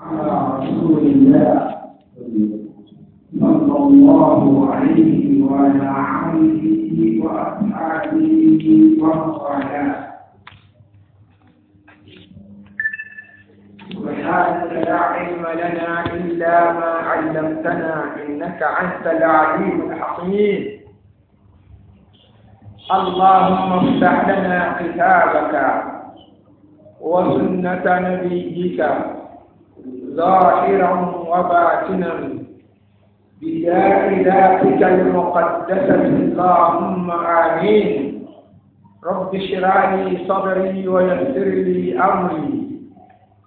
على رسول الله صلى الله عليه وعلى آله وأصحابه ومن سبحانك لا علم لنا إلا ما علمتنا إنك أنت العليم الحكيم اللهم افتح لنا كتابك وسنة نبيك ظاهرا وباطنا بجاه ذاتك المقدسة اللهم آمين رب اشرح صدري ويسر لي أمري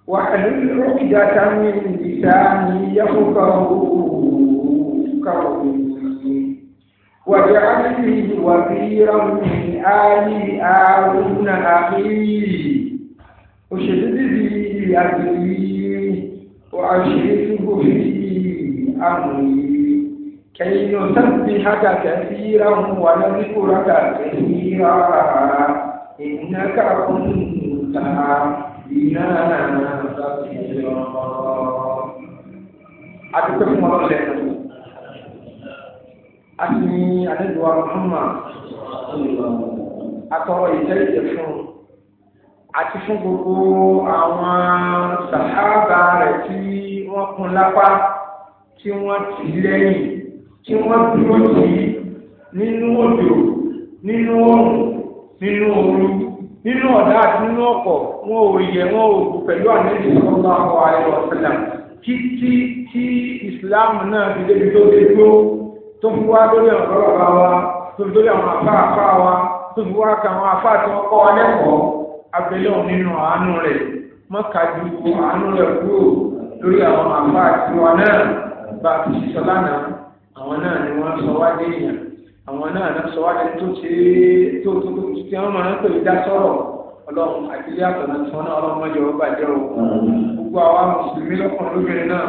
واحلل عقدة من لساني يفقه قولي واجعل لي وزيرا من آل هارون أخي اشدد لي أجري وأشركه في أمري كي نسبحك كثيرا ونذكرك كثيرا إنك كنت بنا بصيرا adúpẹ́ fún ọlọ́lẹ̀ àti àdẹ́dùwà Muhammad àtọrọ ìjẹ́ ìjẹ́ fún un àti fún gbogbo àwọn sàhábà rẹ̀ tí wọ́n kún lápá tí wọ́n tì lẹ́yìn tí wọ́n dúró tì í nínú òjò nínú oòrùn nínú ooru nínú ọ̀dá àti nínú ọ̀pọ̀ wọn ò yẹ wọn ò kú pẹ̀lú àníbi ìfọwọ́ àwọn àìrò ọ̀sẹ̀là títí tí ìsìláàmù náà fi débi tó dé tó tó fi wá lórí ọ̀rọ̀ bàbá wa tó fi lórí àwọn afáàfáà wa tó fi wá kàwọn afáà tí wọ́n kọ́ wa lẹ́kọ̀ọ́ abẹ́lẹ̀ nínú àánú rẹ̀ mọ́kàdú àánú rẹ̀ kúrò lórí àwọn àbá àti wa náà bá a fi sọ lánàá àwọn náà ni wọ́n sọ wá dé èèyàn àwọn náà náà sọ wá dé tó ṣe é tó tó tó tí wọ́n máa ń pè é dá sọ̀rọ̀ ọlọ́run àtìlé àtọ̀nà tí wọ́n náà ọlọ́run mọ́jọ ọba jẹ́ o gbogbo àwa mùsùlùmí lọ́kùnrin lóbìnrin náà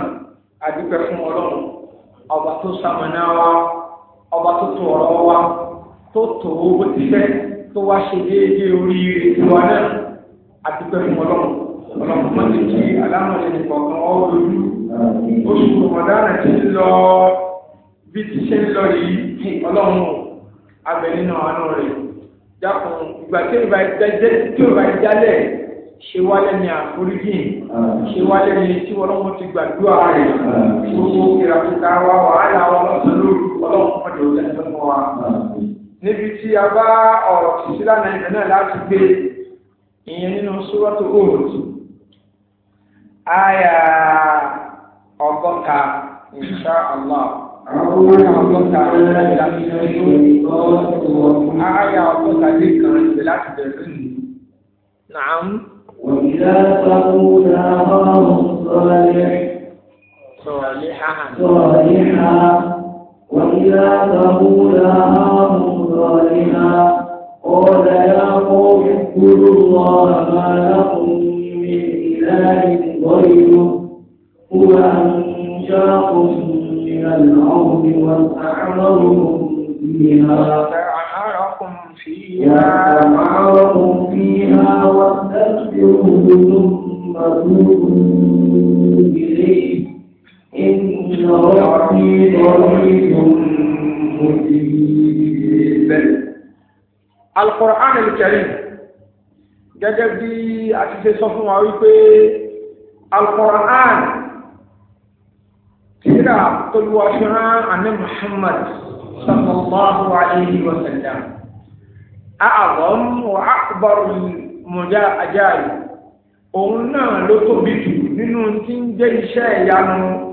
adúpẹ́ fún ọlọ́run ọba tó ṣamọ̀nà wa ọba tó tó ọ̀rọ̀ wa tó tó owó ti fẹ́ tó wá ṣe déédéé oríire tiwa náà àti pẹ̀lú ọlọ́run ọlọ́run mọ́ ti kí alámọ̀lẹ́ nìkọ̀ọ̀kan ọ́ lójú oṣù kọ̀mọ̀dánà ti ń lọ bí ti ṣe ń lọ yìí ọlọ́run abẹ nínú àánú rẹ̀ dákun ìgbà tí ò bá jálẹ̀ ṣe wálé ní àforíjì ṣe wálé ní tí ọlọ́run ti gbàdúrà rẹ̀ gbogbo ìràkúta wa wàhálà wa lọ́sàn níbi tí a bá ọ̀rọ̀ títí lánàá ìbẹ̀ náà láti gbé ìyẹn nínú súrọ́tò òòtù àyà ọgọ́ta insha allah àyà ọgọ́ta àyà ọgọ́ta lè kàn ìbẹ̀ láti bẹ̀rẹ̀ nìyí. Nàám. وإذا تقول أمر صالح صالحا صالحا وَإِذَا ثمود أخاهم ظالما قال يا قوم اعبدوا الله ما لكم من إله غيره هو أنشاكم من الأرض وأعمركم فيها يا فأعمركم فيها واستكبروا ثم توبوا Al-Qur'an al-Karim gẹ́gẹ́ bí a ti ṣe sọ fún wa wípé Al-Qur'an tíra tolúwaṣọ́rá àní Muhammad sallallahu alayhi wa sallam a'azam wa akbar mọ̀já ajáyì òun náà ló tóbi jù nínú tí ń jẹ́ iṣẹ́ ìyanu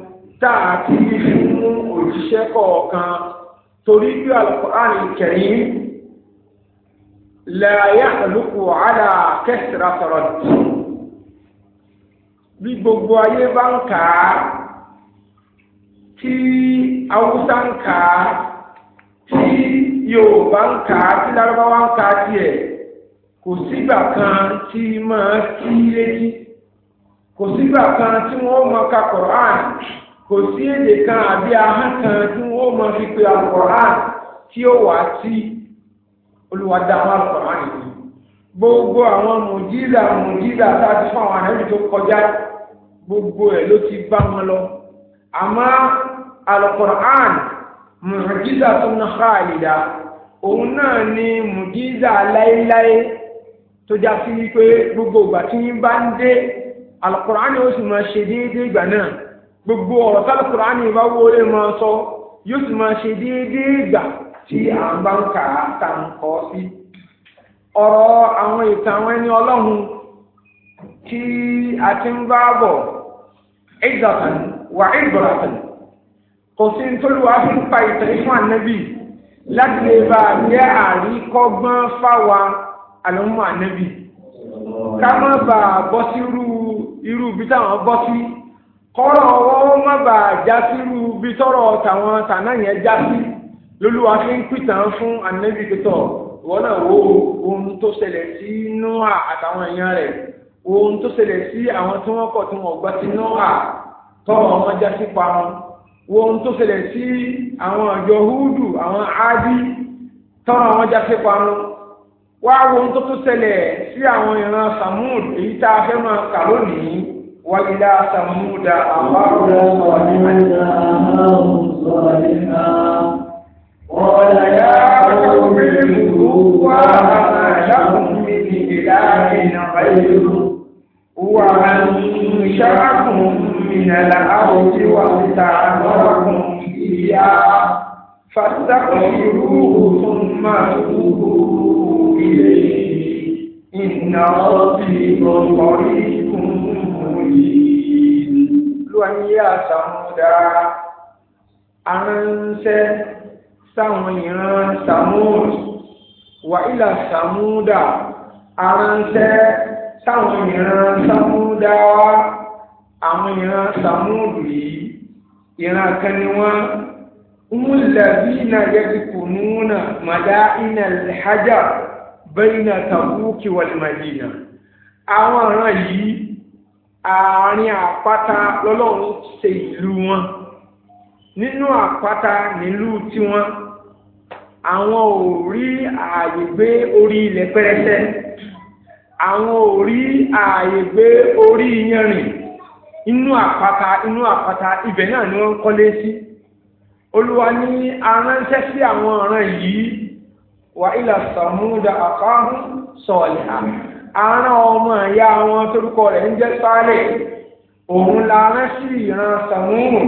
táà kí fún òjíṣẹ́ kọ̀ọ̀kan torí bí Al-Qur'an Karim la yahluqu ala kẹsìrà sọ̀rọ̀ tì bí gbogbo ayé bá ń kà á tí Haúsá ń kà á tí Yorùbá ń kà á tí Lárúbáwá ń kà á tiẹ̀ kò sígbà kan tí máa kí létí kò sígbà kan tí wọ́n mọ ka Qur'an kò sí èdè kan àbí ahọ́n kan tí wọ́n mọ fi pe Al-Qur'an tí ó wà sí olùwádà àwọn Al-Qur'an yìí gbogbo àwọn mùjíìlà mùjíìlà tá a ti fún àwọn ànábì tó kọjá gbogbo ẹ̀ ló ti bá wọn lọ àmọ́ Al-Qur'an mùjíìlà tó ń khálídà òun náà ni mùjíìlà láéláé tó já sí wípé gbogbo ìgbà tí yín bá ń dé Al-Qur'an yóò sì máa ṣe déédéé ìgbà náà. gbogbo ọ̀rọ̀ tálù kùránì bá wo máa sọ yóò sì máa ṣe déédéé ìgbà tí à bá ń kà á ta ń sí. ọ̀rọ̀ àwọn ìtàn àwọn ẹni ọlọ́run tí a ti ń bá bọ̀ ìdọ̀tàn wà ìdọ̀tàn kò sí nítorí wàá fi pa ìtàn fún ànábì láti lè bá a jẹ́ àríkọ́gbọ́n fáwa kọ́rọ̀ ọwọ́ má bàa já sírú bí tọ́rọ̀ tàwọn tàná yẹn já sí lólúwa fi ń pìtàn fún ànábì pẹ̀tọ̀ ìwọ náà wo ohun tó ṣẹlẹ̀ sí noah àtàwọn èèyàn rẹ̀ ohun tó ṣẹlẹ̀ sí àwọn tí wọ́n kọ̀ tí wọ́n gbọ́ sí noah tọ́rọ̀ wọn já sí pa wọn ohun tó ṣẹlẹ̀ sí àwọn ọ̀jọ̀ húdù àwọn ádì tọ́rọ̀ wọn já pa wọn wá ohun tó tó ṣẹlẹ̀ sí àwọn ìran samud èyí tá a fẹ́ máa kà lónìí. وإلى ثمود أخاهم صالحا قال يا قوم اذكروا ما لكم من إله غيره وأنشأكم من الأرض واستعمركم فيها فاستغفروه ثم توبوا إليه إن ربي بصريكم مبين lóyá sàmúdà aránṣẹ́ sáwọn ìran sàmúd wàhálà sàmúdà aránṣẹ́ sáwọn ìran sàmúdà àwọn ìran sàmúd yìí ìran kan ni wọ́n múlẹ̀bínà yẹ́dìkùnúnà màdáínà lẹ́hájà bẹ́yìnà tàbúkì wàlmàdínà àwọn ìran yìí àárín àpáta lọ́lọ́run ṣe ìlú wọn nínú àpáta nílùú tiwọn àwọn ò rí ààyè gbé orí ilẹ̀ pẹrẹsẹ àwọn ò rí ààyè gbé orí yanrìn inú àpáta inú àpáta ibẹ̀ náà ni wọ́n kọ́lé sí olúwa ní aránṣẹ́ sí àwọn ọ̀ràn yìí wàhálà sàmúdà àkọ́hún sọ̀ọ̀lì àmì. àárán ọmọ ìyá wọn torúkọ rẹ̀ ń jẹ́ sálẹ̀ òun la rán sí ìran sàmúnù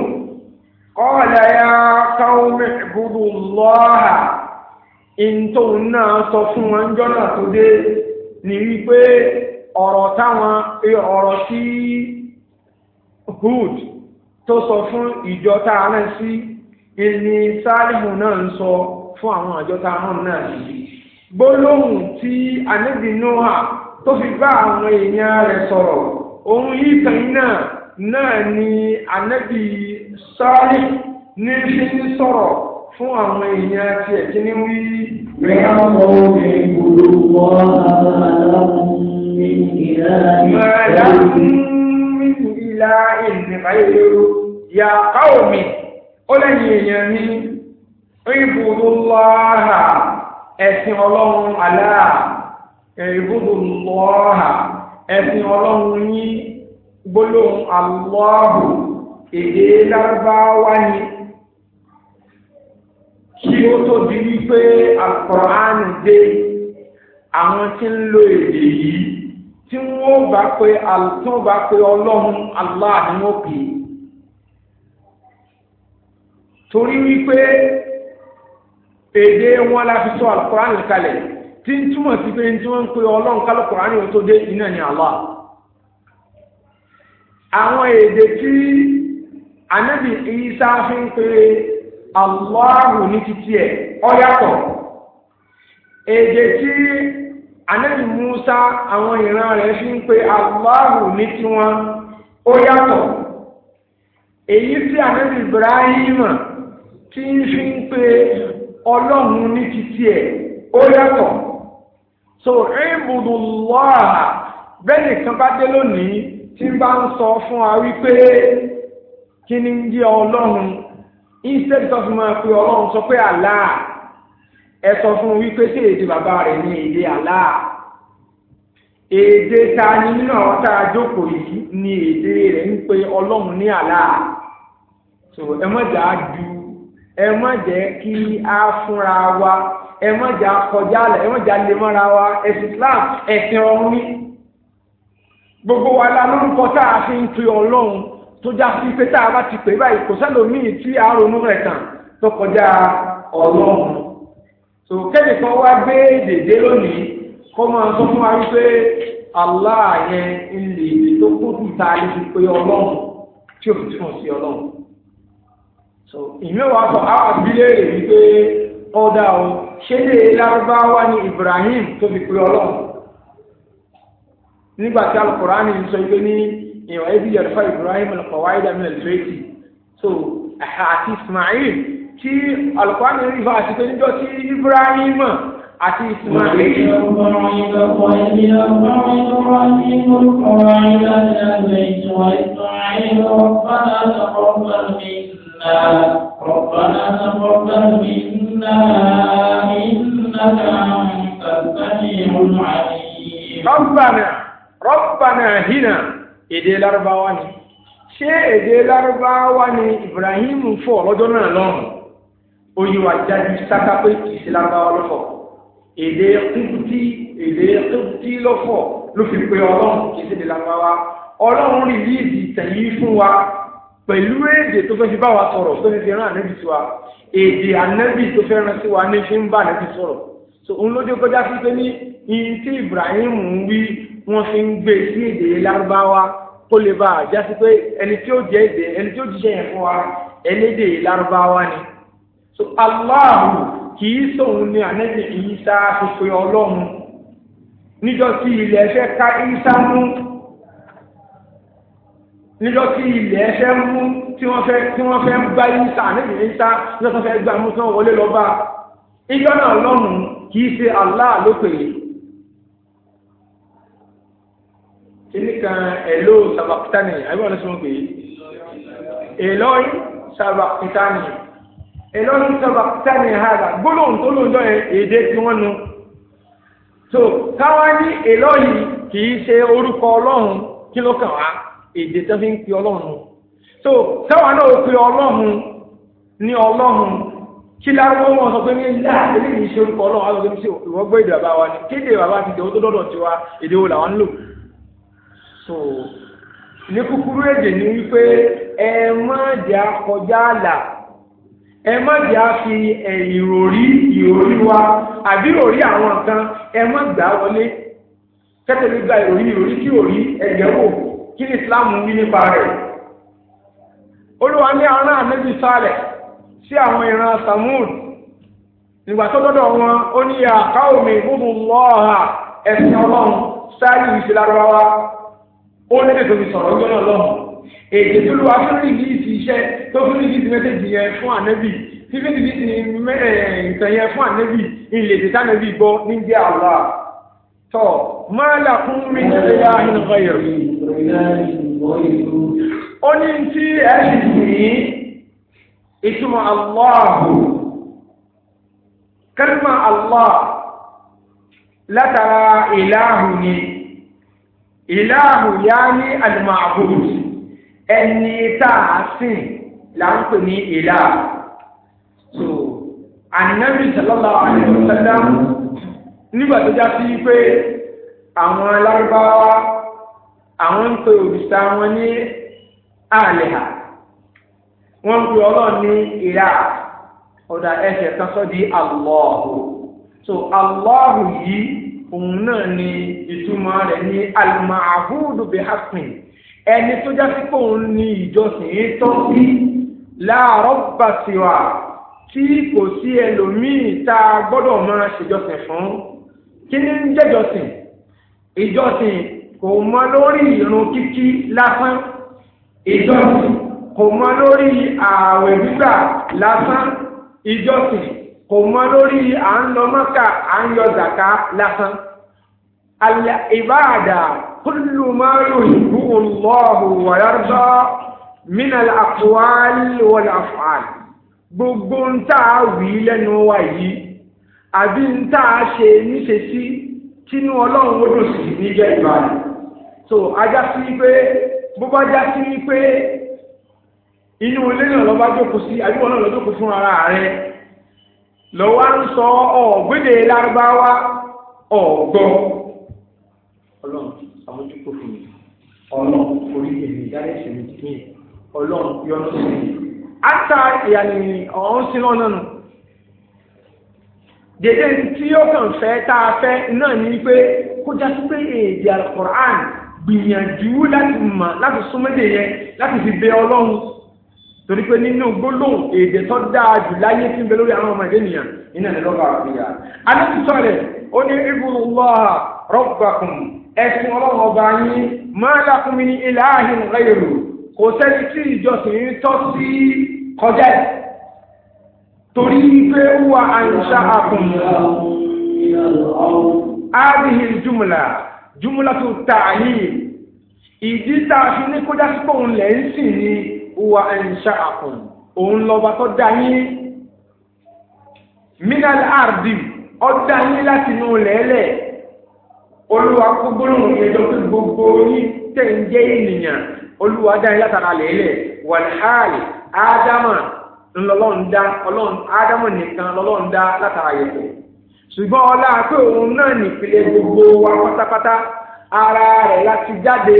ya qawmi u'budullaha ìntòun náà sọ fún wọn jọ́nà tó dé ní wípé ọ̀rọ̀ táwọn ọrọ sí Hud tó sọ fún ìjọ tá a rán sí ìní náà fún àwọn àjọ tá a rán náà gbólóhùn tó fi bá àwọn èèyàn rẹ̀ sọ̀rọ̀ òun yìí tàn náà náà ni ànábì sáré ní fi ń sọ̀rọ̀ fún àwọn èèyàn tiẹ̀ kí ni wí. Ìyáwó mi gbòòrò wọ́ àwọn mi ìlà ìlà ìlà ìlú yàtọ̀ omi ó lẹ́yìn èèyàn ní ìbùdó lọ́hà ẹ̀sìn ọlọ́run aláà ẹ̀rìbùdù lọ́ọ̀hà ẹ̀sìn ọlọ́run yín gbólóhùn àlọ́ọ̀hù èdè lárúbáwá ni kí ó tó di wípé àkùránì dé àwọn tí ń lo èdè yìí tí wọ́n bá pe àlùtún bá pe ọlọ́run aláàánú torí wípé èdè wọn la fi sọ àkùránì kalẹ̀ tí ń túmọ̀ sí pé tí wọ́n ń pe ọlọ́run kálukú rání ohun tó dé iná ni Allah àwọn èdè tí anábì Isa fi ń pe Allahu ní títí ẹ̀ ó èdè tí anábì Musa àwọn ìran rẹ̀ fi ń pe Allahu ní tiwọn ó èyí tí anábì Ibrahim tí ń fi ń pe ọlọ́run ní títí ẹ̀ ó so ìbùdùlọ́à bẹ́ẹ̀ nìkan bá dé lónìí tí n bá ń sọ fún wa wípé kí ni ń jẹ́ ọlọ́run instead tó fi pe ọlọ́run sọ pé àlá ẹ sọ fún un wípé sí èdè bàbá rẹ̀ ní èdè àlá èdè ta ni nínú àwọn tá a jókòó yìí ni èdè rẹ̀ ń pe ọlọ́run ní àlá so ẹ má jà á ju ẹ má jẹ́ kí a fúnra wa. ẹ mọ̀jà kọjá lẹ̀ ẹ mọ̀jà lè mọ́ra wa ẹ̀sìn Islam ẹ̀sìn ọ̀hún ni gbogbo wa la lórúkọ tá a fi ń pe ọlọ́run tó já sí pé tá a bá ti pè báyìí kò sẹ́lòmíì tí a ronú rẹ̀ kàn tó kọjá ọlọ́run tó kẹ́nìkan wá gbé dèdé lónìí kó máa sọ fún wa wípé Allah yẹn ń lè èdè tó kúndùn tá a lè fi pe ọlọ́run tí òfin túmọ̀ sí ọlọ́run. ìmẹ́wàá sọ àwọn àbílẹ̀ rẹ̀ wípé ọ̀dà o ṣé lè lárúbáwá ni Ibrahim tó fi pe ọlọ́run nígbà tí alukurani ń sọ pé ní ìwà ibi yẹrfa Ibrahim alqawaida min albayti so àti Ismail tí alukurani rí fa àti pé tí Ibrahim àti Ismail. ربنا تقبل منا إنك أنت السميع العليم ربنا ربنا هنا èdè lárúbáwá ni ṣé èdè lárúbáwá ni Ibrahim fọ̀ lọ́jọ́ náà lọ́rùn oyinwa jáde sáká pé kì í ṣe lárúbáwá lọ́fọ̀ èdè kúkútí èdè ló fi pe Ọlọ́run kì í ṣe èdè rìlíìsì tẹ̀yìn fún wa pẹ̀lú èdè tó fẹ́ fi bá wa sọ̀rọ̀ tó fẹ́ fi rán ànábì sí wa èdè ànábì tó fẹ́ rán sí wa ní fi ń bá ànábì sọ̀rọ̀ so òun ló dé kọjá sí pé ní ihun tí Ibrahim ń wí wọ́n fi ń gbé e sí èdè lárúbáwá kó lè bá a já sí pé ẹni tí ó jẹ́ èdè ẹni tí ó jíṣẹ́ yẹn fún wa ẹlẹ́dè lárúbáwá ni so Allahu kì í sòun ni ànábì Ìsá fi pe Ọlọ́run níjọ́ tí ilẹ̀ fẹ́ ká Ìsá mú níjọ́ tí ilẹ̀ ẹ̀ṣẹ́ mú tí wọ́n fẹ́ tí wọ́n fẹ́ gbá yíṣà níbi yíṣà níjọ́ tó fẹ́ gbá mú tí wọ́n wọlé lọ bá ìjọ náà lọ́rùn kì í ṣe Allah ló pè é. kíní kan ẹ̀lò sàbàkítánì àbíwọ̀n ló ṣe wọ́n pè é. èlọ́yìn sàbàkítánì èlọ́yìn sàbàkítánì hàdà gbólóhùn tó lóun dọ́yẹ èdè tí wọ́n nu. tó káwá ní èlọ́yìn kì í ṣe orúkọ ọlọ́run kí ló kàn wá èdè tó fi ń pe ọlọ́run so táwọn náà ó pe ọlọ́run ní ọlọ́run kí lárúbọ wọn sọ pé ní ilá eléyìí ṣe orúkọ ọlọ́run àwọn ọmọ ìwọ́n gbọ́ èdè bàbá wa ni kéde bàbá ti dẹ̀wọ́ tó dọ́dọ̀ tiwa èdè wo làwọn ń lò so ní kúkúrú èdè ni wípé ẹ má jẹ́ akọjá àlà ẹ má jẹ́ fi ẹ̀yìn ròrí ìròrí wa àbí ròrí àwọn kan ẹ má gbà wọlé kẹ́tẹ̀lé gba ìròrí ìròrí kí òrí ẹ̀jẹ̀ wò kí ìsìláàmù wí nípa rẹ̀ olúwa ní ará ànábì sálẹ̀ sí àwọn ìran samud nígbà tó dọ́dọ̀ wọn ó ní àká omi gbogbo lọ́ọ̀ha ẹ̀sìn ọlọ́run sáàlì ìṣẹ́lárọ́wá ó ní ètò ìsọ̀rọ̀ ọjọ́ ọlọ́run èdè tó lu afúnrí yìí ti iṣẹ́ tó fún ní yìí mẹ́tẹ̀ẹ̀jì yẹn fún ànábì tí fún ní yìí ti fún ànábì ilé ìtàn gbọ́ ní jẹ́ tọ́ máa làkún mi nílé àhìnkọ́ yẹ̀rù. ó ní tí ẹ sì ní ìtumọ̀ aláàbò kẹ́rìmà aláà látara ìlàhù ni ìlàhù yá ní àlùmọ̀àbòrò ẹni tá a sìn là ń pè ní ìlàhù. so ànábì sallallahu alaihi nígbà tó já sí pé àwọn lárúbáwá àwọn ń pe òrìṣà wọn ní àlẹ́hà wọ́n ń pe ọlọ́run ní ìlà ọ̀dà ẹsẹ̀ kan sọ́ di Allahu so Allahu yìí òun náà ni ìtumọ̀ rẹ̀ ní al-ma'budu bihaqqin ẹni tó já sí pé òun ní ìjọsìn yìí tọ́ sí la rabba siwa tí kò sí ẹlòmíì tá a gbọ́dọ̀ máa ṣèjọsìn fún kí ni ń jẹ́jọsìn ìjọsìn kò mọ lórí ìrun kíkí lásán ìjọsìn kò mọ lórí ààwẹ̀ gbígbà lásán ìjọsìn kò mọ lórí à ń lọ mọ́kà à ń yọ zàká lásán ìbáàdà kúlù máa yuhibbu Allahu wa yarda minal aqwal wal af'al gbogbo ń tà wí lẹ́nu wa yìí àbí ń tá a ṣe níṣe sí tínú ọlọ́run ó dùn sí níjẹ́ ìbàdàn so ajá sí pé bó bá já sí pé inú ilé náà lọ́ba jókòó sí àbí wọn náà lọ́ jókòó fún ara rẹ lọ́wọ́ ń sọ ọ̀gbẹ́dẹ̀ lárúbáwá ọ̀gbọ́ ọlọ́run àwọn jókòó fún mi ọlọ́run orí èmi ìdáná ìṣẹ̀lẹ̀ tuntun yẹn ọlọ́run yọ̀ọ́ sí mi. ata ìyànnì ọ̀hún sí lọ́nà nù dèdè tí ó kàn fẹ́ tá a fẹ́ náà ní pé kó jásí pé èdè alukur'an gbìyànjú láti mọ̀ láti súnmọ́dé yẹn láti fi bẹ ọlọ́run torí pé nínú gbólóhùn èdè tó dáa jù láyé tí ń bẹ lórí àwọn ọmọ ẹ̀dẹ́ nìyàn iná ní lọ́ba àfihàn. adájọ́ rẹ̀ ó ní ibùdó wàhà rọ́bàkùn ẹ̀sìn ọlọ́run ọba yín máa lákùnmí ní ilé ààhìn rẹ̀ rò kò sẹ́ni tí ìjọsìn tọ́ sí kọjá ẹ̀ torí wípé wà àyíṣà àkùn ádìhì jùmùlà jùmùlà tó ta àyè ìdí tá a fi ní kójá sí pé òun lẹ̀ ń sìn ní wà àyíṣà àkùn òun lọ́ba tó dá yín minal ardi ọ̀dá yín láti inú lẹ́lẹ̀ olúwa gbólóhùn ìjọ tó gbogbo yín tẹ̀ ń jẹ́ ènìyàn olúwa dá yín látara lẹ́lẹ̀ wàlhálì ádámà ńlọlọ́run dá ọlọ́run ádámù nìkan lọ́lọ́run dá látara yẹ̀pẹ̀ ṣùgbọ́n ọlá pé òun náà nìpìlẹ̀ gbogbo wa pátápátá ara rẹ̀ láti jáde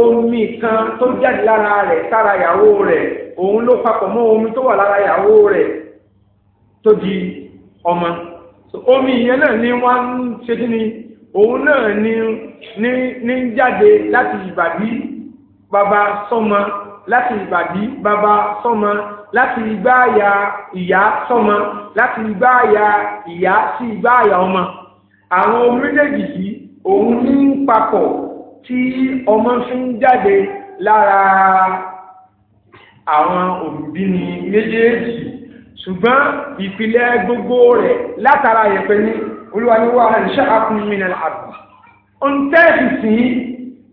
omi kan tó jáde lára rẹ̀ sára ìyàwó rẹ̀ òun ló papọ̀ mọ́ omi tó wà lára ìyàwó rẹ̀ tó di ọmọ omi yẹn náà ni wọ́n ń ṣe kí ni òun náà ni ní ń jáde láti ìbàdí bàbá sọ́mọ láti ìbàdí bàbá sọ́mọ láti igbá àyà ìyá sọ́mọ láti igbá àyà ìyá sí igbá àyà ọmọ àwọn méjèèjì yìí òun ní papọ̀ tí ọmọ fi ń jáde lára àwọn òbí ni méjèèjì ṣùgbọ́n ìpìlẹ̀ gbogbo rẹ̀ látara yẹ̀pẹ̀ ní olúwa ní wàhálà ìṣẹ́ àkúnmínà àgbà ohun tẹ́ẹ̀sì sí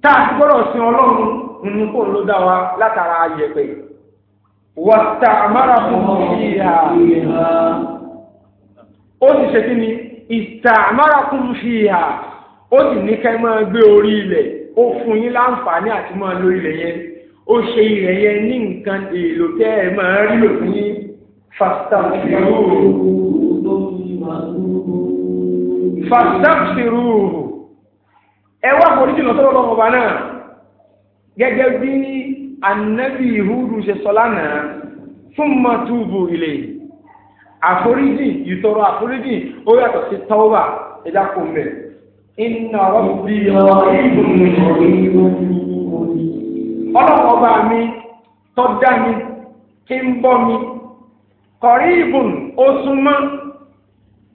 tá a ti gbọ́dọ̀ sin ọlọ́run nínú kò ló dá wa látara yẹ̀pẹ̀ yìí wata fìhà ó sì ṣe kí ni ìtàmárakùn fìhà ó sì ní kẹ́ máa gbé orí ilẹ̀ ó fún yín láǹfààní àti máa lo ilẹ̀ yẹn ó ṣe ilẹ̀ yẹn ní nǹkan èèlò tẹ́ ẹ máa rí anabi Hudu ṣe sọ lánàá summa túbù ilé àforíjì ìtọrọ àforíjì ó yàtọ̀ sí tọ́wà ẹ̀dá kò mẹ́ iná rọ́bì ọlọ́wọ́ bá mi tọ́já mi kí ń bọ́ mi kọ̀rí ìbùn ó súnmọ́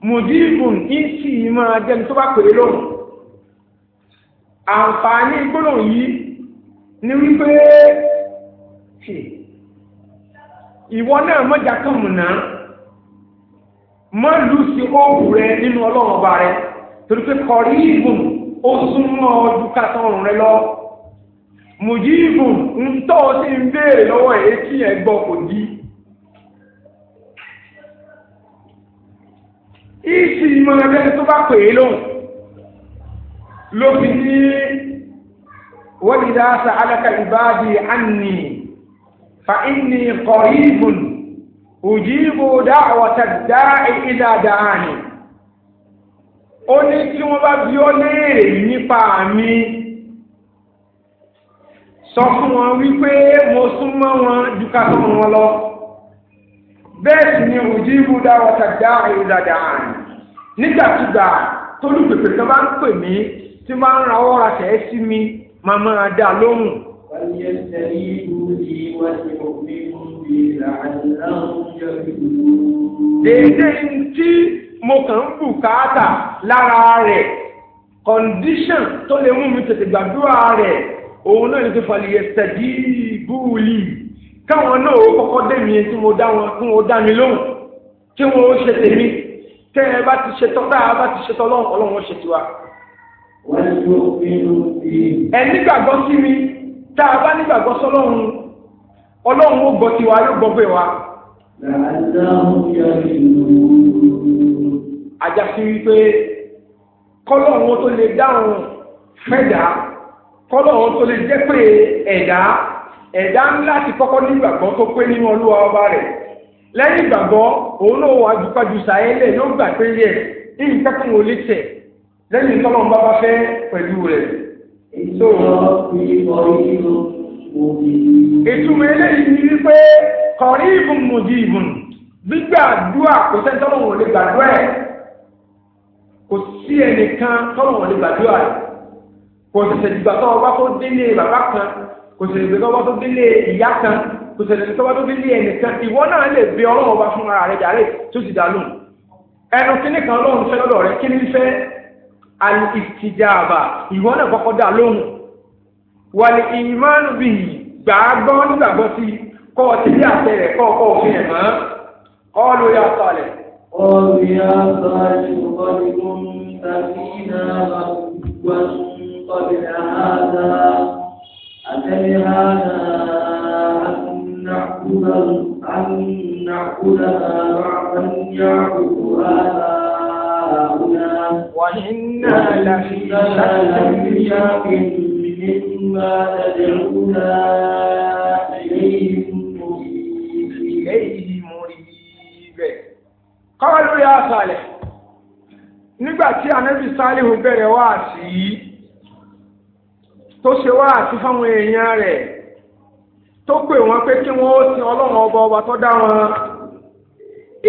mùdíìbùn kí ń sì máa jẹun tó bá pè é lóhùn àǹfààní gbólóhùn yìí ni wípé ìwọ náà mọ́jà kan mùnà mọ́ lù sí rẹ nínú ọlọ́run ọba rẹ torí pé ìbùn ó súnmọ́ ọdún rẹ lọ mùjí ìbùn ń tọ́ ọ sí ń béèrè lọ́wọ́ ẹ̀ kí gbọ́ kò dí ìsì tó bá pè é lóhùn فإني قريب أجيب دعوة الداعي إذا دعاني ó ní tí wọ́n bá bi ọ́ léèrè nípa mi sọ fún wọn wípé mo súnmọ́ wọn ju ká sọ wọn lọ bẹ́ẹ̀ sì ni òjì ibùdá ọ̀tà dá ìdàdà àrùn nígbàkigbà tólùpèpè kan bá ń pè mí tí máa ń rawọ́ ra tẹ̀ sí mi máa máa dá lóhùn. أن يستجيبوا لي وليؤمنوا بي لعلهم يرشدون. Dédé ntí mo kàn ń bùkátà lára rẹ̀ kọ̀ǹdíṣàn tó lè mú mi tètè gbàdúrà rẹ̀ òun náà ní ti falẹ̀ yẹ̀sẹ̀dí búùlì káwọn náà ó kọ́kọ́ dé mi tí mo dá wọn tí mo dá mi lóhùn tí wọn ó ṣe tèmi tẹ́ ẹ bá ti ṣe tọ́ tá a bá ti ṣe tá a bá nígbàgbọ́ sọ́lọ́run ọlọ́run ó gbọ́ tiwa yóò gbọ́ pé wa. ajá sí wípé kọ́lọ́run tó lè dáhùn fẹ́dà kọ́lọ́run tó lè jẹ́ pé ẹ̀dá ẹ̀dá ńlá ti kọ́kọ́ nígbàgbọ́ tó pé nínú olúwa ọba rẹ̀ lẹ́yìn ìgbàgbọ́ òun náà wà jùpájù sàyẹ́lẹ̀ yóò gbà pé rí ẹ̀ ní ìkẹ́kọ̀ọ́ òun lè tẹ̀ lẹ́yìn tọ́lọ́run bá bá fẹ́ pẹ̀lú rẹ̀ ìtumọ̀ eléyìí ni wípé kọ̀rí ìbùn mùjì ìbùn gbígbàdúrà kò sẹ́ni tọ́lọ̀ wọn lè gbàdúrà ẹ̀ kò sí ẹnìkan tọ́lọ̀ wọn lè gbàdúrà ẹ̀ kò sẹ̀sẹ̀ dìgbà tó ọba tó délé bàbá kan kò sẹ̀sẹ̀ dìgbà tó ọba tó délé ìyá kan kò sẹ̀sẹ̀ dìgbà tó ọba tó délé ẹnìkan ìwọ náà lè bẹ ọlọ́wọ́ bá fún ara rẹ̀ dàrẹ́ tó ti dà lóhùn ẹnu kíní kan lọ́run fẹ́ lọ́dọ̀ rẹ̀ kíní fẹ́ alìtìjàbà ìwọ náà kọ́kọ́ dá lóhùn wàlì ìmánu bì gbàgbọ́ nígbàgbọ́ sí kọ́ ọ ti dí àtẹ rẹ̀ kọ́ ọkọ̀ òfin ẹ̀ mọ́ kọ́ ló yà sọlẹ̀. ọ̀rọ̀ ìyá sọ àṣùkọ́ ni mo ń tàbí náà wà قبل هذا أتي هذا أن نعبد أن نعبدها بعدا يعبد إنا ya خلق مما تدعونا إليه مريب قالوا يا صالح yìí tó ṣe wáàsí fáwọn èèyàn rẹ̀ tó pè wọ́n pé kí wọ́n ó ti ọlọ́run ọba ọba tó dá wọn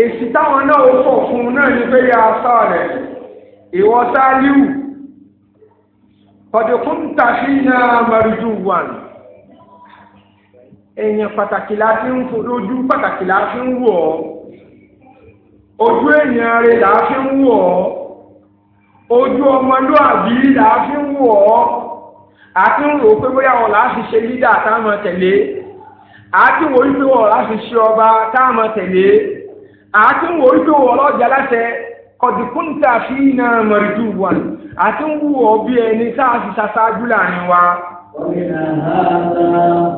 èsì táwọn náà ó fọ̀ fún un náà ní pé ya sá rẹ̀. ìwọ sáyíù ọ̀dùnkún tàfíìnà mẹ́rìndù wọn èèyàn pàtàkì láti ń fò lójú pàtàkì láti ń wò ọ́ ojú èèyàn rẹ̀ láti ń wò ọ́ ojú ọmọlúàbí láti ń wò ọ́ àti ń rò pé bóyá wọn láti ṣe lídà táwọn tẹ̀lé àti wò wípé wọn láti ṣe ọba táwọn tẹ̀lé àti wò wípé wọn lọ́jà láṣẹ ọ̀dùnkúntà fi iná mọ̀rìjú wà àti ń wù ọ́ bí ẹni sáàsì ṣaṣáájú láàrin wa.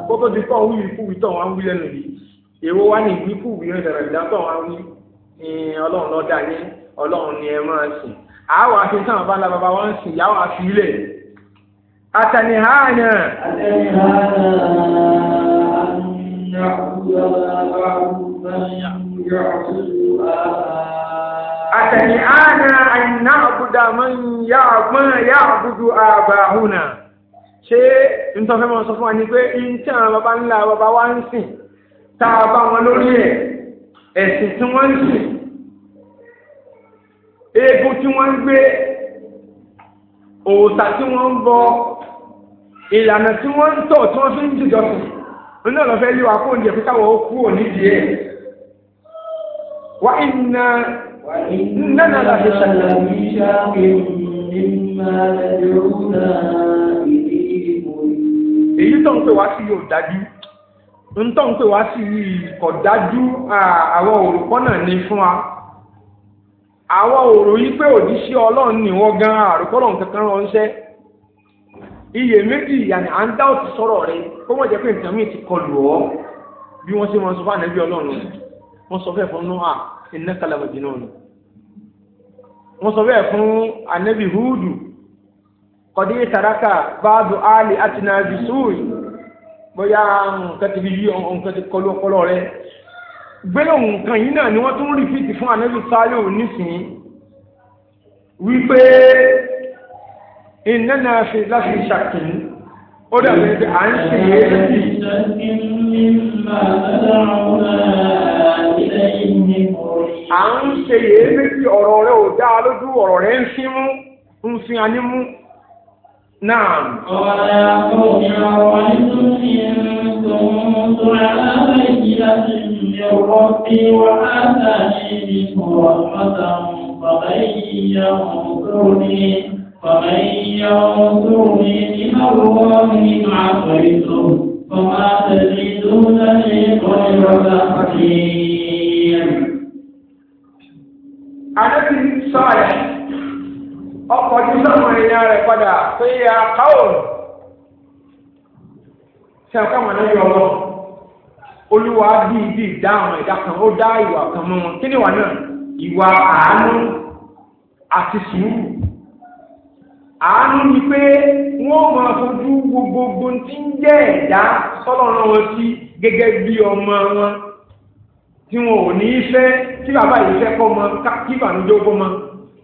kókó ti kọ́ wíwí kúwì tó wọn wí lẹ́nu yìí èwo wá ní ìwí kúwì rẹ̀ dàrọ̀ ìdá tó wọn wí ní ọlọ́run lọ́dà yín ọlọ́run ni ẹ máa sìn àwọn àti sáwọn bá ń la bàbá wọn ń sìn ìyá wọn àfi ilẹ̀ atanihana atanihana àtẹ̀yìnàna àyìnà àbúdà máa ń yá àgbọ́n yá àbúdù àbàhùnà ṣé ntọ́fẹ́ máa sọ fún wa ni pé ntí àwọn baba ńlá baba wa ń sìn tá a bá wọn lórí ẹ̀ ẹ̀sìn tí wọ́n ń sìn eégún tí wọ́n ń gbé òòtà tí wọ́n ń bọ ìlànà tí wọ́n ń tọ̀ tí wọ́n fi ń jìjọsìn nínú ọ̀lọ́fẹ́ yíwa kó oúnjẹ pé káwọn ó kú òní إننا لفي ميثاق مما تدعونا إليه èyí tó ń pè wá sí yóò dájú ń àwọn òrùkọ́ náà ní fún wa àwọn òrò yìí pé òjíṣẹ́ ọlọ́run ni wọ́n gan àrùkọ́ lọ́run kankan ránṣẹ́ iyèméjì ìyànà à ń dá òtún sọ̀rọ̀ rẹ kó wọ́n jẹ́ pé nǹkan mìíràn ti kọlù ọ́ bí wọ́n ṣe máa sọ fún ànábì ọlọ́run wọ́n sọ fẹ́ẹ̀ fún noah innaka la majnun wọ́n sọ bẹ́ẹ̀ fún anabi hudu kọ́dí saraka báàbù ali atina bisuyi bóyá nǹkan ti fi yí nǹkan ti kọlu ọpọlọ rẹ gbẹ́lọ̀hùn nǹkan yìí náà ni wọ́n tún rí fún anabi sálíò nísìnyí wípé iná náà fi láti ṣàkíní ó dàbí pé à ń ṣe é lẹ́yìn. ìṣàkíní máa ń dáhùn náà ilé ìní kọ́ à ń ṣe yèé méjì ọ̀rọ̀ rẹ ò dá lójú ọ̀rọ̀ rẹ ń fín mú ń fín ani mú. Naam. Ọ̀la òyìn àwọn ìtúsí tòun tó aláwẹ̀ yìí láti ṣe ọkọ̀ bí wọ́n á tà ní ìlú ọ̀pọ̀tàn bàbá ìyàwó tó ní. فمن ينصرني من الله إن عصيته وما تزيدون لي غير تحقيق a sọ̀rọ̀ ọkọ̀ ojú sọ̀rọ̀ èèyàn rẹ̀ padà pé ya káwọ̀ ṣe ọ̀ká mọ̀ lórí ọlọ́ olúwa bí ibi ìdá àwọn ẹ̀dá kan ó dá ìwà kan wọn kí ni wà náà ìwà àánú àti sùúrù àánú ni pé máa fojú gbogbogbò ń wọn sí tí wọn ò ní í fẹ́ kí bàbá yìí fẹ́ kọ́ mọ kí ìbànújẹ́ ó bọ́ mọ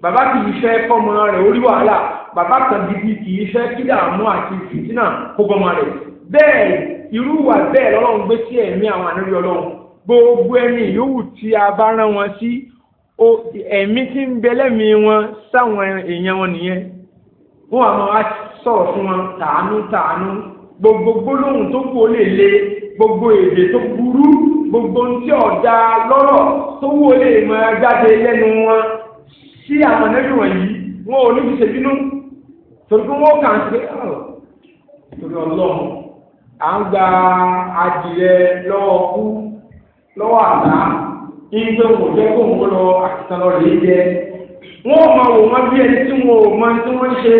bàbá kì í fẹ́ kọ́ mọ rẹ̀ orí wàhálà bàbá kan gidi kì í fẹ́ kí dààmú àti fìtínà kó bọ́ mọ rẹ̀ bẹ́ẹ̀ irú wà bẹ́ẹ̀ lọ́lọ́run gbé sí ẹ̀mí àwọn ànábì ọlọ́run gbogbo ẹni yòówù tí a bá rán wọn sí ẹ̀mí tí ń bẹ lẹ́mí wọn sáwọn èèyàn wọn nìyẹn wọn àmọ́ á sọ̀rọ̀ fún wọn tàánú tàánú gbogbo gbólóhùn tó kù ó lè le gbogbo èdè tó burú gbogbo ntí ọ̀dà lọ́rọ̀ tó wú olè mọ́ jáde lẹ́nu wọn sí àwọn wọ̀nyí wọn ò ní fi ṣèbínú torí pé wọ́n kàn ṣe ah, torí ọlọ́run à ń gba adìyẹ lọ́wọ́ kú lọ́wọ́ àná ìgbẹ́ wò jẹ́ kó ń lọ àkìtàn lọ́rẹ̀ yẹ wọ́n máa wò wọ́n bí ẹni tí wọ́n ò mọ ẹni tí wọ́n ń ṣe.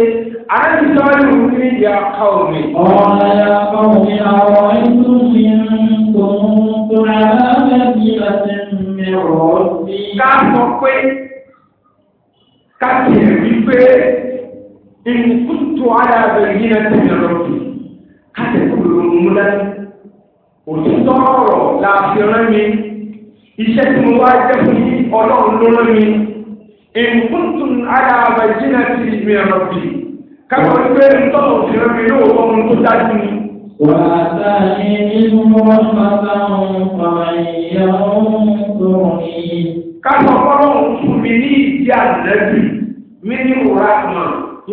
أنتم يا قوم قال يا قوم أرأيتم إن كنتم على بينة من ربي ká sọ pé ká tiẹ̀ wí pé إن كنتم على بينة من ربي ká tẹ̀ kó lóru mú lẹ́nu òtítọ́ ọ̀rọ̀ la fi rán mi iṣẹ́ tí mo wá jẹ́ fún yí ọlọ́run ló mi إن كنتم على بينة من káwọn ìgbé tọ́lọ̀ òṣèré mi yóò wọ tó dájú ni. Wàtá ni nínú wọn bàbá òun fàmà ìyá òun tó ní. Káwọn ọlọ́run fún mi ní ìdí àdẹ́bì mi ní òràmà.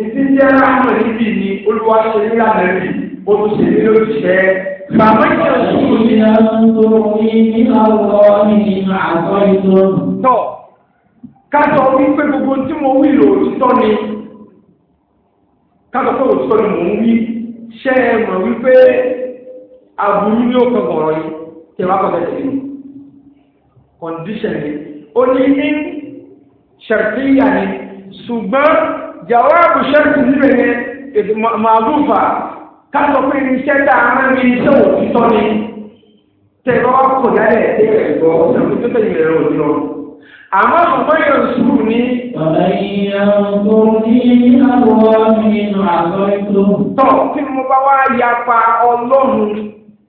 Ìdí jẹ́ rámà níbi ni olúwa ṣe ní àdẹ́bì, ó ní lóṣìṣẹ́. Bàbá ìjọ ni a ń tó ní ní àwọ̀ ní àgọ́ ìtọ́. Tọ́ ká sọ wípé gbogbo tí mo wí lò ó ti tọ́ ni kátó pé òtítọ́ ni mò ń wí ṣé ẹ mọ̀ wípé aburú ní òkè ọ̀rọ̀ yìí tẹ̀ wá kọ̀ọ̀kẹ́ tẹ̀lé nù condition ni ó ní ní ṣàrtíyà ni ṣùgbọ́n jawabu ṣàrtì níbẹ̀ ni ètò màálùfà kátó pé iṣẹ́ tá a máa ń ní iṣẹ́ òtítọ́ ni tẹ̀ wá kọ̀ọ̀kẹ́ tẹ̀lé nù àmọ́ bàbá yóò sùúrù ní. bàbá yìí àwọn tó ní àwọ̀ nínú àgọ́ ètò. tọ́ tí mo bá wá yapa ọlọ́run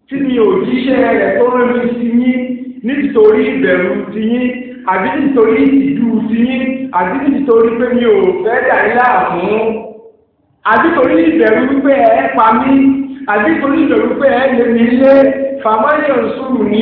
tí mi ò jíṣẹ́ rẹ̀ tó rán mi sí yín nítorí ìbẹ̀rù ti yín àbí nítorí ìdú ti yín àbí nítorí pé mi ò fẹ́ dàrí láàmú àbí torí ìbẹ̀rù pé ẹ pa mí àbí torí ìbẹ̀rù pé ẹ lè mi lé fàmáyé òṣùrù ní.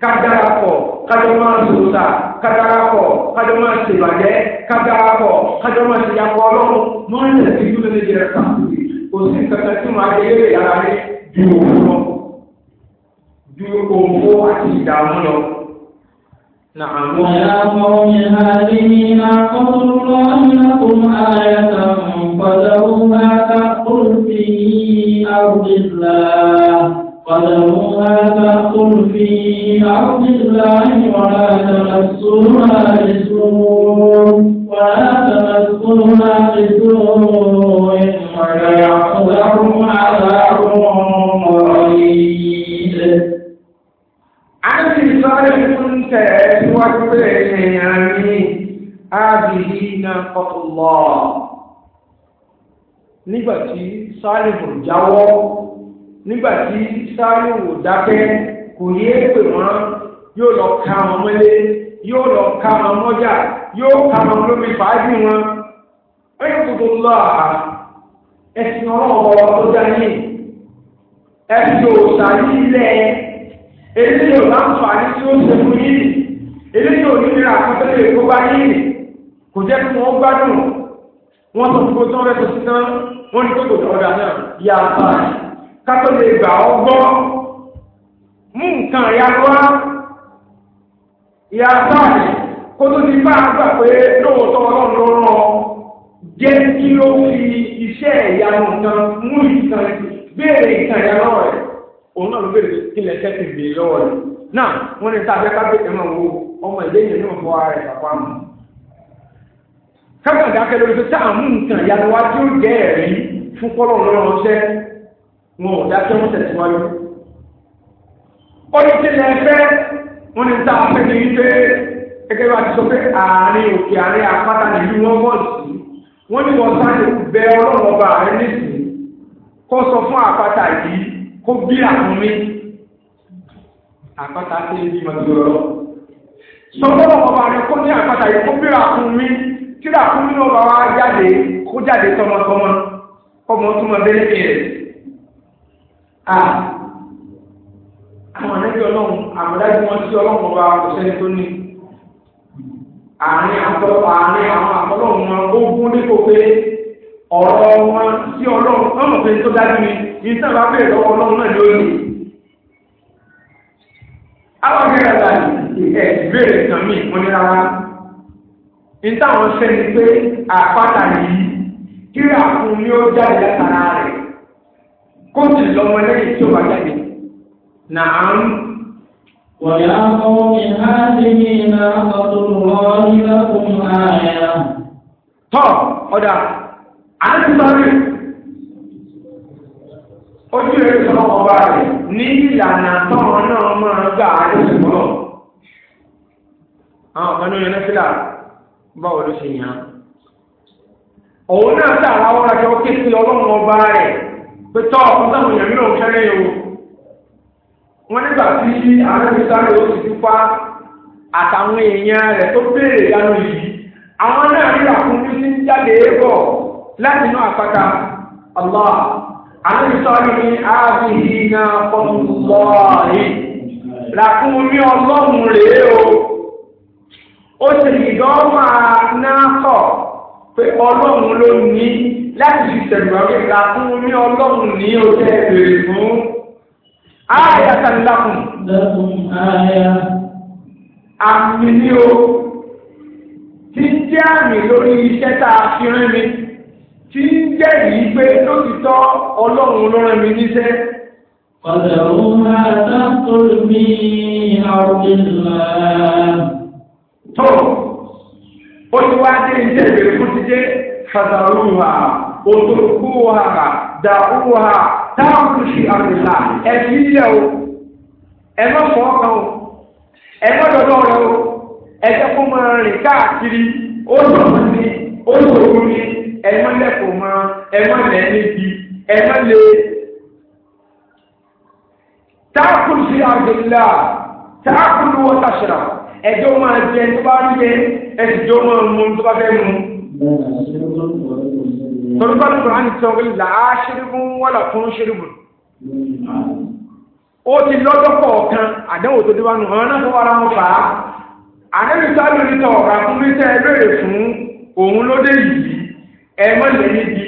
kadarako kadoma susa kadarako kadoma sibade kadarako kadoma siyako ọlọ́run mọ ní ẹsẹ ìlú lè jẹ kàkúrì kò sí kankan tí wọn adé yẹlẹ yàrá rẹ ju òun lọ ju òǹfó àti ìdààmú lọ. نعم ويا قوم هذه ناقة الله لكم آية فذروها تأكل في أرض الله قدموها تأكل في أرض الله ولا تمسوها بسوء ولا تمسوها بسوء ويأخذهم عذاب قريب عن صالح تأتوك بينامي هذه ناقة الله nígbà tí sáàlì nígbà tí sáré ò dákẹ́ kò yé pè wọ́n yóò lọ ka wọn mọ́lé yóò lọ ka wọn mọ́jà yóò ka wọn lómi fàájì wọn ẹ̀yìn tuntun lọ ẹ̀sìn ọlọ́wọ́ tó dání ẹ̀sìn òòṣà yìí lẹ̀ eléyìí ò tí ó ṣe fún yìí eléyìí ò àkọsílẹ̀ èkó bá yìí kò jẹ́ kí wọ́n gbádùn wọ́n sọ fún gbogbo tí wọ́n fẹ́ sọ sí tán wọ́n ní kókò tó ọ̀dà náà yá a bá kátó lè gbà ọ́ gbọ́ mú nǹkan ẹ̀yà wá ìyá kó tó ti bá a gbà pé lóòótọ́ ọlọ́run ló rán ọ jẹ́ kí ó fi iṣẹ́ ẹ̀yà nǹkan mú ìtàn béèrè ìtàn ẹ̀yà lọ́wọ́ rẹ̀ òun náà ló béèrè kí lè lọ́wọ́ rẹ̀ náà wọ́n ní sáfẹ́ wo ọmọ náà ara rẹ̀ pàpà mọ́ wọn ò dákẹ́ wọn tẹ̀síwájú. ó ní kí lẹ́ẹ̀ fẹ́ wọn ní ta afẹ́kẹ́ yìí pé gẹ́gẹ́ bá ti sọ pé àárín òkè àárín àpáta nìlú wọn bọ̀ sí wọn ní wọn sáré bẹ ọlọ́run ọba rẹ nísìnyí kó sọ fún àpáta yìí kó bí àkúnmí àpáta ṣe ń bí wọn ti rọ sọ fọlọ́ ọba rẹ kó ní àpáta yìí kó bí àkúnmí kí àkúnmí náà bá wá jáde kó jáde tọmọtọmọ kọmọ tó máa bẹ́ẹ̀ ní ẹ̀ a àwọn ẹ̀rẹ́bí ọlọ́run àmọ̀dájú wọn sí ọlọ́run ọba ọ̀sẹ́ni tó ní àárín àpọ̀ àárín àwọn àpọ̀lọ́run wọn ó gún dípò pé ọ̀rọ̀ wọn sí ọlọ́run ọmọ pé tó dájú ni iṣẹ́ bá bẹ̀rẹ̀ lọ́wọ́ ọlọ́run náà ló ní. àwọn akẹ́kọ̀ọ́ àgbà ẹ̀ ìbéèrè kan mí mo ní rárá ní táwọn ṣẹ́ni pé àpáta yìí kí àkùn ni ó jáde látara rẹ̀ kó sì lọ́mọ lẹ́yìn tí ó bá jáde náà ń. ويا قوم هذه ناقة الله لكم آية. tọ́ ọ̀dà à ń sọrí ojú rẹ̀ sọ ọba rẹ̀ ní ìlànà tọ́wọ́n náà máa gbà á lóṣù mọ́. àwọn ọ̀gá ní onífìlà báwo ló ṣe yàn án. òun náà sàrà wọn àjọ kékeré ọlọ́run ọba rẹ̀ pé tọ́ ọ̀kan táwọn èèyàn yóò kéré o wọ́n nígbà tí àrẹ́bísáré ó ti dúpá àtàwọn èèyàn rẹ̀ tó béèrè ìyanu yìí àwọn náà rí àkúndú sí jáde bọ̀ láti inú àpáta Allah àrẹ́bísáré ní ààbìhì náà fọ́nù lọ́ọ̀rì làkúnmí ọlọ́run rèé o ó sì ìdánwà náà sọ̀ pé ọlọ́run ló ní láti fi tẹ̀gbọ́n kíkà fún ní ọlọ́run ní oṣù ẹ̀bẹ̀rẹ̀ fún ààyè àtàlákùn. lẹ́kùn ààyè. àmì ni o ti ń jẹ́ àmì lórí iṣẹ́ tá a fi rán mi ti ń jẹ́ yìí pé lótìtọ́ ọlọ́run ló rán mi níṣẹ́. Ọ̀dẹ̀rúnmá sáńtò mi àrùn ìlànà. Tó ó ti wá dé ilé ìbèrè fún ti dé fàdàrúhà òtòkúhà dàúhà táàkùsì àmìlà ẹ̀fí ilẹ̀ o ẹ má fọ́ ọkàn o ẹ má dọ́dọ́ rẹ o ẹ jẹ́ kó máa rìn káàkiri ó lọ́wọ́ ní ó lòrú ní ẹ má lẹ́kọ̀ọ́ máa ẹ má lẹ́ níbi ẹ má lè táàkùsì àmìlà táàkùlù ẹjọ́ máa jẹ tó bá ń ẹsì jó mọ́ mu tó bá fẹ́ mu. Tọ́lú bá lùkùn láti sọ pé làá ṣerébù wọ́là fún ṣerébù. Ó ti lọ́dọ̀ kọ̀ọ̀kan àdéhùn tó déwánu ọ̀rọ̀ náà tó wára wọn fà á. Àdébì sáré ní tọ̀ ọ̀gá fún mi tẹ́ ẹ béèrè fún òun ló dé yìí. Ẹ mọ̀ lẹ́ níbi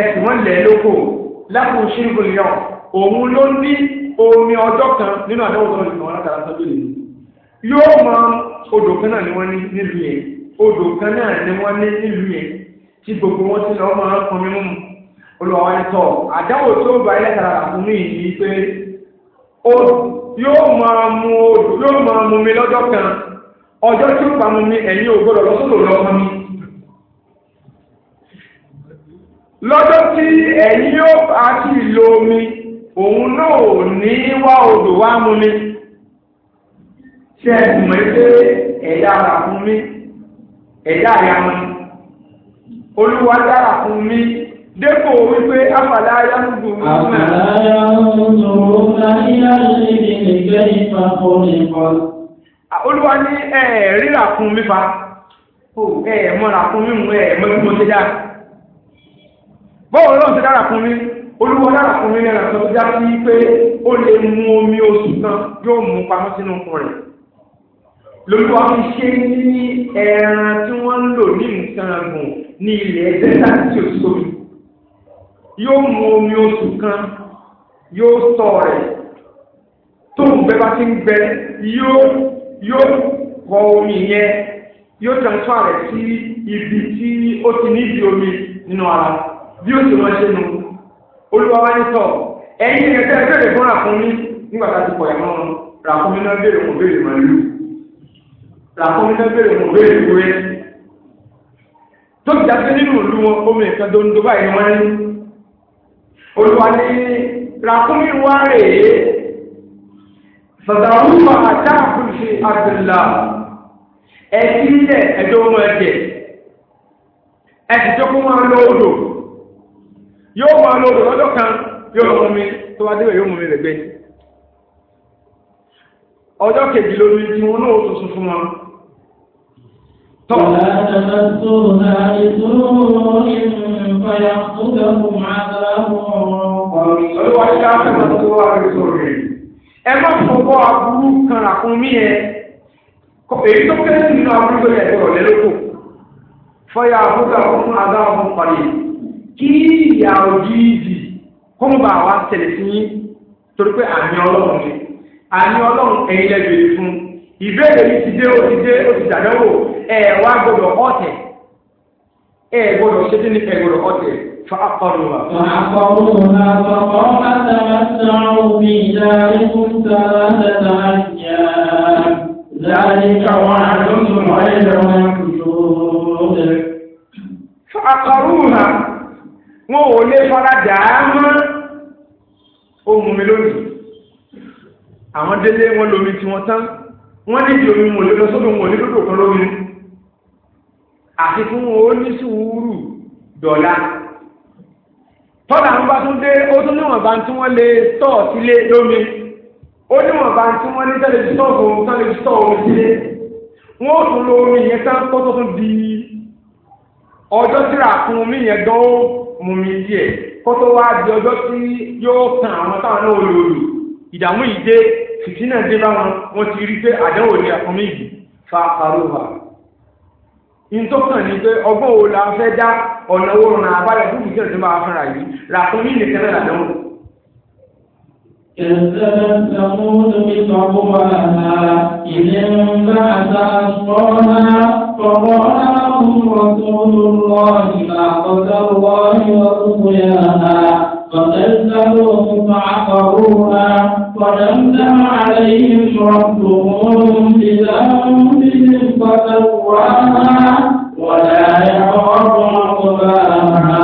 ẹ̀sìn mọ̀ lẹ́ lóko lákùn ṣerébù yàn. Òun ló ní omi ọjọ́ kan nínú àdéhùn tó lè sọ̀rọ̀ látara sọ́jú nìyí. yóò ma odò kan náà ni wani ní nílùú yẹn odò gbogbo wọn ti lọ máa ń pọnmi mú olùwàwọ̀ ẹni tọ̀ àdáwò tó tara àkùnú yìí pé yóò mu odò yóò ma mu mi lọ́jọ́ kan ọjọ́ tí ó bá mu mi ẹ̀yin ò lọ sódò lọ́wọ́ mi. lọ́jọ́ lo omi òun náà ò ní wá odò wá mu mi. ṣe é mọ̀ pé ẹ̀yà ara fún mi ẹ̀yà àyà mi olúwa dára fún mi dépò wípé àfàlà ayá ń gbò wọ́n mọ́. àfàlà ayá ń gbò wọ́n mọ́ ayé àlejò nìkẹ́ ìfà fún ìfọ́. olúwa ní ẹ ríra fún mi fa ẹ mọ̀ra fún mi mú ẹ mọ̀ bí mo ṣe dá. bọ́ọ̀lù náà ṣe dára fún mi olúwa lára fún mi lẹ́nu tó já sí pé ó lè mu omi oṣù kan yóò mú pamọ́ sínú ọkọ rẹ̀ lórí wa fi ṣe ní ẹran tí wọ́n ń lò ní nǹkan ọ̀gùn ní ilẹ̀ ẹ̀dẹ́ta tí ò sómi yóò mu omi oṣù kan yóò sọ rẹ̀ tó ń bẹ bá ti ń bẹ yóò yóò wọ omi yẹn yóò transfer rẹ̀ sí ibi tí ó ti níbi omi nínú ara bí ó ti wọ́n ṣe nu olúwa wa ní sọ ẹ̀yin ẹ̀ka ẹ̀ka ìfúnra fún mi nígbà tá a ti pọ̀ ẹ̀ mọ́ ra náà béèrè kò béèrè màálù làkúnmíkẹ́ bèrè mọ̀ bèrè ìwé tó jáde nínú ìlú wọn omi nǹkan dondo báyìí wọ́n ní olùwà ní làkúnmí wá rèé fàtàwùfà àtàkùnṣe àtìlá ẹtí ilẹ̀ ẹ̀dọ́ ọmọ ẹ̀jẹ̀ ẹtì tó kún máa lọ odò yóò máa lọ odò lọ́dọ̀ kan yóò lọ mú mi tó bá débẹ̀ yóò mú mi rẹ̀ gbé ọjọ́ kejì lórí tí wọn náà ó tuntun ولا تمسوها بسوء فيأخذهم عذاب قريب ẹ má fọwọ́ aburú kan àkúnmí ẹ èyí tó kéré nínú aburú tó yẹ ẹ̀rọ lẹ́lẹ́kọ̀ọ́ fọyà àbúkà fún adáwọn parí kí ìyá ojú ìdì kọ́ńbà wa tẹ̀lé sí torí pé àmì ọlọ́run àmì ọlọ́run ìbéèrè yìí ti dé ó ti dé ó ti dàdánwò ẹ wá gbọ́dọ̀ ọtẹ ẹ gbọ́dọ̀ ṣe kí ọtẹ fa akọrù wa. na fa akọrù wa wọn ò lè fara dà á mọ́ ohun mi lónìí àwọn délé wọn lomi tí wọn tán. wọ́n ní di omi mọ̀lẹ́ lọ sómi mọ̀lẹ́ lódò kan lómi àti fún wọn ó ní sùúrù dọ̀la tọ́lá ń bá tún dé ó tún níwọ̀n bá tí wọ́n lè tọ̀ sílé lómi ó níwọ̀n bá tí wọ́n ní tẹ́lẹ̀sítọ̀ òun tẹ́lẹ̀sítọ̀ sílé wọ́n tún lo omi yẹn tán ìdààmú yìí dé fìtínà dé báwọn wọn ti rí pé àdánwò ní àkọ́mí yìí fa àrùwà ntọ́kàn ni pé ọgbọ́n wo la fẹ́ dá ọ̀nà wo ràn abáyọ fún ìjọ tó máa fara yìí làkúnmí nìkan náà làdánwò. إذا تموت بصبرها إذ انبعث أشقاها فقال رسول الله ناقة الله وسقياها فنزلوهم فعقروها فدمدم عليهم ربهم بذنبهم فسواها ولا يعرض عقباها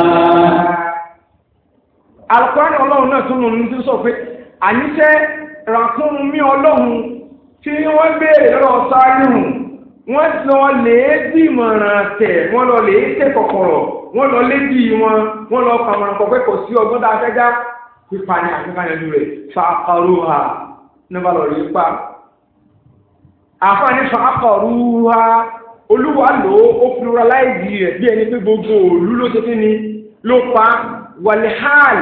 alukóran ọlọ́run náà tún lòun ti sọ pé àníṣe ràkúnrún mí ọlọ́run tí wọ́n béèrè lọ́wọ́ sáárùn wọ́n ti lọ lè é dìmọ̀ràn tẹ̀ wọ́n lọ lè é tẹ̀ kọ̀kọ̀rọ̀ wọ́n lọ lédi wọn wọ́n lọ pàmòràn kọ pé kò sí ọgbọ́n tá a fẹ́ dá pípa ni àfihàn yẹn lù rẹ̀ fàkọrù ha nígbà lọ rí pa àfààní fàkọrù ha olúwa lò ó pluralize rẹ̀ bí ẹni pé gbogbo òòlù ló ṣe kí ni ló pa wàlíhàl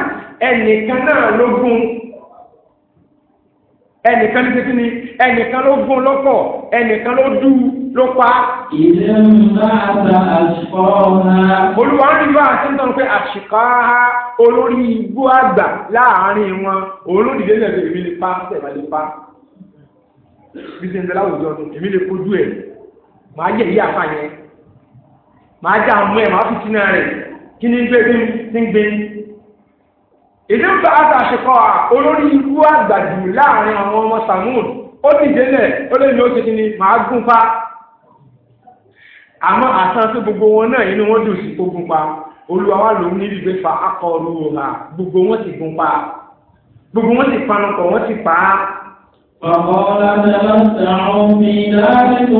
ẹnìkan náà ló gún ẹnìkan ló ṣe kí ni ẹnìkan ló gún lọ́pọ̀ ẹnìkan ló dùn ló pa. ilé ń bá ta àṣìkò náà. olúwa ń rí bá àti nítorí pé àṣìkò ha olórí igbó àgbà láàárín wọn olódìdé lẹ́sẹ̀ èmi lè pa sẹ̀mà lè pa. bí sèǹtẹ̀ láwùjọ èmi lè kojú ẹ̀ màá jẹ̀ yí àfa yẹn màá já mú ẹ̀ màá fi sínú rẹ̀ kí ni gbé ní gbé ìdí ń bá àti àṣìkò ha olórí igbó àgbà jù láàárín àwọn ọmọ Sàmúùd ó dìde lẹ̀ ó lè ní ó ti kí ni màá gún pa àmọ́ àtàntí gbogbo wọn náà inú wọn dùn sí ogun pa olúwa wa lòun níbi ìgbé fa akọọlù ọ̀la gbogbo wọn ti gun pa gbogbo wọn ti panupọ̀ wọn ti pa á. فقال تمتعوا في داركم ثلاثة أيام. أنا بصلي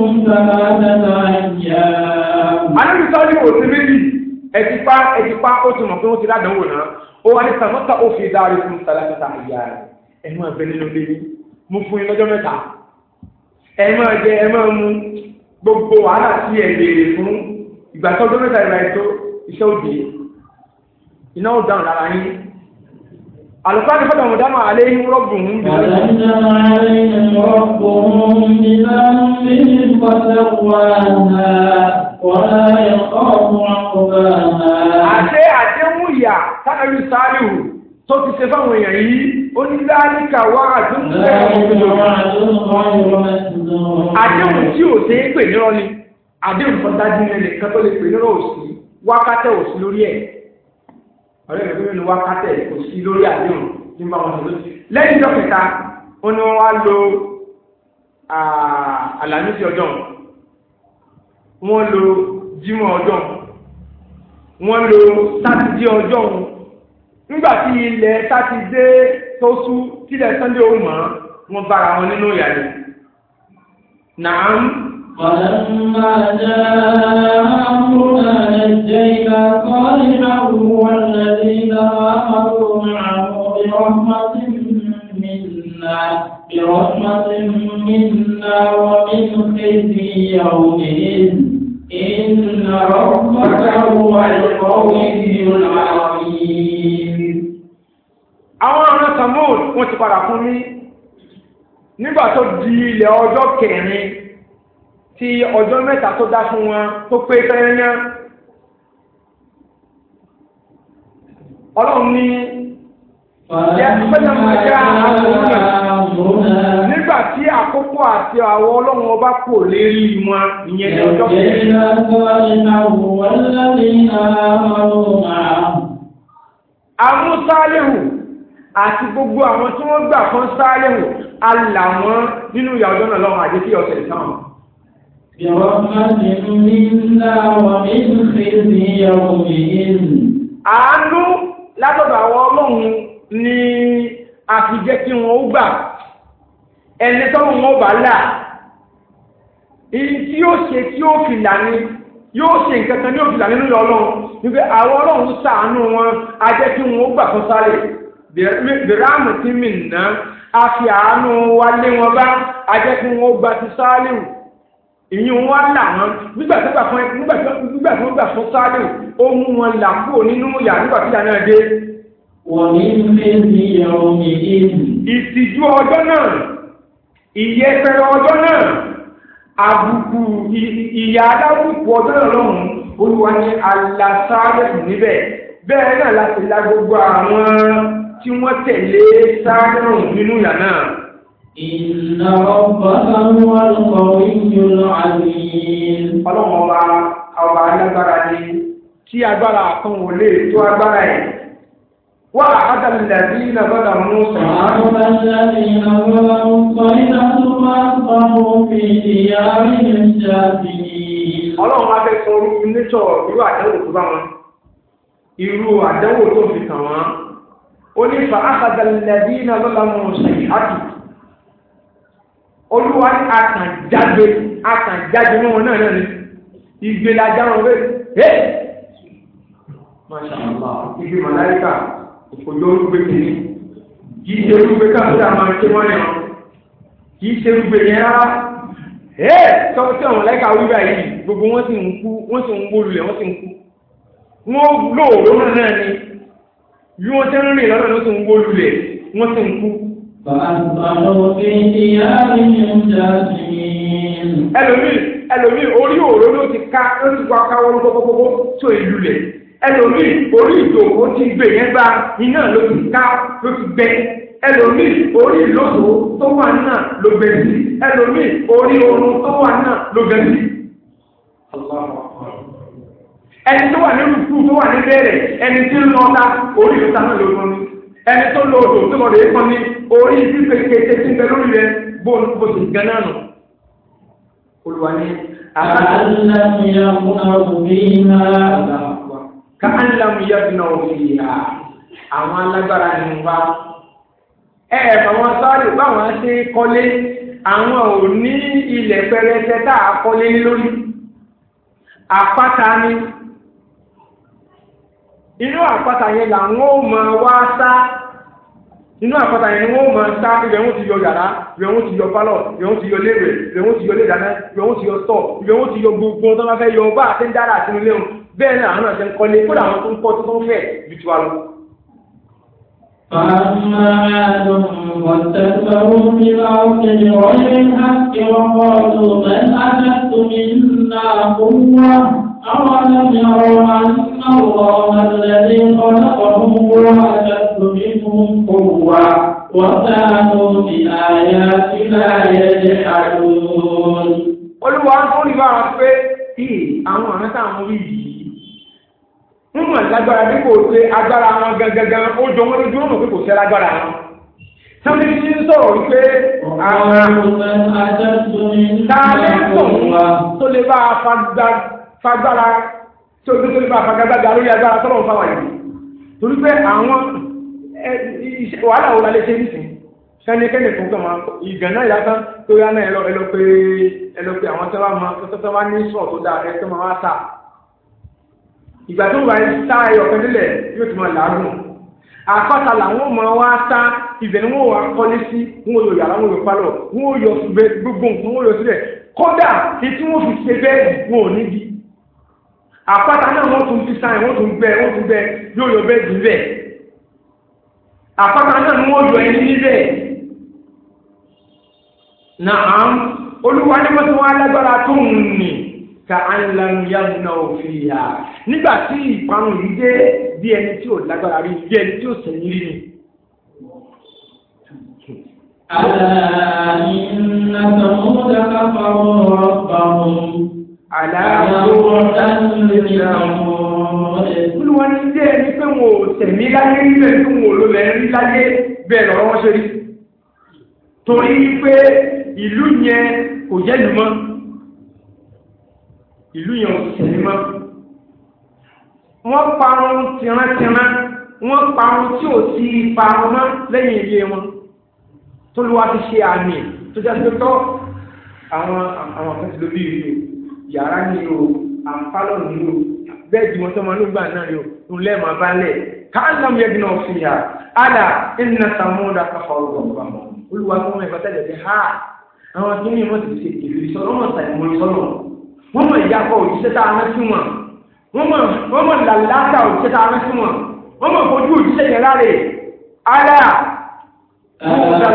وسبيلي ẹtìpá ẹtìpá ó ti mọ̀ pé wọ́n ti ládàáwò náà ó wà ní sàmọ́tà ó dáre fún sàlámẹ́ta àyà rẹ̀ ẹ̀mú ẹ̀bẹ̀ nínú lé gbogbo wàhálà tí ẹ béèrè fún ìgbà tó ọdún mẹ́ta ìrìn àìtó iṣẹ́ òdì iná ó dáhùn lára yín àlùfáà ní fọ́tò àwọn ọ̀dánù yín rọ́bùn ń bí. àlàyé àlẹ́ yín rọ́bùn ní láti ní pàtẹ́wà náà wọ́n á yẹ ọ̀pọ̀ àkọ́bà náà. àṣé àdéhùn ìyà sáà tó ti ṣe fáwọn èèyàn yìí ó ní láríkà wá àdúgbò àdéhùn tí ò ṣe é pè nírọ́ ni àdéhùn kan dájú ní ẹnì kan tó lè pè nírọ́ òsì wákàtẹ́ òsì lórí ẹ̀ ọ̀rẹ́ mi fún mi ní wákàtẹ́ òsì lórí àdéhùn ní bá wọn lọ lẹ́yìn ìjọ kẹta ó ní wọ́n á lo àlàmísì ọjọ́ wọn lo jímọ̀ ọjọ́ wọn lo sátidé ọjọ́ wọn nígbà tí ilẹ̀ sátidé tó sú tílẹ̀ sunday ó mọ̀ wọ́n bára wọn nínú ìyá rẹ̀ nàá. فلما جاء أمرنا نجينا صالحا والذين آمنوا معه برحمة منا برحمة منا ومن خزي يومئذ إن ربك هو القوي العظيم àwọn ọ̀ràn samuel wọ́n ti padà fún mi nígbà tó di ilẹ̀ ọjọ́ kẹrin tí ọjọ́ mẹ́ta tó dá fún wọn tó pé fẹ́ẹ́yán ọlọ́run ní yẹ́n pẹ́ẹ́yán mọ́jà àwọn ọ̀ràn tí àkókò àti àwọn ọlọ́run ọba kò lè rí wọn ìyẹn ní ọjọ́ kejì. ẹ̀jẹ̀ náà gbọ́ iná wọ́n lẹ́yìn àwọn àwọn sáléhù àti gbogbo àwọn tí wọ́n gbà fún sáléhù alà nínú ìyá náà lọ́wọ́ àti kí ọ̀sẹ̀ náà. برحمة منا ومن خزي يومئذ àánú látọ̀dọ̀ àwọn ọlọ́run ni a fi jẹ́ kí wọ́n gbà ẹni tọ́mọ wọn bá là tí yóò ṣe tí yóò fi là ní yóò ṣe nǹkan kan ní òfìlà nínú ìlọ ọlọ́run nígbà àwọn ọlọ́run sàánú wọn wọn ó fi àánú wa lé wọn bá wọn ó gbà fún sáré wò ìyẹn là wọn nígbà tó gbà fún nígbà tó gbà fún ó mú wọn là kúrò ìyẹpẹrẹ ọjọ́ náà àbùkù ìyá alábùkù ọjọ́ náà lọ́hùn olúwa ní alasáré níbẹ̀ bẹ́ẹ̀ náà láti la gbogbo àwọn tí wọ́n tẹ̀lé sáré ọ̀hún nínú ìyá náà. Inna rabbaka huwal qawiyyul aziz. Ọlọ́run ọba ọba alágbára ni tí agbára kan ò lè tó agbára ẹ̀. وعد الذين ظلموا وعد الذين ظلموا صيحة فأصبحوا في ديارهم جاثمين ọlọ́run á fẹ́ sọ orúkú nítọ̀ irú àdánwò tó bá wọn irú àdánwò tó fi kàn wọ́n ó ní fa àkàdàlẹ́bí iná lọ́la mọ̀ ṣe àtù olúwa ní àkànjáde àkànjáde mọ́ wọn náà náà ni ìgbélajà wọn pé ẹ́ máa ṣàmùbà ìgbìmọ̀ láyé káà òjò olùgbé kìíní kì í ṣe olùgbé káàkiri àwọn ẹ̀ṣẹ̀ wọ́n yàn kì í ṣe olùgbé yẹn rárá ẹ̀ sọ́wọ́ tí àwọn lẹ́ka wíwá yìí gbogbo wọ́n sì ń kú wọ́n sì ń wó lulẹ̀ wọ́n sì ń kú wọ́n lóòrò náà ni bí wọ́n ṣe ń rìn lọ́nà ló sì ń wó lulẹ̀ wọ́n sì ń kú. ẹlòmíì ẹlòmíì orí òòró ló ti ká ló ti wá káwọ́ ló kọ́kọ́kọ́kọ́ tó ìlú lẹ̀ ẹlòmíì orí ìdòwò ti gbè yẹn gba iná ló ti ká ló ti gbẹ ẹlòmíì orí ìlòsò tó wà náà ló gbẹ sí ẹlòmíì orí oorun tó wà náà ló gbẹ sí. ẹni tó wà nínú kú tó wà ní bẹ̀rẹ̀ ẹni tí ń lọ ta orí ìlòsà náà ló gbọ́n ẹni tó lọ odò tó lọ rè é ní orí ìdíkèké tí ń bẹ lórí rẹ bó bó ti gan náà nù. olùwà ni. àlàyé ni a kún àwọn òbí náà káàlámù yẹ́dùnà òfin ha àwọn alágbára ni wá. ẹ ẹ fàwọn sáré báwọn ṣe kọ́lé àwọn ò ní ilẹ̀ pẹrẹsẹ tá a kọ́lé lórí àpáta ni inú àpáta yẹn làwọn ò máa wá sá inú àpáta yẹn ni wọ́n máa sá ibẹ̀ wọ́n ti yọ yàrá ibẹ̀ wọ́n ti yọ pálọ̀ ibẹ̀ wọ́n ti yọ léèrè ibẹ̀ wọ́n ti yọ léèdáná ibẹ̀ wọ́n ti yọ sọ̀ ibẹ̀ wọ́n ti yọ gbogbo tó bá fẹ́ yọ bá àti ń dára àti nílé wọn bẹ́ẹ̀ náà àwọn náà ti ń kọ́lé kódà àwọn tó ń kọ́ tó tó ń fẹ̀ ju tiwa lọ. فأما عاد واستكبروا في الأرض بغير الحق وقالوا بل أشد منا قوة أولم يروا أن الله الذي خلقهم هو أشد منهم قوة وكانوا بآياتنا يجحدون. Olúwa ń tó rí bá wa pé, "Ee, àwọn àmẹ́ta àwọn orí yìí, ń mọ̀ lágbára bí kò ṣe agbára wọn gangan ó jọ wọn lójú ọ̀nà pé kò ṣe lágbára wọn. Sọ́ni ti ń sọ̀rọ̀ wípé àwọn tààlẹ́ sọ̀rọ̀ tó lè bá fagbára tó lè bá fagagbága lórí agbára tọ́lọ̀ ń fáwọn yìí. Torí pé àwọn wàhálà wo la lè ṣe nísìnyí kẹ́nikẹ́ni fún kama ìgànnà ìyáta tó yá náà ẹ lọ pé àwọn sábà máa tó sábà ní sọ̀ tó dáa ẹ tó máa wá ta ìgbà tó wà ní sá ẹyọkan nílẹ̀ yóò ti máa làágùn àpáta làwọn máa wá sá ibẹ̀ ni wọ́n wà kọ́lé sí wọ́n yọ yàrá wọ́n yọ pálọ̀ wọ́n yọ gbogbo nǹkan wọ́n yọ sílẹ̀ kódà ètí wọ́n fi ṣe bẹ́ẹ̀ wọn ò níbi àpáta náà wọ́n tún ti sá ẹ̀ wọ́n tún bẹ́ wọ́n tún bẹ́ yóò yọ bẹ́ẹ̀ jù bẹ́ẹ̀ àpáta náà ni wọ́n yọ ẹni níbẹ̀ nàá olúwa ní mọ́tò wọn alágbára tó ń nì kàánlẹ́nu yánnà òfin yá nígbà tí ìparun yìí dé bí ẹni tí ò lágbára rí bí ẹni tí ò sẹ̀yìn rí ni. Àlàyé iná sàmúdà káfàwọ́ ọ̀bàwọ̀. Àlàyé ọ̀rọ̀ dáhùn lè ṣe àwọn ọ̀rẹ́. Olúwa ní ilé ẹni pé wọn ò tẹ̀mí láyé rí rẹ̀ tó wọn ò lò lẹ́rí láyé bẹ́ẹ̀ lọ́rọ́ ṣe rí. Torí pé ìlú yẹn kò jẹ́ ìlú mọ́ ìlú yẹn ò sì ní mọ́ wọ́n parun tìrántìrán wọ́n parun tí ò sí parun mọ́ lẹ́yìn ilé wọn tó ló wá ti ṣe àmì tó jẹ́ pé tọ́ àwọn àwọn kan ti lo bí ìlú yàrá ni o àǹfààlọ́ ni o bẹ́ẹ̀ ju wọn tó máa ń gbà náà yóò ń lẹ́ẹ̀ máa bá lẹ̀ káàlám yẹ́bi náà fi hà àlà ìnà sàmúdà kàfà ọ̀rọ̀ àmọ́ olùwà tó wọn ìfọ̀tẹ́lẹ̀ bí ha àwọn tó ní ìmọ̀ ti ṣe ìrírí sọ́nà ọ̀sán ìmọ̀ ìsọ́nà wọ́n mọ̀ ìyàpọ̀ òjíṣẹ́ tá a rán sí wọn wọ́n mọ̀ làlátà òjíṣẹ́ tá a rán sí wọn wọ́n mọ̀ fojú òjíṣẹ́ yẹn láre ara olúwa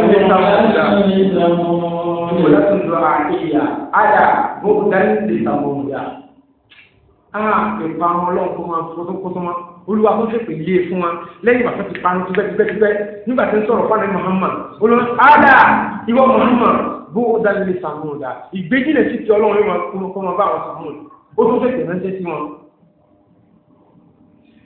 kó ṣèpè lé fún wa lẹ́yìn bàtà ti parun tipẹ́tipẹ́tipẹ́ nígbà tí ń sọ̀rọ̀ fún àdé Muhammad olùwà ádà ìwọ Muhammad bóòdà nílé sàmúlòdà ìgbéjìlẹ̀ sí ti ọlọ́run yóò máa kúrò kó máa bá àwọn sàmúlò ó tún tètè ránṣẹ́ sí wọn.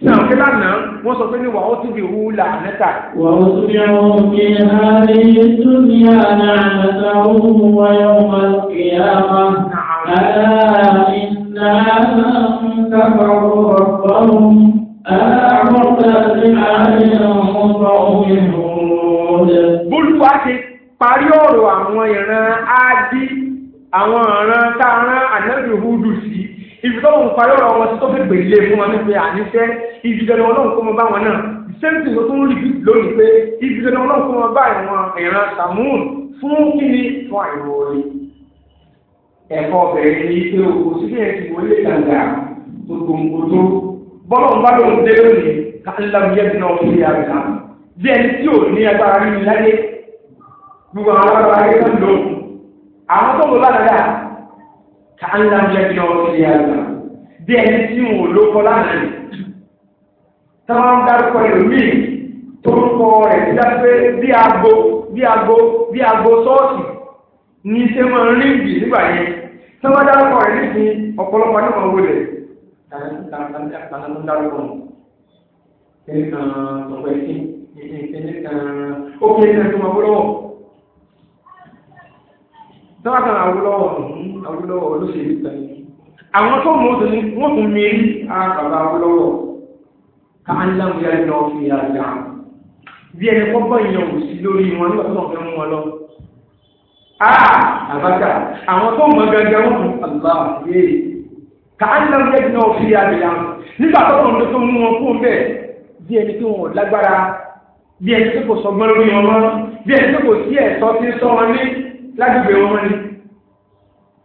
Ṣé àwọn kí lánàá wọ́n sọ pé ní wàá ó ti di ìwú là nẹ́ta? Wà ó ti di ohun kí Hàrí tó ní àná àgbàtà òun wáyé ọmọ ìyáma. Àlá iná kábàrò ọ̀pọ̀lọpọ̀. Àlá àkọ́kọ́ àti àárín àwọn ọmọ òun ìhòòhò. Bólúwa ṣe parí ọ̀rọ̀ àwọn ìran áádí àwọn ìran tá a rán ànábì húdù sí ibi tó ń parí ọ̀rọ̀ wọn tó fẹ́ gbèlè fún wọn nípa àníṣẹ́ ibi tó lọ́wọ́ náà kó mọ bá wọn náà sẹ́ńtì ló tún rí lónìí pé ibi tó lọ́wọ́ náà kó mọ bá àwọn ìran sàmúùn fún kíni fún àìwòrán ẹ̀kọ́ bẹ̀rẹ̀ ní pé òkú sílẹ̀ ti wọlé dàgbà gbogbogbò bọ́lá ń bá lóun dé lónìí ká ńlá mi yẹ́ bí náà ó fi àgbà bí ẹni tí ò gbogbo àwọn ọ̀rọ̀ ayé ń lò àwọn tó lò lánàá ká ń lá jẹ́ kí wọ́n ti àgbà bí ẹni tí wọn ò lóko lánàá táwọn ń dárúkọ ẹlòmíì tó ń kọ rẹ̀ sí dápé bí aago bí aago bí aago sọ́ọ̀sì ní ṣe máa ń rí ìdí nígbà yẹn táwọn dárúkọ rẹ̀ nísìnyí ọ̀pọ̀lọpọ̀ ní wọn wọlé dárúkọ ẹnìkan ọ̀pẹ̀ sí ẹnìkan ó kí ẹnìkan tó máa wọlé wọ̀ sọ́wọ́sọ̀rọ̀ Awólọ́wọ̀ Awólọ́wọ̀ olóṣèlú kan àwọn tó mú òtún ní wọ́n fún mi rí àbàbà Awólọ́wọ̀ ká á ń láwọn yára lọ fi àjà bí ẹni kọ́ bọ́ ìyàn kò sí lórí wọn nígbà tó wọn fẹ́ mú wọn lọ. a àbájá àwọn tó mọ gẹ́gẹ́ wọn fún àbá yé ká á ń láwọn yára lọ fi àjà nígbà tó wọn tó mú wọn fún bẹ́ẹ̀ bí ẹni tó wọn lágbára bí ẹni tó kò sọgbọ́n lórí wọn mọ́ bí ẹni tó kò sí ẹ̀sọ́ láti bẹ̀ wọ́n ní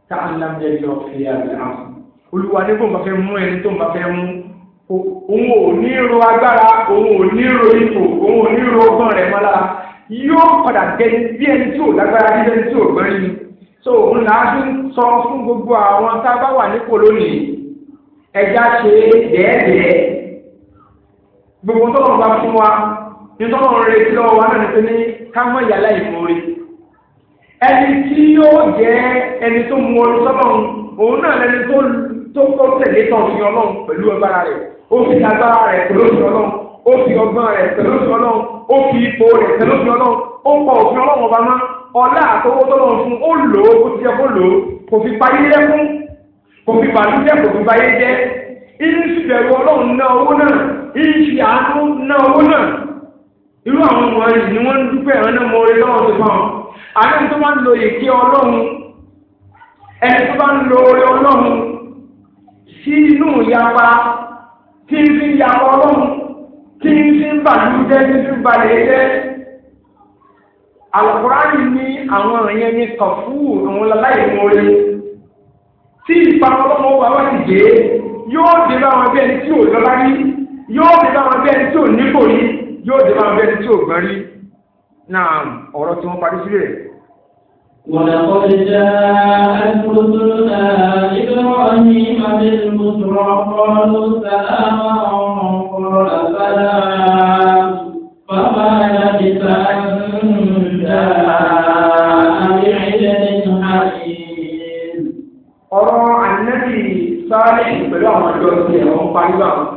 tààlàmẹ́jọ ìyá rẹ̀ àwọn olùwà ní kò máa fẹ́ mú ẹni tó máa fẹ́ mú òun ò ní ro agbára òun ò ní ro ipò òun ò ní ro ọgbọ́n rẹ̀ mọ́lá yóò padà gẹni bí ẹni tí ò lágbára bí ẹni tí ò gbọ́n yìí so òun là á tún sọ fún gbogbo àwọn tá a bá wà nípò lónìí ẹja ṣe dẹ́ẹ̀dẹ́ẹ́ gbogbo tọ́lọ̀ bá fún wa ní tọ́lọ̀ ń retí lọ́wọ́ wa náà ní pé ní ká mọ̀ ìyá láì mọ̀ rí ẹni tí yóò jẹ ẹni tó mú ọdún sọ́lọ́run òun náà lẹni tó tó tó tẹ̀lé tán òfin ọlọ́run pẹ̀lú agbára rẹ̀ ó fi agbára rẹ̀ pẹ̀lú òfin ọlọ́run ó fi ọgbọ́n rẹ̀ pẹ̀lú òfin ọlọ́run ó fi ipò rẹ̀ pẹ̀lú òfin ọlọ́run ó pa òfin ọlọ́run ọba mọ́ ọlá àtọwọ́ tọ́lọ́run fún ó lò ó kó ti yẹ kó lò ó kò fi pa yé lẹ́kún kò fi bàlú jẹ́ kò fi ba yé jẹ́ ìṣìbẹ̀rù ọlọ́run ná owó náà ìṣì àánú ná owó náà irú àwọn ọmọ yìí ni wọ́n ń dúpẹ́ ẹ̀rọ náà mọ orí lọ́wọ́ tó fún àwọn àmì tó bá ń lo èké ọlọ́run ẹni tó bá ń lo orí ọlọ́run sí inú ìyapa tí ń fi yapa ọlọ́run tí ń fi bàlújẹ́ tí ń fi balẹ̀ jẹ́ àlùkùránì ní àwọn èèyàn ní kọ̀fú òun láláyè mọ́lẹ̀ tí ìpamọ́ ọmọ wa wá ti dé yóò dé báwọn bẹ́ẹ̀ tí ò lọ́lá rí yóò dé báwọn bẹ́ẹ̀ tí ò nípò rí yóò dé báwọn bẹ́ẹ̀ tí ò gbọ́n rí náà ọ̀rọ̀ tí wọ́n parí sílẹ̀. ولقد جاءت رسلنا إبراهيم بالبشرى قالوا سلاما قال سلام فما لبث أن جاء بعجل حنين. ọ̀rọ̀ ànábì sáré pẹ̀lú àwọn ọjọ́ ti ẹ̀rọ ń parí báwọn.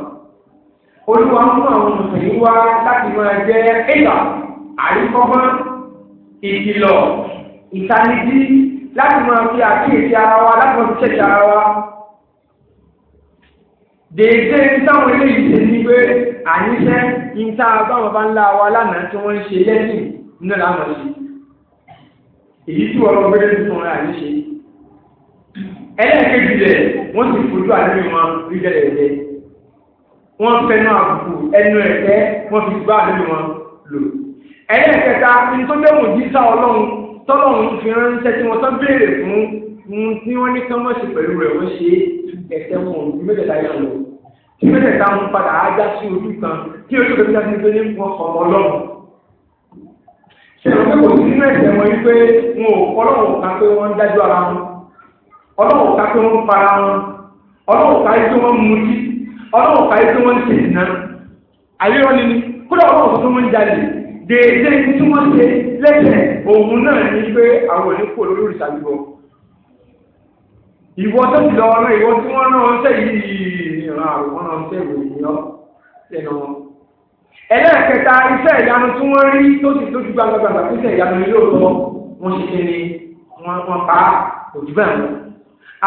olúwa ń mú àwọn mùsùlùmí wá láti máa jẹ́ àríkọ́gbọ́n ìkìlọ̀ ìtanijí láti máa fi àkíyèsí ara wa láti máa fi ṣẹ̀ṣẹ̀ ara wa dèédé táwọn eléyìí ṣe ní pé àníṣẹ́ níta báwọn bá ńlá wa lánàá tí wọ́n ń ṣe lẹ́sìn náà lánàá ṣe èyí tí wọ́n lọ gbẹ́dẹ́ tuntun rẹ̀ àníṣe ẹlẹ́ẹ̀kejì rẹ̀ wọ́n sì fojú àlẹ́ wọn rí dẹ́rẹ́dẹ́ wọ́n fẹ́nu àbùkù ẹnu ẹ̀tẹ́ wọ́n fi gbá àlẹ́ wọn lò. tó ìtọ́jọ́mù jísà ọlọ́run tọ́lọ́run fi ránṣẹ́ tí wọ́n tán béèrè fún un tí wọ́n ní kán pẹ̀lú rẹ̀ wọ́n ṣe ẹ̀sẹ̀ wọn òbí mẹ́tẹ̀ẹ̀ta yẹn lọ tí mẹ́tẹ̀ẹ̀ta ń padà ájá sí ojú kan kí ojú kan tó ní wọn kọ̀ ọmọ ọlọ́run. ṣèlú pé kò sí nínú ẹ̀sẹ̀ wọn wọn ò ọlọ́run kan pé wọ́n ń dájú ara wọn ọlọ́run kan pé wọ́n para wọn ọlọ́run kan pé wọ́n dèédé tí wọ́n ṣe lẹ́sẹ̀ òun náà ní pé àwọn onípò lórí òrìṣà gbígbọ́ ìwọ tó ti lọ ọ̀nà ìwọ tí wọ́n náà ṣe yìí ìran àwọn náà ṣe ìròyìn ọ́ lẹ́nu wọn. ẹlẹ́ẹ̀kẹta iṣẹ́ ìyanu tí wọ́n rí tó ti lójú gbàgbàgbà tó ṣe ìyanu ní lóòótọ́ wọ́n ṣe ṣe ni wọ́n wọ́n pa òjú bẹ́ẹ̀ wọn.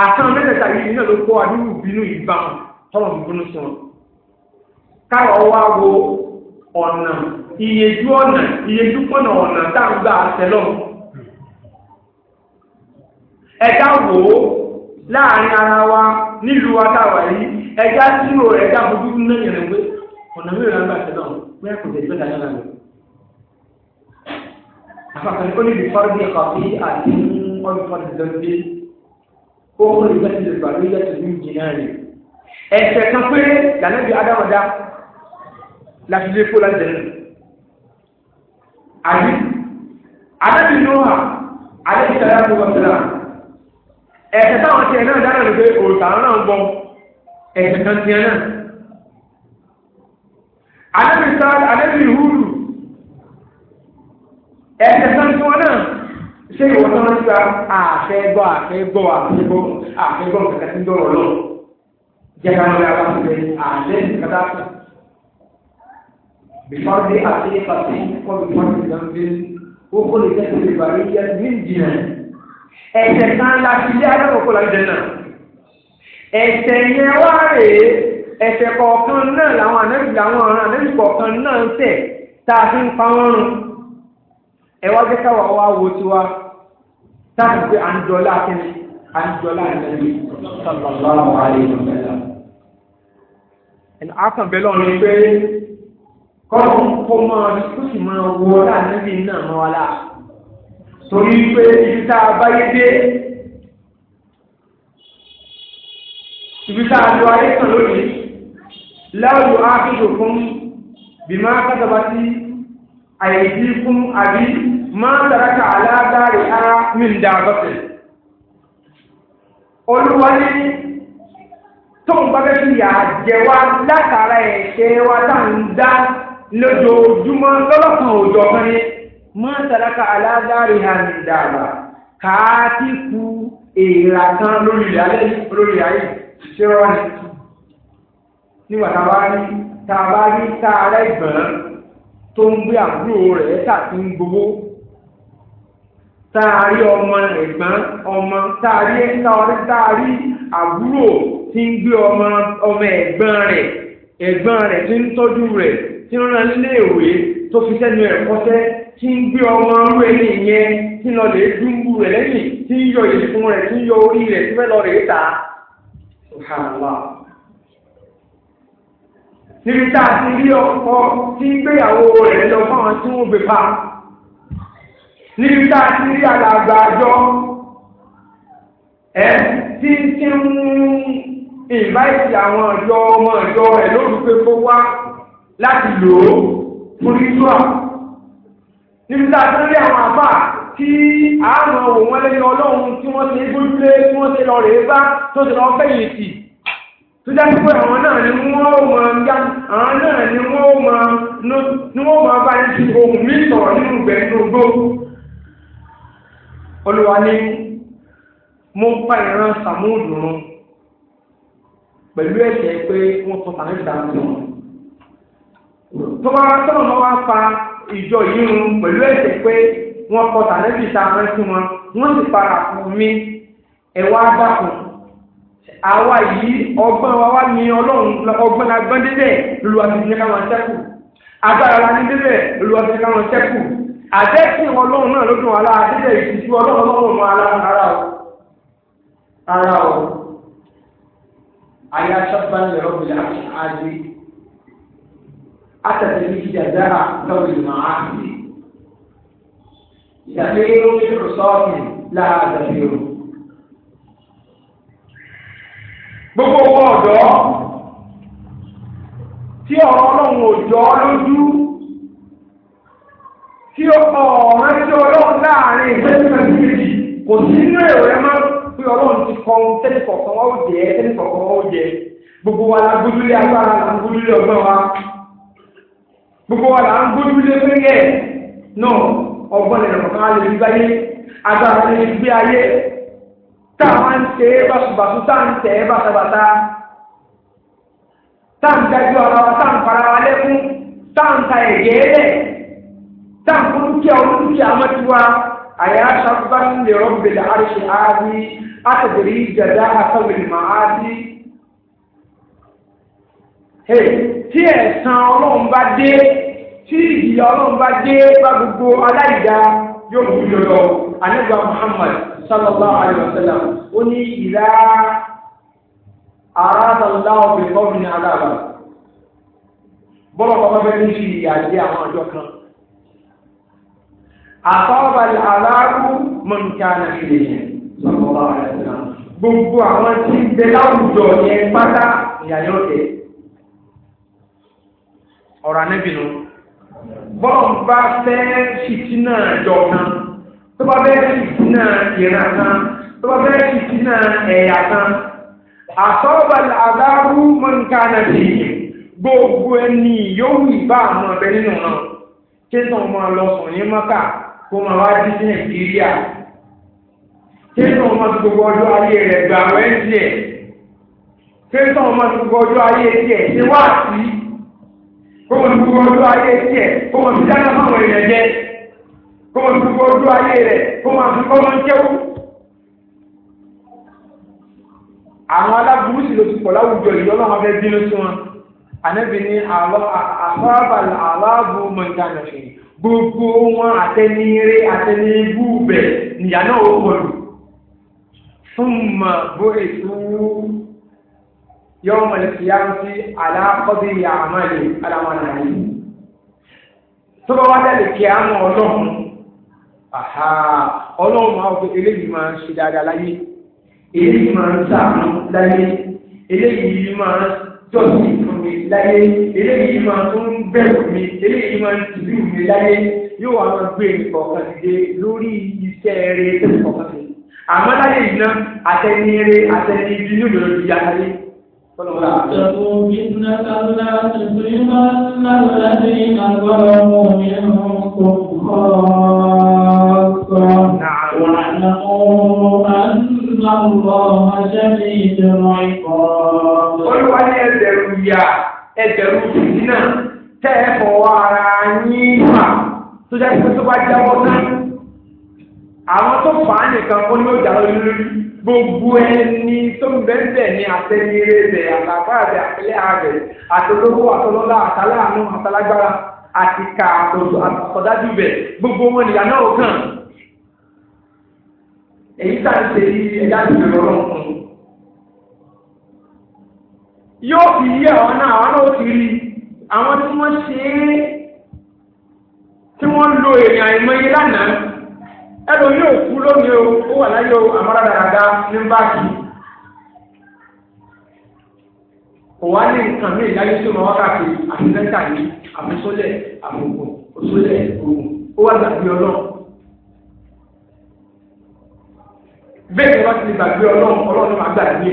àtàn mẹ́tẹ̀ẹ̀ta yìí náà ló kọ́ adúrú bínú ìbámu tọ́lọ̀ ọ̀nà ìyẹjú ọ̀nà ìyẹjú pọ̀nà ọ̀nà táǹgbà àtẹ́lọ̀ ẹ̀dá wò láàrin ara wa nílùú wa táwà yìí ẹ̀dá sírò ẹ̀dá bójú ní ẹ̀yẹ̀rẹ̀ pé ọ̀nà mìíràn láǹgbà àtẹ́lọ̀ pé kò tẹ̀lé ìgbẹ́ta náà lọ. àfàkàn ó ní bí fọ́ọ̀dì àti ọ̀dù fọ́ọ̀dì dọ́gbé ó ń rí bẹ́ẹ̀ ẹ̀sẹ̀ kan péré la láti lé fún láti jẹ́ àbí àbẹ́bí nóhà àbẹ́bí tàyà fún ọ̀sẹ̀lá ẹ̀sẹ̀ táwọn tiẹ̀ náà dáná ló pé òòtà náà ń bọ̀ ẹ̀sẹ̀ kan tiẹ̀ náà àbẹ́bí sá àbẹ́bí húrù ẹ̀sẹ̀ kan tiwọn náà ṣé ìwọ náà ń sa àfẹ́gbọ́ àfẹ́gbọ́ àfẹ́gbọ́ àfẹ́gbọ́ kankan tí ń dọ̀rọ̀ lọ jẹ́ ká lọ́ọ́ yára fún mi àlẹ́ kátà fún mi. بفرض حقيقة وبفرض ذنب وخلقت البرية من جنان ẹ̀ṣẹ̀ kan la fi lé alákòókò la jẹ náà ẹ̀ṣẹ̀ yẹn wá rèé ẹ̀ṣẹ̀ kọ̀ọ̀kan náà làwọn ànábì làwọn ọ̀ràn ànábì kọ̀ọ̀kan náà ń tẹ̀ tá a fi ń pa wọ́n run ẹ wá jẹ́ káwa wá wo tiwa táàbù pé à ń jọlá kẹ́ni à ń jọlá ìlẹ́yìn sallallahu alaihi wasallam. ẹ̀ka àkànbẹ́lọ́ ni pé kọ́ọ̀kù kó máa rí kó sì máa wọ láàánú náà mọ́ wa la torí pé ibi tá a báyé dé ibi tá a lọ ayé kan lónìí láwùjọ ákéjò fún bímá kájọba sí àyèjì fún àbí máa tàràkà aláàdáre á mìíràn bọ́sẹ̀ olúwa ní tóun bá fẹ́ fi yà jẹ wá látara ẹ̀ṣẹ̀ wa táwọn ń dá lójoojúmọ́ lọ́lọ́kan òjò kan ní mọ́tàlákà aládàárí hàmì dàgbà káàtì ku èèrà kan lórí ìyálé lórí ayé ṣé wọ́n ní. nígbà tá a bá rí tá a bá rí tá a rẹ̀ gbọ̀n tó ń gbé àbúrò rẹ̀ tà sí ń gbowó tá a rí ọmọ ẹ̀gbọ́n ọmọ tá a rí tá a rí àbúrò tí ń gbé ọmọ ẹ̀gbọ́n rẹ̀ ẹ̀gbọ́n rẹ̀ tí ń tọ́jú rẹ̀ tí ń ran nílé ìwé tó fi sẹ́nu ẹ̀ kọ́sẹ́ tí ń gbé ọmọ ọrú ẹni yẹn tí lọ lè dúnbù rẹ̀ lẹ́yìn tí ń yọ ìfun rẹ̀ tí ń yọ orí rẹ̀ tí fẹ́ lọ rè é ta. níbi tá a ti rí ọkọ tí ń gbéyàwó rẹ̀ lọ fáwọn tí wọ́n gbé pa níbi tá a ti rí alàgbà àjọ ẹ tí tí ń invite àwọn ọjọ́ ọmọ ọjọ́ rẹ̀ lórúkọ epo wá láti lò ó fún ritual níbi tá a ti rí àwọn àbá tí àárọ̀ òun wọn lẹ́yìn ọlọ́run tí wọ́n ti gbójúlé tí wọ́n ti lọ rèé bá tó ti lọ fẹ̀yìn tì tó dájú pé àwọn náà ni wọ́n ó mọ ya àwọn náà ni wọ́n ó mọ ni wọ́n mọ bá ti ohun mi sọ̀rọ̀ nínú ìgbẹ́ nínú gbó. olùwà ni mo ń pa ìran sàmúdùrún pẹ̀lú ẹ̀sẹ̀ pé wọ́n sọ tàbí dàrú wọn tọ́wọ́ tọ́wọ́ náà wá fa ìjọ yìí run pẹ̀lú ẹ̀sẹ̀ pé wọ́n kọ tàlẹ́bì ta fẹ́ sí wọn wọ́n sì para fún mi ẹ̀wọ́ abákùn àwa yìí ọgbọ́n wa wá ní ọlọ́run ọgbọ́n agbọ́n débẹ̀ lulú àti ní káwọn sẹ́kù agbára la ní débẹ̀ lulú àti ní káwọn sẹ́kù àdẹ́sìn ọlọ́run náà lójú wa lára débẹ̀ ìtìjú ọlọ́run ọlọ́run mọ́ ara o ara o ayé aṣọ́ bá ń lọ́ọ́ bí i àti àdé. أتدريج جزاء ذوي المعاصي زفير في عصاة لا زفير gbogbo owó ọ̀dọ́ tí ọ̀rọ̀ ọlọ́run ò jọ ọ́ lójú tí ọ̀rọ̀ tí ọlọ́run láàrin ìgbésẹ̀ méjì kò sí inú èrò ẹ má pé ọlọ́run ti kọ ohun tẹ́lẹ̀ ó jẹ́ tẹ́lẹ̀ kọ̀ọ̀kan ó jẹ́ gbogbo wa la gbójúlé agbára la gbójúlé ọgbọ́n wa gbogbo wa la ń gbójú lé pé yẹ nù ọgbọ́n lè rọ̀ ká lè rí báyé agbára lè gbé a máa ń tẹ ẹ bàtúbàtú tá a ń tẹ ẹ bàtàbàtà tá a ń dájú ara wa tá a fara wa lẹ́kún tá a ń ta ẹ̀jẹ̀ lẹ̀ tá a ń kó dúkìá olúdúkìá amọ́tiwa àyà sábà ń lè rọ́ bẹ̀rẹ̀ àrùsí ààbí àtẹ̀bẹ̀rẹ̀ ìjàdá àtọ̀wẹ̀lì màá bí tí ẹ̀san ọlọ́run bá dé tí ìyà ọlọ́run bá dé bá gbogbo aláìdá yóò mú yọ̀yọ̀ anagba Muhammad sallallahu alayhi wa sallam ó ní ìlà aráàlá ọ̀bẹ̀ fọ́ọ̀mù ní aláàbà bọ́lá bàbá bẹ́ẹ̀ ní fi ìyà jẹ àwọn ọjọ́ kan àtọ́ọ̀bà aláàrú mọ̀nkánà ìlẹ̀ yẹn sallallahu alayhi wa gbogbo àwọn tí ń bẹ láwùjọ yẹn pátá ìyà tẹ̀ ọ̀rọ̀ anẹ́bìnú bọ́ọ̀n bá fẹ́ fìtínà ìjọ kan tó bá fẹ́ fìtínà ìran kan tó bá fẹ́ fìtínà ẹ̀yà kan àtọ́bàlì àdáhù mọ́nká nàbì gbogbo ẹni yóò wù bá àwọn ọ̀bẹ nínú náà kéèsàn máa lọ sùn ní mọ́kà kó máa wá dí sí nàìjíríà kéèsàn máa gbogbo ọjọ́ ayé rẹ̀ gbà wẹ́ńdíẹ̀ kéèsàn máa ti gbogbo ọjọ́ ayé tiẹ̀ ṣe wá sí kọ́mọ̀ ní gbogbo ọjọ́ ayé tiẹ̀ kọ́mọ̀ ní dáná fáwọn èèyàn jẹ kọ́mọ̀ ní gbogbo ọjọ́ ayé rẹ̀ kọ́mọ̀ ní kọ́mọ̀ ń jẹ́wọ́. àwọn aláburú sì ló ti pọ̀ láwùjọ yìí ọlọ́run afẹ́ bínú sí wọn ànábì ní àfáàbàlà aláàbò mọ̀ntánà ṣe gbogbo wọn àtẹnire àtẹnigbú bẹ̀ níyànà òkòlù fún mọ̀ bó ètò يوم القيامة على قدر أعماله على من عليه tọ́ba wá dálé kí á mọ ọlọ́run àhá ọlọ́run máa wọ eléyìí máa ń ṣe dáadáa láyé eléyìí máa ń sàánú láyé eléyìí máa ń jọ̀sìn fún mi láyé eléyìí máa ń bẹ̀rù mi eléyìí máa ń tìlú mi láyé yóò wá máa gbé nǹkan dìde lórí iṣẹ́ rẹ̀ tẹ̀sán kan sí. àmọ́ láyé yìí náà àtẹnirẹ́ àtẹnirí yóò lọ́ọ́ di yára lé. واتقوا فتنة لا تصيبن الذين ظلموا منكم خاصة واعلموا أن الله شديد العقاب. Olúwa ní ẹ̀dẹ̀rù ìyá ẹ̀dẹ̀rù fìdí náà tẹ́ ẹ fọwọ́ ara yín fà tó jẹ́ pé tó bá jábọ́ náà. àwọn tó fà á nìkan ó ní ó jà lórí lórí gbogbo ẹni tó ń bẹ́ẹ̀ bẹ́ẹ̀ ni àtẹnire rẹ̀ àlàbà rẹ̀ àtẹlẹ́ rẹ̀ àtolówó àtọlọ́lá àtàláàánú àtàlágbára àti ká àtọ̀dájú bẹ̀ gbogbo wọn nìyà náà ó kàn. èyí tá à ń ṣe yí ẹ̀dá ìlú rọrùn fún un. yóò fi yí ẹ̀wọ̀n náà àwọn náà ó ti rí àwọn tí wọ́n ṣe é tí wọ́n lo èèyàn àìmọye lánàá. ẹlòmí òkú lónìí o ó wà láyé o àmọ́ra dàgàdà ní báàkì kò wá ní nǹkan ní ìdájọ́ tó máa wákàtí àfisẹ́ńtà yìí àfisọ́lẹ̀ àbùkù òṣòlẹ̀ òògùn ó wà gbàgbé ọlọ́run bẹ́ẹ̀ ni wọ́n ti gbàgbé ọlọ́run ọlọ́run máa gbàgbé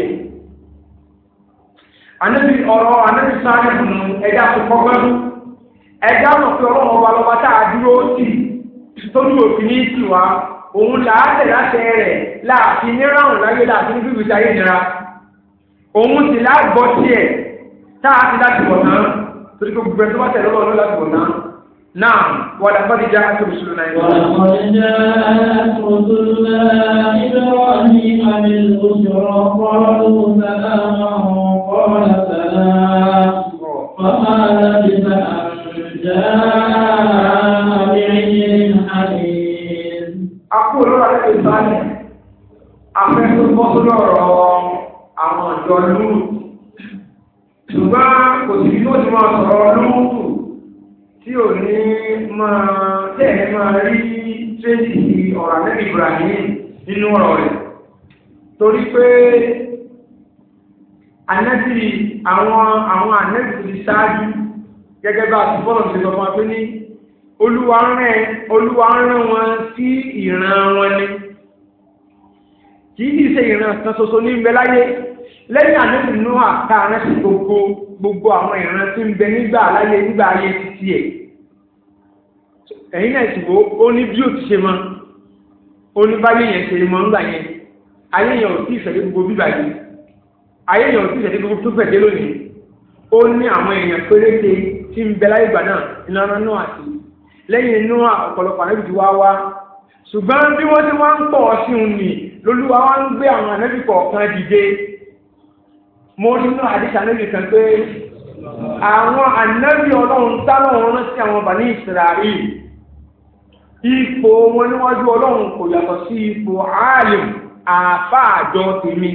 ẹ̀ ọ̀rọ̀ sáré ẹ̀dá ẹ̀dá ọlọ́run ọba lọ́ba tá a dúró sí tóbi òfin ní ìsìn òun làátẹ̀ láṣẹ rẹ̀ láàfin níràrùn láyé láàfin ní bíbí sáyé nira òun sì láàgbọ́ tiẹ̀ tá a ti láti bọ̀ náà torí pé gbogbo ẹ̀ bá tẹ̀lé ọlọ́run láti bọ̀ náà. نعم ولقد جاءت رسلنا ولقد جاءت رسلنا إبراهيم بالبشرى قالوا سلاما قال سلام akó lọ́la lẹ́yìn ìbáyẹ̀ afẹ́fẹ́ bọ́sọ́lá ọ̀rọ̀ àwọn ọ̀dọ́ lúrù ṣùgbọ́n kò sí bí wọ́n ti máa sọ̀rọ̀ lúrù tí ò ní máa tẹ̀lé máa rí tírèjì ọ̀rọ̀ àlẹ́ Ibrahim nínú ọ̀rọ̀ rẹ̀ torí pé anẹ́bí àwọn àwọn anẹ́bí ti ṣáájú gẹ́gẹ́ bá a ti fọ́lọ̀ ṣe sọ fún wa pé ní olúwa rán olúwa rán wọn sí ìran wọn ni kì í ṣe ìran kan ṣoṣo ní ìgbẹ́ láyé lẹ́yìn àdéhùn inú àká rẹ̀ sí gbogbo gbogbo àwọn ìran tí ń bẹ nígbà láyé nígbà ayé títí ẹ̀ ẹ̀yìn náà sì wò ó ní bí ó ti ṣe mọ ó ní báyé yẹn ṣe mọ ńgbà yẹn ayé yẹn ò tí ì fẹ̀dé gbogbo bíbà yìí ayé yẹn ò tí ì fẹ̀dé gbogbo tó fẹ̀dé lónìí ó ní àwọn èèyàn péréte tí ń bẹ láyé gbà náà ìlànà náà àti lẹ́yìn inú ọ̀pọ̀lọpọ̀ ànábì ti wá wá ṣùgbọ́n bí wọ́n ti wá ń pọ̀ sí un nì lólúwa wá ń gbé àwọn ànábì kọ̀ọ̀kan dìde mo nínú àdìsá ànábì kan pé àwọn ànábì ọlọ́run táwọn rán sí àwọn bàní Ísírẹ́lì ipò wọn níwájú ọlọ́run kò yàtọ̀ sí ipò ààlùm àáfà àjọ tèmi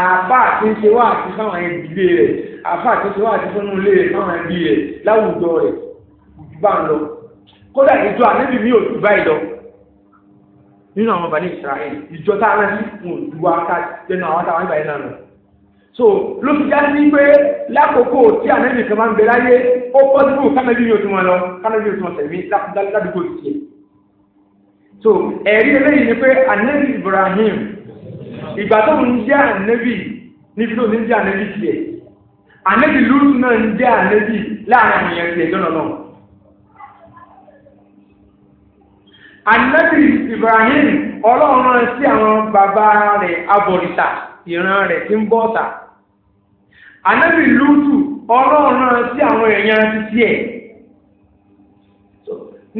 àáfà àti ṣe wá àti fáwọn ẹbí rẹ̀ àáfà àti ṣe wá àti fọ́nú ilé rẹ̀ fáwọn ẹbí rẹ̀ láwùjọ rẹ̀ bá ń lọ kódà ìjọ ànábì mi ò ju báyìí lọ nínú àwọn bàní Israẹli ìjọ tá a rán sí fún òdu wa ká jẹnu àwọn táwọn ìbàyẹn náà lọ so ló fi já sí pé lákòókò tí ànábì kan máa ń bẹ láyé ó pọ́ síbò kánábì yóò tún wọn lọ kánábì yóò tún wọn tẹ̀lé ládùúgbò tiẹ̀ so ẹ̀rí eléyìí ni pé ànábì Ibrahim ìgbà tó ń jẹ́ ànábì níbi tó ń jẹ́ ànábì tiẹ̀ ànábì lúrú náà ń jẹ́ ànábì láàrin àwọn èèyàn tiẹ̀ náà. anabi ibrahim ọlọ́run sí àwọn bàbá rẹ̀ abọ̀rìṣà ìran rẹ̀ tí ń bọ́ta anabi lutu ọlọ́run sí àwọn èèyàn títí ẹ̀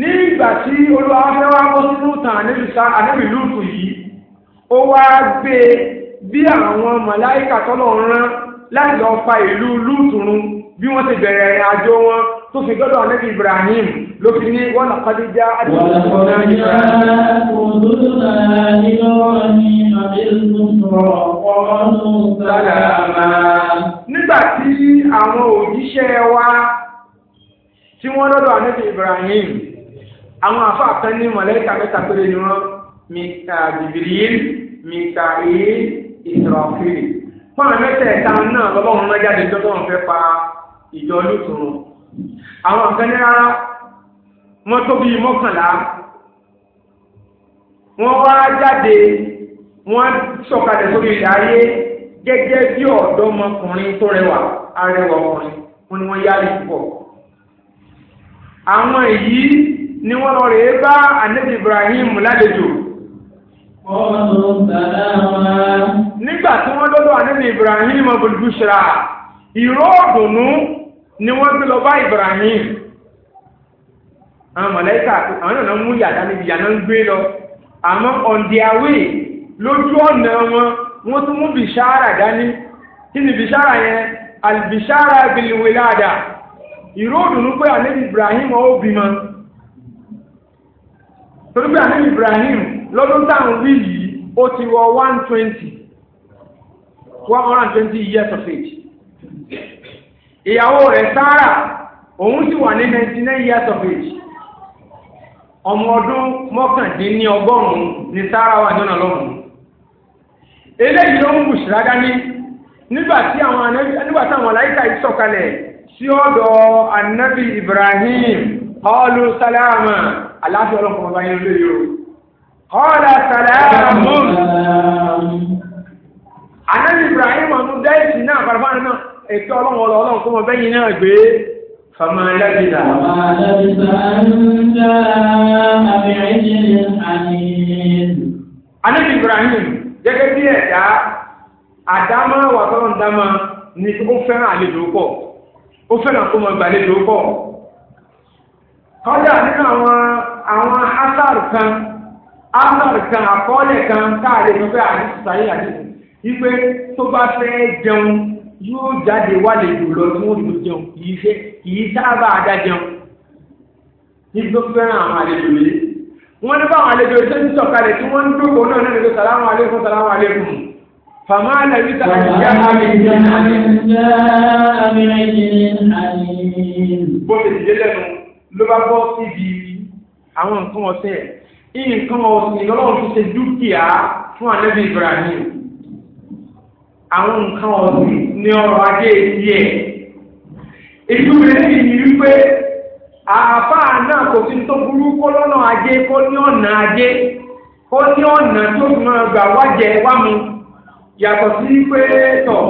nígbà tí olúwa fẹ́ wá bọ́ sínú tàn anabi lutu yìí ó wá gbé bí àwọn màláìkà tọ́lọ̀ rán láti lọ fa ìlú lutu run bí wọ́n ti bẹ̀rẹ̀ àjò wọn tó fi gbọ́dọ̀ anabi ibrahim ló fi ní wọn nà kọ́ni já àti wọn nà ní ra. nígbà tí àwọn òjíṣẹ́ wa tí wọ́n lọ́dọ̀ anabi ibrahim àwọn àfààfẹ́ ní mọ̀lẹ́kà mẹ́ta péré ni wọ́n mìta bìbìrìyìn mìta èyí ìtọ̀ọ̀fìrì fún àwọn mẹ́tẹ̀ẹ̀ta náà lọ́wọ́ wọn jáde tó tó wọn fẹ́ pa ìjọ olùtùnú àwọn nǹkan ní rárá wọ́n tó bíi mọ́kànlá wọ́n wá jáde wọ́n sọ̀kalẹ̀ sórí ilẹ̀ ayé gẹ́gẹ́ bí ọ̀dọ́mọkùnrin tó rẹwà arẹwà ọkùnrin wọ́n ní wọ́n yára púpọ̀ àwọn èyí ni wọ́n lọ rèé bá anabi Ibrahim lálejò. nígbà tí wọ́n dọ́dọ̀ anabi Ibrahim abul bushra ìró ọ̀dùnnú ni wọ́n gbé lọ bá Ibrahim àwọn mọ̀lẹ́kà àwọn náà mú yàrá níbi yàrá ń gbé lọ àmọ́ on their way lójú ọ̀nà wọn wọ́n tún mú bìṣára dání kí ni bìṣára yẹn albìṣára bìlìwìláàdà ìró òdùnnú pé àlejò Ibrahim ó bímọ torí pé àlejò Ibrahim lọ́dún táwọn wí yìí ó ti wọ one twenty one hundred and twenty years of age. ìyàwó rẹ̀ sára òun sì wà ní ninety nine years ọmọ ọdún mọ́kàndínní ọgọ́rùn-ún ni sára wà nínú ọlọ́run eléyìí ló ń bùsùlá dání nígbà tí àwọn nígbà aláìka anabi ibrahim aláàfin ọba o anabi ibrahim ọdún náà náà. ètò ọlọ́run ọlọ́run kó mọ bẹ́yìn náà gbé fama lábìlà. fama Ibrahim gẹ́gẹ́ bí ẹ̀dá àdámá wà tọ́lọ́ ń dámá ni ó fẹ́ràn àlejò pọ̀ ó fẹ́ràn kó mọ gbàlejò pọ̀ kọ́jà nínú àwọn àwọn asàrù kan asar kan àkọọ́lẹ̀ kan káàdé gbogbo àdìsí sáyé àdìsí wípé tó bá fẹ́ jẹun yóò jáde wálé jùlọ tí wọ́n ti jẹun kìí ṣe kìí sábà dá jẹun nígbà fẹ́ràn àwọn àlejò yìí wọ́n ní báwọn àlejò yìí sẹ́yìn sọ̀kalẹ̀ tí wọ́n ń dókòó náà nínú sàlámù alẹ́kùn sàlámù alẹ́kùn fàmà lẹ́bí sàlámù bó ṣe dìde lẹ́nu ló bá bọ́ síbi àwọn nǹkan ọ̀sẹ̀ nǹkan ọ̀sìn lọ́wọ́ tó ṣe dúkìá fún àlẹ́bí Ibrahim àwọn nǹkan ọ̀sìn ní ọrọ̀ ajé ti ẹ̀. èyí rẹ̀ sì ní wípé àáfàá náà kò sí tó burú kó lọ́nà ajé kó ní ọ̀nà ajé kó ní ọ̀nà tó máa gbà wájẹ wá mu yàtọ̀ sí pé tọ̀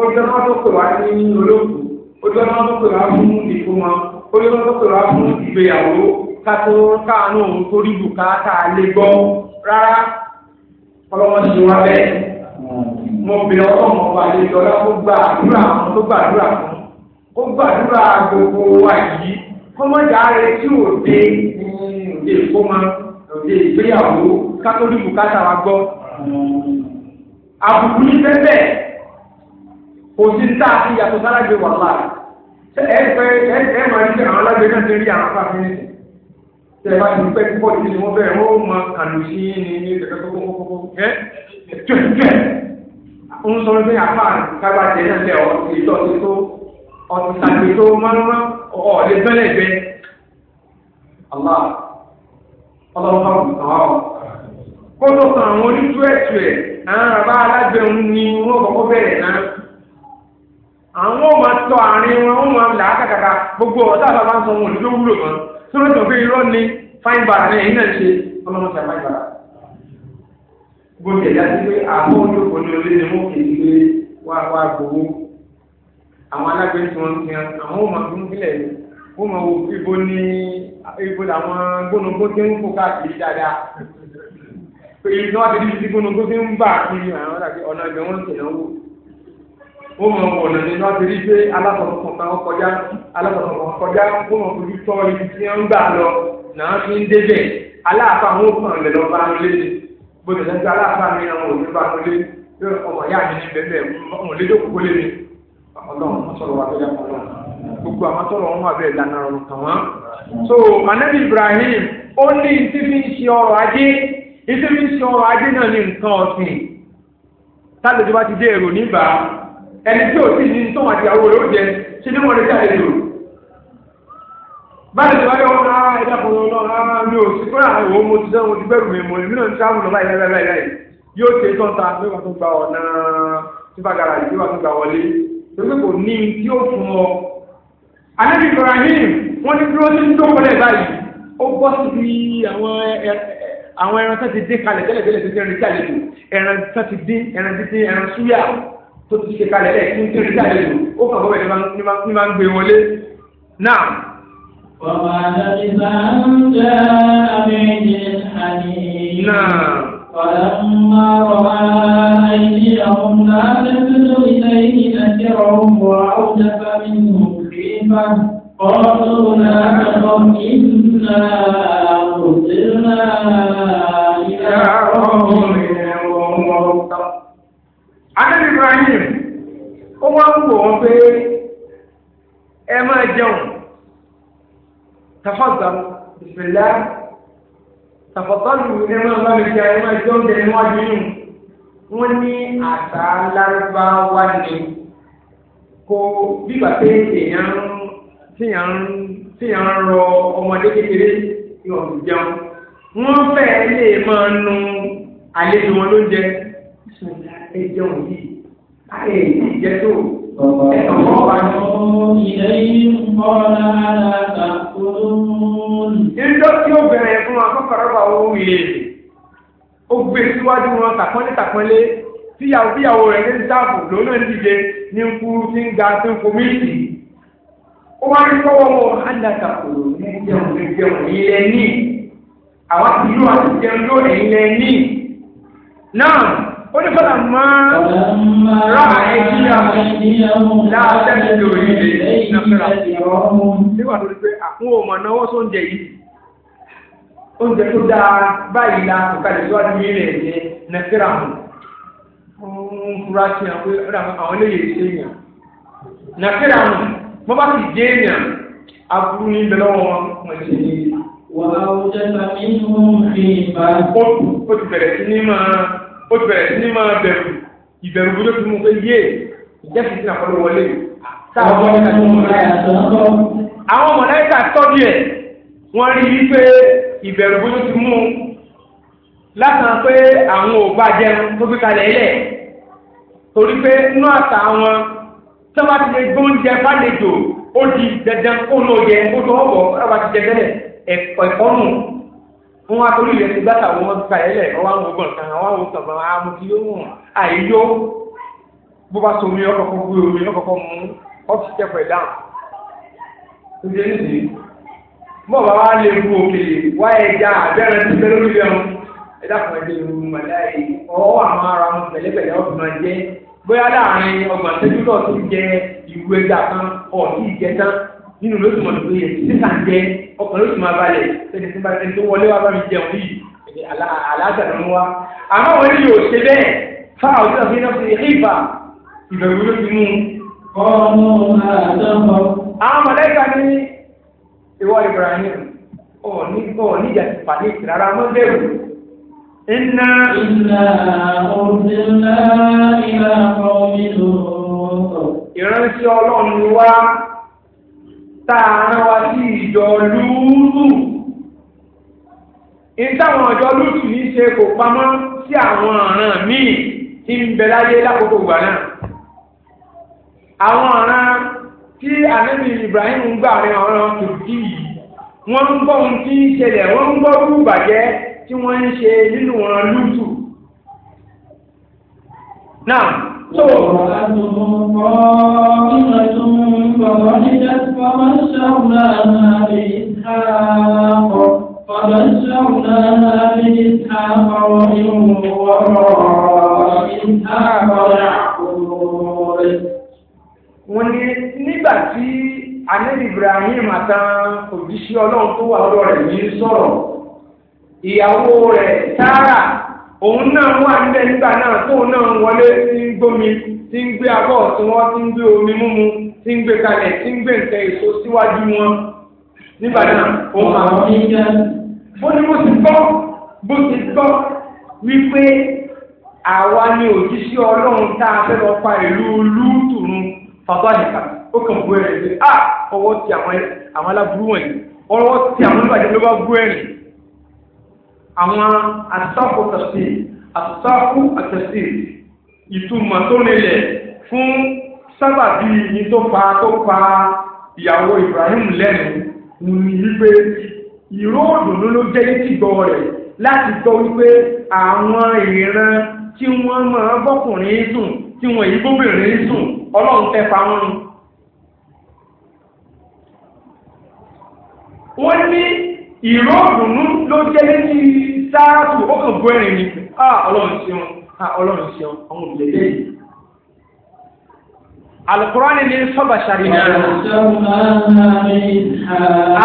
ojú ọmọ tó pè wá sí olóògùn ojú ọmọ tó pè wá fún ìfowópamọ́ ojú ọmọ tó pè wá fún ìgbéyàwó kátó káàánú torí bùkátà lè gbọ́ rárá ọlọ́wọ́n ti wá bẹ́ẹ̀ mo bẹ ọlọ́run ọba àlejòlá kó gbàdúrà fún kó gbàdúrà fún kó gbàdúrà gbogbo wa yìí kó má tí ò dé òde ìkómọ òde ìgbéyàwó kátólíkù káta wa gbọ́. àbùkù yìí bẹ́ẹ̀ kò sí tá a ti yàtọ̀ sára gbé wàhálà ẹ ẹ ẹ ẹ máa ń ṣe àwọn alágbèéká ti rí àwọn afáfin ní tẹ bá ti pẹ́ púpọ̀ tí wọ́n bẹ̀rẹ̀ wọ́n mọ àlùsí ní ní ìdẹ̀kẹ́ tó kókókókó ẹ jẹ́ jẹ́ ń sọ pé àpá kágbá jẹ náà lẹ ọ ìtọ́ ti tó ọtí tàbí tó mọ́nàmọ́ ọ̀ lè bẹ́lẹ̀ bẹ́ Allah ọlọ́run bá wù kàn ọ́. kó tó kan àwọn onítú ẹ̀tù ẹ̀ àwọn bàbá alágbẹ̀rún ni wọ́n kọ́kọ́ bẹ̀rẹ̀ náà. àwọn ọmọ tọ àárín wọn wọn máa là á kàkàkà gbogbo ọ̀tá àbábá sọ wọn ò ní ló wúlò mọ́ sọ́dọ̀ tó fi irọ́ ni fáìbà náà bó ti ẹ̀dá sí pé àwọn olóògùn ní olóògùn mú èyí pé wá wá gbowó àwọn alágbé tí wọ́n ti hàn àwọn ọmọ tó ń gbilẹ̀ ó mọ wo ibo ní ibo làwọn gbónúgbó tí ń kó káàkiri dáadáa pé ibi tí wọ́n ti di ti gbónúgbó tí ń bà kiri àwọn àti ọ̀nà ìgbẹ́ wọn ti náwó ó mọ ọ̀nà ní wọ́n ti rí pé alákọ̀ọ́kọ̀ kan kọjá alákọ̀ọ́kọ̀ kọjá ó mọ ojú tọ́ ibi tí wọ́n ń gbà lọ náà fi ń débẹ̀ aláàfáà wọn kàn lè lọ bá wọn léde gbọdọ̀ lẹ́sẹ̀ aláàfáàní ẹ̀rọ òní bá wọlé ọmọ ìyá mi ní bẹ́ẹ̀ ọmọ lédè òkúkú lé mi ọlọ́run sọ̀rọ̀ wa tó yá gbogbo àwọn sọ̀rọ̀ wọn wà bẹ́ẹ̀ lànà ọ̀run kàn wọ́n. so anabi ibrahim ó ní ìdí fi ń ṣe ọrọ̀ ajé ìdí fi ń ṣe ọrọ̀ ajé náà ní nǹkan ọ̀sìn tálẹ̀ tó bá ti dé èrò níbà ẹni tí ò sì ní tó báyìí wáyé wọn náà ẹ̀dá kọ̀ọ̀rọ̀ náà mi ò sí fún àwọn ohun mo ti dánwò ti bẹ̀rù mi mọ̀ èmi náà ń sáwọn lọ báyìí yóò ṣe tán ta pé wàá tó gba ọ̀nà sípàgàrà yìí wàá tó gba wọlé torí kò ní tí ó fún ọ. Ànábì Ibrahim wọ́n ní dúró ní tó báyìí ó bọ́ síbi àwọn ẹran tán ti dín kalẹ̀ tẹ́lẹ̀tẹ́lẹ̀ tó ti rìn jàlejò ẹran tán ti dín ẹran títí ẹran súyà tó ti ṣe kalẹ̀ ẹ̀ tó ti rìn jàlejò ó kàn وقال إذا جاء بعيد الحنين نعم فلما رأى أيديهم لا تجد إليه نكرهم وأوجس منهم خيفة قالوا لا تخف إنا أرسلنا إلى قوم Adébíbáyé, ó wá ń wò wọ́n pé ẹ máa jẹun تفضل بسم الله تفضلوا إنما الله الكريم اليوم للمواجهين wọ́n ní àṣà lárúbáwá ni kò bíbà pé èèyàn tíyàn tíyàn rọ ọmọdé kékeré ní ọ̀dùn jẹun wọ́n fẹ́ẹ́ lè máa nu àlejò wọn lóúnjẹ ẹ jẹun yìí ẹ ìjẹ tó o. Ìjọ tí ó bẹ̀rẹ̀ fún wọn kọ́kọ̀rọ̀ bá owó yẹ. Ó gbé síwájú wọn tàpọ́nlé tàpọ́nlé tíyàwó tíyàwó rẹ̀ ní sáàbù lónà díje ní kú tí ń ga tó ń fomi sí. Ó wá ní kọ́wọ́ wọn àdàkà òrò ní jẹun ní jẹun ilẹ̀ ní. Àwọn àti ìlú àti jẹun lónìí ilẹ̀ ní. Náà ó ní fọlá mọ́ rà ẹ̀jìyà láàbẹ̀ lórí ilé ìnáfẹ́ra níwà lórí pé àwọn ọmọ náwó tó ń jẹ yìí oúnjẹ tó dáa báyìí la òkàlẹ̀ tó wà ní ilé ẹ̀jẹ̀ nàfẹ́ra mọ́ ń fura sí àwọn eléyìí ṣe yàn nàfẹ́ra mọ́ mo bá ti dé yàn aburú ní bẹ̀rẹ̀ wọn ti bẹ̀rẹ̀ sí ní máa ó ti bẹ̀rẹ̀ sí ní máa bẹ̀rù ìbẹ̀rù bójú ti mú pé yé ìjẹ́ sì sínú àkọlù wọlé ah, àwọn mọ̀láìkà tọ́jú ẹ̀ wọ́n rí i pé ìbẹ̀rù bójú ti mú látàn pé àwọn ò bá jẹun tó gbé kalẹ̀ ilẹ̀ torí pé inú àtà wọn tó bá ti lè gbóúnjẹ bá lè jò ó di dandan kó lóye ó tó ọ̀pọ̀ ọ̀pọ̀ ti jẹ tẹ́lẹ̀ ẹ̀kọ́ nù nwa wá torí ilẹ̀ ti gbàtà wọn gba ẹ lẹ̀ ọwọ́ àwọn ọgbọ̀n kan ọwọ́ àwọn ọgbọ̀n kan àwọn ti yóò wọn àìyó bó bá omi ọkọkọ mú ọ́fíìsì tẹ̀pẹ̀ dáhùn. oṣù nìyí bọ́ọ̀ bá wá òkè wá ẹja àbẹ́rẹ́ ti lórí ẹ̀hún ẹ̀dá kan ẹ̀jẹ̀ ìlú ọwọ́ àwọn wọn ọkàn yóò tún máa balẹ̀ ẹni tó bá tó wọlé wá bá mi jẹun yìí ẹni aláàjà ń wá àmọ́ àwọn ènìyàn ò ṣe bẹ́ẹ̀ fáwọn ọ̀dọ́ fi náà fi rí ìbẹ̀rù ló ti mú. ọmọ àdánwò. àwọn mọ̀lẹ́kà ní ìwọ Ibrahim ọ̀ọ́nì ọ̀ọ́nì ìjà ti pàdé ìtìlára mọ́ bẹ́ẹ̀rù. Iná iná òṣèlá ìlà ọmọdé lòó. Ìrántí Ọlọ́run wá tá a rán wa sí ìjọ ìtàwọn ọjọ́ lúùtù ní ṣe kò pamọ́ sí àwọn ọ̀ràn míì tí ń bẹ láyé lákòókò gbà náà àwọn ọ̀ràn tí ànábì Ibrahim ń gbà rẹ ọ̀ràn tòkì yìí wọ́n ń gbọ́ ohun tí ń ṣẹlẹ̀ wọ́n ń gbọ́ rú bàjẹ́ tí wọ́n ń ṣe nínú ọ̀ràn lúùtù náà. امرأته قائمة فضحكت فبشرناها بإسحاق فبشرناها بإسحاق ومن وراء إسحاق يعقوب wọ́n ní nígbà tí anẹ́lì Ibrahim àtàwọn òjíṣẹ́ Ọlọ́run tó wà lọ́dọ̀ rẹ̀ yìí sọ̀rọ̀ ìyàwó rẹ̀ Tárà òun náà wà níbẹ̀ nígbà náà tóun náà ń wọlé tí ń gbómi tí ń gbé abọ́ tí wọ́n ti ń gbé omi múmu tí ń gbé kalẹ̀ tí ń gbé nǹkan èso síwájú wọn nígbà náà òun àwọn yìí jẹ́. ó ní bó ti gbọ́ bó ti gbọ́ wípé àwa ni òjíṣẹ́ ọlọ́run tá a fẹ́ lọ pa ìlú lútùrún fàbáyìká ó kàn bú ẹ̀rín pé a ah! ọwọ́ ti àwọn aláburú wọ̀nyí ọwọ́ ti àwọn olùbàdàn ló bá bú ẹ̀rín àwọn àtàkù tàṣì àtàkù àtàṣì ìtumọ̀ tó lélẹ̀ fún sábàbí yìí tó fa tó fa ìyàwó Ibrahim lẹ́nu ní wípé ìró òdòdó ló jẹ́ ìtìgbọ́ rẹ̀ láti gbọ́ wípé àwọn ìran tí wọ́n máa bọ́kùnrin sùn tí wọ́n èyí bóbìnrin sùn ọlọ́run tẹ́ pa wọ́n ni. wọ́n ní ìró òdùnnú ló jẹ́ létí sáàtù ó kàn ẹ̀rìn ni á ọlọ́run ṣeun á ọlọ́run ṣeun àwọn òbílẹ̀ lẹ́yìn. alukurani ni sọba ṣàríyá.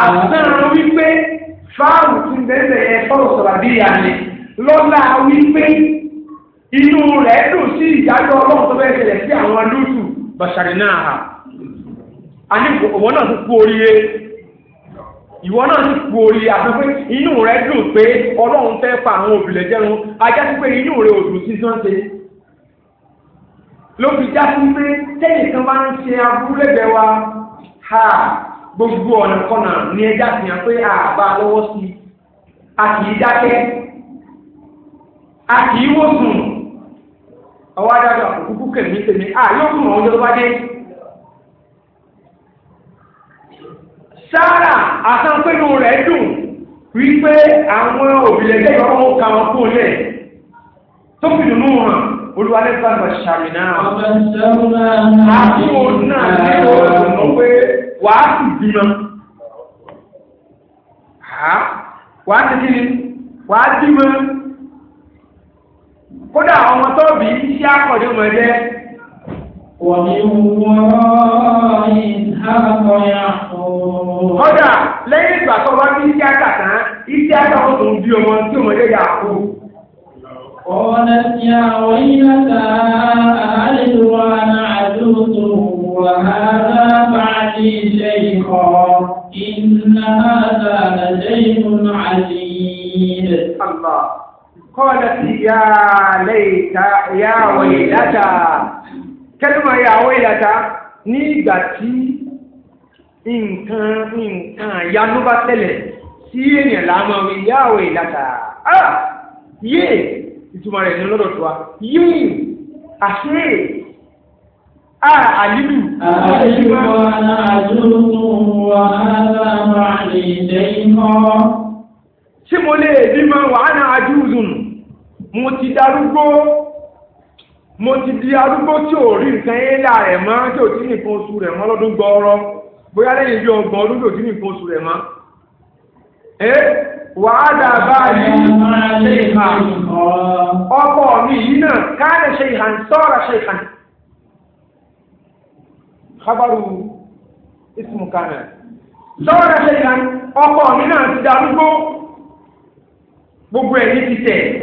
àfẹ́ràn wípé fáàrù ti sọ̀rọ̀ bí lọ́la wípé inú rẹ̀ dùn sí ìdájọ́ ọlọ́run tó bẹ́ẹ̀ ṣẹlẹ̀ sí àwọn adúlùtù àní òwò ìwọ náà sì kú orí àtúnpé inú rẹ dùn pé ọlọ́run fẹ́ fa àwọn òbílẹ̀ jẹun ajá sí pé inú rẹ ò dùn sí sọ́ńtẹ́ ló fi já sí pé tẹ́lẹ̀ kan bá ń ṣe abúlẹ̀gbẹ̀ wa ha gbogbo ọ̀nà kọ̀nà ní ẹja fi hàn pé àbá lọ́wọ́ sí i a kì í dákẹ́ a kì í wò sùn ọwọ́ adájọ́ àkókò kẹ̀mí tèmi à yóò kùn ọ̀hún jẹ́ tó bá dé. sára àtàpẹ́nu rẹ̀ dùn wípé àwọn òbílẹ̀jẹ́ ìwọ́n ká wọn kú lẹ̀ tó fi dùnú hàn olùwàlẹ́fà bàṣàmì náà. àbúrò náà ní òòrùn mọ́ pé wàá sì bímọ. wàá ti kí ni wàá bímọ. kódà ọmọ tó bí iṣẹ́ àkọ́dé ọmọ ẹgbẹ́. ومن وراء إسحاق يعقوب kódà lẹ́yìn ìgbà tó bá ní iṣẹ́ àtàtà iṣẹ́ àtàwọn tó ń bí ọmọ tí ọmọ yẹ yàkó. قالت يا ويلتى ألد وأنا عجوز وهذا بعدي شيخا إن هذا لشيء عجيب. الله قالت يا ليت يا ويلتى kẹ́lùmọ̀ yà àwọn ìyàtà ní ìgbà tí nǹkan nǹkan àyánú bá tẹ̀lẹ̀ sí èèyàn láàmú àwọn ìyá àwọn ìyàtà ah, yé ìtumọ̀ rẹ̀ ní lọ́dọ̀ tó wa yé àṣẹ àlìlù. àyùbọ̀ àdúgbò wàhálà máa lè dé mọ́. tí mo lè bímọ wàhálà àdúgbò mo ti darúgbó mo ti di arúgbó tí ò rí nǹkan éèlà rẹ̀ mọ́ tí ò tí nìkan oṣù rẹ̀ mọ́ lọ́dún gbọ́ọ́rọ́ bóyá lẹ́yìn bí ọgbọ̀n ọdún tí ò tí nìkan oṣù rẹ̀ mọ́. ẹ wàá dà báyìí ṣe ìhà ọkọ mi yìí náà káàdì ṣe ìhà sọ́ọ̀rọ̀ ṣe ìhà. kábàrù ismu kana sọ́ọ̀rọ̀ ṣe ìhà ọkọ mi náà ti darúgbó gbogbo ẹ̀ ní ti tẹ̀.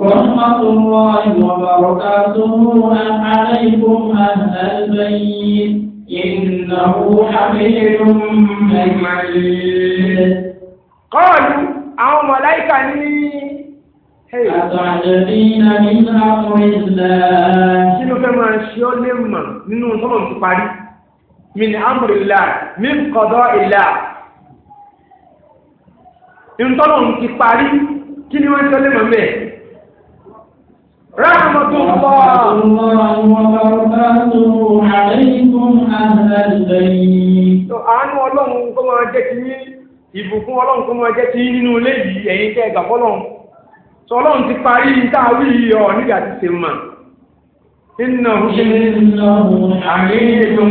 رحمة الله وبركاته عليكم أهل البيت إنه حميد مجيد قالوا أو ملائكة أتعجبين من أمر الله شنو كما شو لما منو صمم تقاري من أمر الله من قضاء الله إن طلعوا تقاري كني وانت لما ميه رحمة الله وبركاته عليكم أهل البيت. àánú ọlọ́run kó máa jẹ́ ti yín ìbùkún ọlọ́run kó máa jẹ́ ti yín nínú ilé yìí ẹ̀yin tẹ́ ẹ̀gbà fọlọ́run sọ ọlọ́run ti parí táàrí ọ̀ nígbà tí ṣe mà. iná ṣe àríyànjú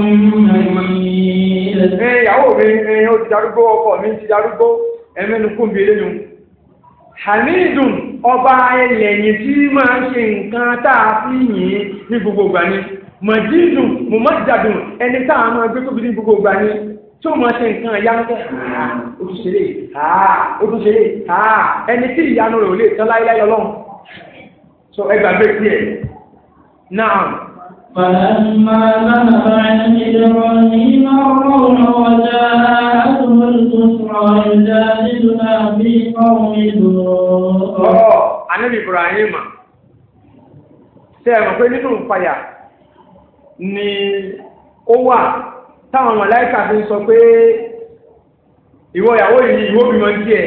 ẹ̀yàwó mi ẹ̀yàn ó hamidun ọba ẹlẹ́yìn tí máa ń ṣe nǹkan tá a fi yìn ní gbogbo ìgbà ni mọ̀jídùn mọ̀mọ́dàdùn ẹni tá a máa gbé tóbi ní gbogbo ìgbà ni tí ó máa ṣe nǹkan ìyanu tẹ ha ah, ojúṣeré ha ah, ojúṣeré ha ah. ẹni tí ìyanu rẹ̀ ò lè tán láéláé lọ́lọ́run so ẹgbàá bẹ́ẹ̀ náà. فلما ذهب عن إبراهيم الروح وجاءته البشرى يجادلنا في قوم لوط. Ànábì Ibrahim pé nínú ìpayà ni ó wà táwọn mọ̀láìkà fi ń sọ pé ìwọ ìyàwó yìí ìwọ díẹ̀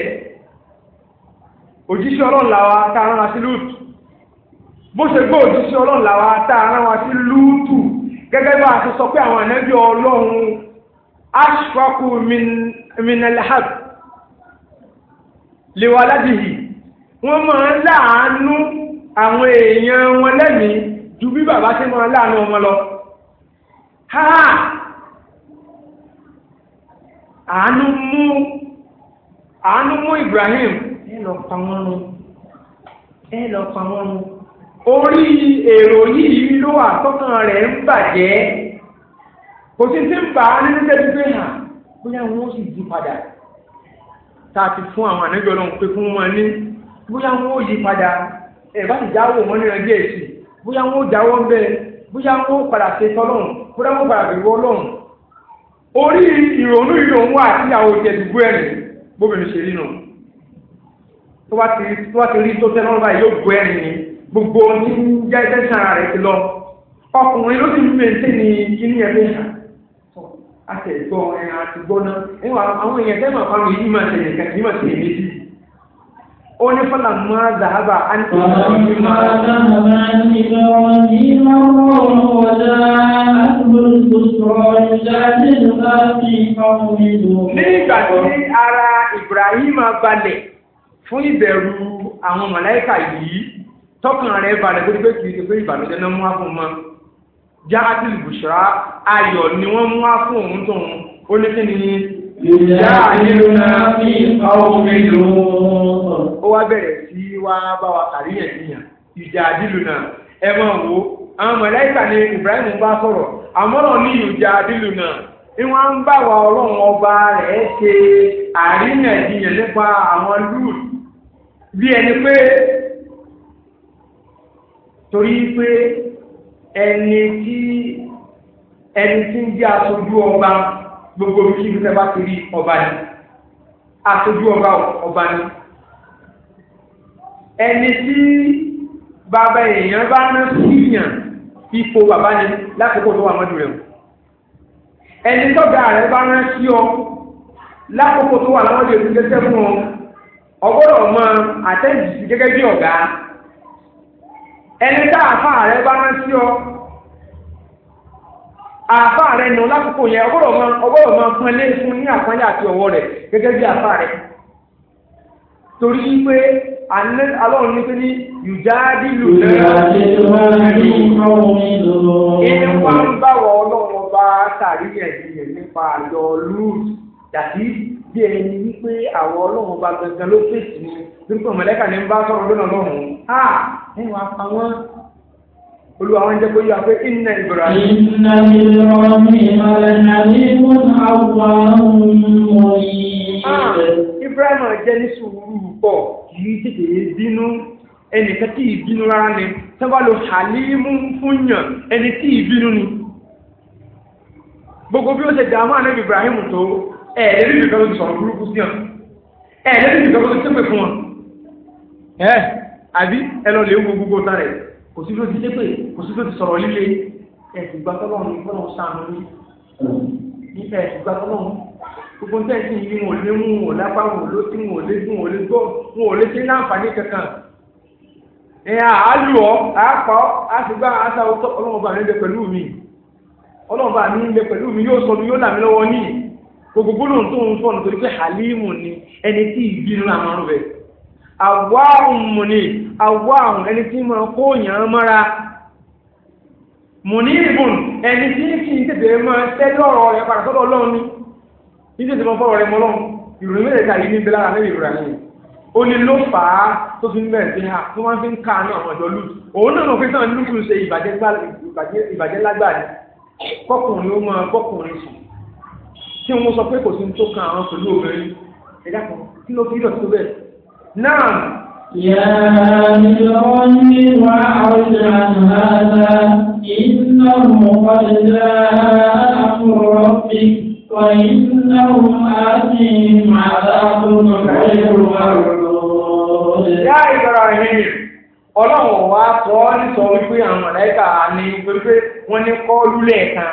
òjíṣẹ́ ọlọ́run làwa tá rán la bó ṣe gbé òjíṣẹ́ ọlọ́run làwọn ata ara wa sí lúùtù gẹ́gẹ́ bá a ti sọ pé àwọn ànábì ọlọ́run ashfaku minalhab lewaladihi wọ́n máa ń láàánú àwọn èèyàn wọn lẹ́mìí ju bí bàbá ṣe máa láàánú wọn lọ. àánú mú Ibrahim ẹ lọ pa wọn run ẹ lọ pa wọn run orí èrò yìí ló wà tọ́kàn rẹ̀ ń bàjẹ́ kò sí sí ń bà á nínú tẹ́lifí pé hàn bóyá wọn ó sì yí padà tá a ti fún àwọn ànájọ lọ́hùn pé fún wọn ní bóyá wọn ó yí padà ẹ̀ bá ti jáwọ́ wọn nínú ẹgbẹ́ èsì bóyá wọn ó jáwọ́ ń bẹ́ẹ̀ bóyá wọn ó padà ṣe tọ́lọ́hùn bóyá wọn ó padà bẹ̀rù ọlọ́hùn orí ìrònú ìrònú àti àwọn òjẹ̀dùgbò ẹ̀rìn bóbìnrin ṣe rí nù tó bá ti rí tó tẹ́ lọ́rùn báyìí yóò gbogbo ní jẹ́ tẹ́sà rẹ̀ ti lọ ọkùnrin ló sì ń pèsè ní kíní ẹ̀ tẹ́sà àtẹ̀gbọ́ ẹ̀ àtìgbọ́ná ẹ̀wọ̀n àwọn èèyàn fáwọn máa tẹ̀lé máa tẹ̀lé méjì ó ní máa á ní ọ̀rọ̀ ìgbà tí ara Ibrahim balẹ̀ fún ìbẹ̀rù àwọn mọ̀láìkà yìí tọkàn rẹ̀ balẹ̀ tó ti pé kì náà mú fún un mọ́ jáàtì ayọ ni wọn mú wá fún òun tóun ó ní ni. mi lò ó. wá bẹ̀rẹ̀ sí wá bá wa kàríyànjiyàn ìjà ẹ mọ̀ wò àwọn ni Ibrahim bá sọ̀rọ̀ àmọ́ràn ní ìjà ń bá wa ọlọ́run ọba rẹ̀ ṣe àríyànjiyàn nípa àwọn lúù bí torí pé ẹni tí ẹni tí ń jẹ́ aṣojú ọba gbogbo bí kí n bá ti rí ọba ni aṣojú ọba ọba ni ẹni tí bàbá èèyàn bá ná síyàn ipò bàbá ni lásìkò tó wà mọ́jú rẹ̀ ẹni tọ́gbà rẹ̀ bá ná sí ọ lákòókò tó wà láwọn ọdún ìlú gẹ́gẹ́ fún ọ ọgbọ́dọ̀ mọ àtẹ́jì sí gẹ́gẹ́ bí ọ̀gá ẹni tá àáfàá rẹ bá rán sí ọ àáfàá rẹ nù lákòókò yẹn ọgbọ́dọ̀ máa fún ẹlẹ́ fún ní àpọ́nlé àti ọwọ́ rẹ gẹ́gẹ́ bí àáfàá rẹ torí pé ní pé ní lù wá ń bá wọ ọlọ́run nípa àjọ lùs dàbí bí ẹni wípé àwọn ọlọ́run bá gangan ló fèsì mi nípa mọ̀lẹ́kà ní bá sọ̀rọ̀ lónà lọ́hùn á nínú apá wọn olúwa wọn jẹ́ pé yóò pé iná ìbúra. iná ìbúra mi ìmọ̀lẹ́nà ní ìwọ̀n àwọn ọmọ Ibrahim jẹ́ ní sùúrù pọ̀ kì í tètè bínú ẹnìkan tí ìbínú rárá ni sábà lo halimu fún yàn ẹni tí ìbínú ni gbogbo bí ó ṣe dààmú àná Ibrahim tó ẹ̀ẹ́dẹ́gbẹ̀rún nìkan ló ti sọ̀rọ̀ burúkú sí wọn ẹ̀ẹ́dẹ́gbẹ̀rún nìkan ló ti sẹ́pẹ̀ fún wọn ẹ̀ àbí ẹ lọ lè wo gbogbo ta rẹ̀ kò sí ló ti sẹ́pẹ̀ kò sí ló ti sọ̀rọ̀ líle ẹ̀sìn gba tọ́lọ́run ní fọ́nà sànù ní ẹ̀sìn gba tọ́lọ́run gbogbo ní ẹ̀sìn yìí wọn ò lé mú wọn ò lápá wọn ò lótí wọn ò lé gún wọn ò lé gbọ́ wọn ò lé sí láǹfààní kankan ẹ̀yà àálù ọ́ àápá ọ́ àṣìgbà àṣà ọlọ́mọba mi ń bẹ pẹ̀lú mi ọlọ́mọba mi ń bẹ pẹ̀lú mi yóò sọ mi yóò là mí lọ́wọ́ níyì gbogbo gbólóhùn tó ń sọ nítorí pé halimu ni ẹni tí ìbínú àmọ́rún bẹ̀. àwa òmù ni àwa òmù ẹni tí mo kó yàn mọ́ra. mùní ìbùn ẹni tí kì í tètè máa tẹ́lẹ̀ ọ̀rọ̀ rẹ̀ padà sọ́dọ̀ ọlọ́run ni kì í tètè máa fọ́rọ̀ rẹ̀ mọ́ lọ́run ìròyìn mẹ́tẹ̀ẹ̀ta yìí níbi lára mẹ́rin ìrora yìí ó ní ló fà á tó fi ń bẹ̀rẹ̀ sí ha tó máa fi ń ká àwọn ọ̀dọ́ lùtù òun náà mọ̀ pé sáà lùtù ṣe ìbàjẹ́ lágbàá kọkùnrin ó máa kọkùnrin sùn kí wọ́n sọ pé kò sí tó kan àwọn pẹ̀lú obìnrin ẹ̀dá kan kí ló fi dọ̀tí bẹ́ẹ̀ náà. يا لعلي وعد عن هذا إنه قد جاء أمر ربك وإنهم آتيهم عذاب غير مردود يا إبراهيم ọlọ́run wa sọ ọ́ ní sọ wípé àwọn mọ̀lẹ́kà ni wípé wọ́n ní kọ́ lulẹ̀ kan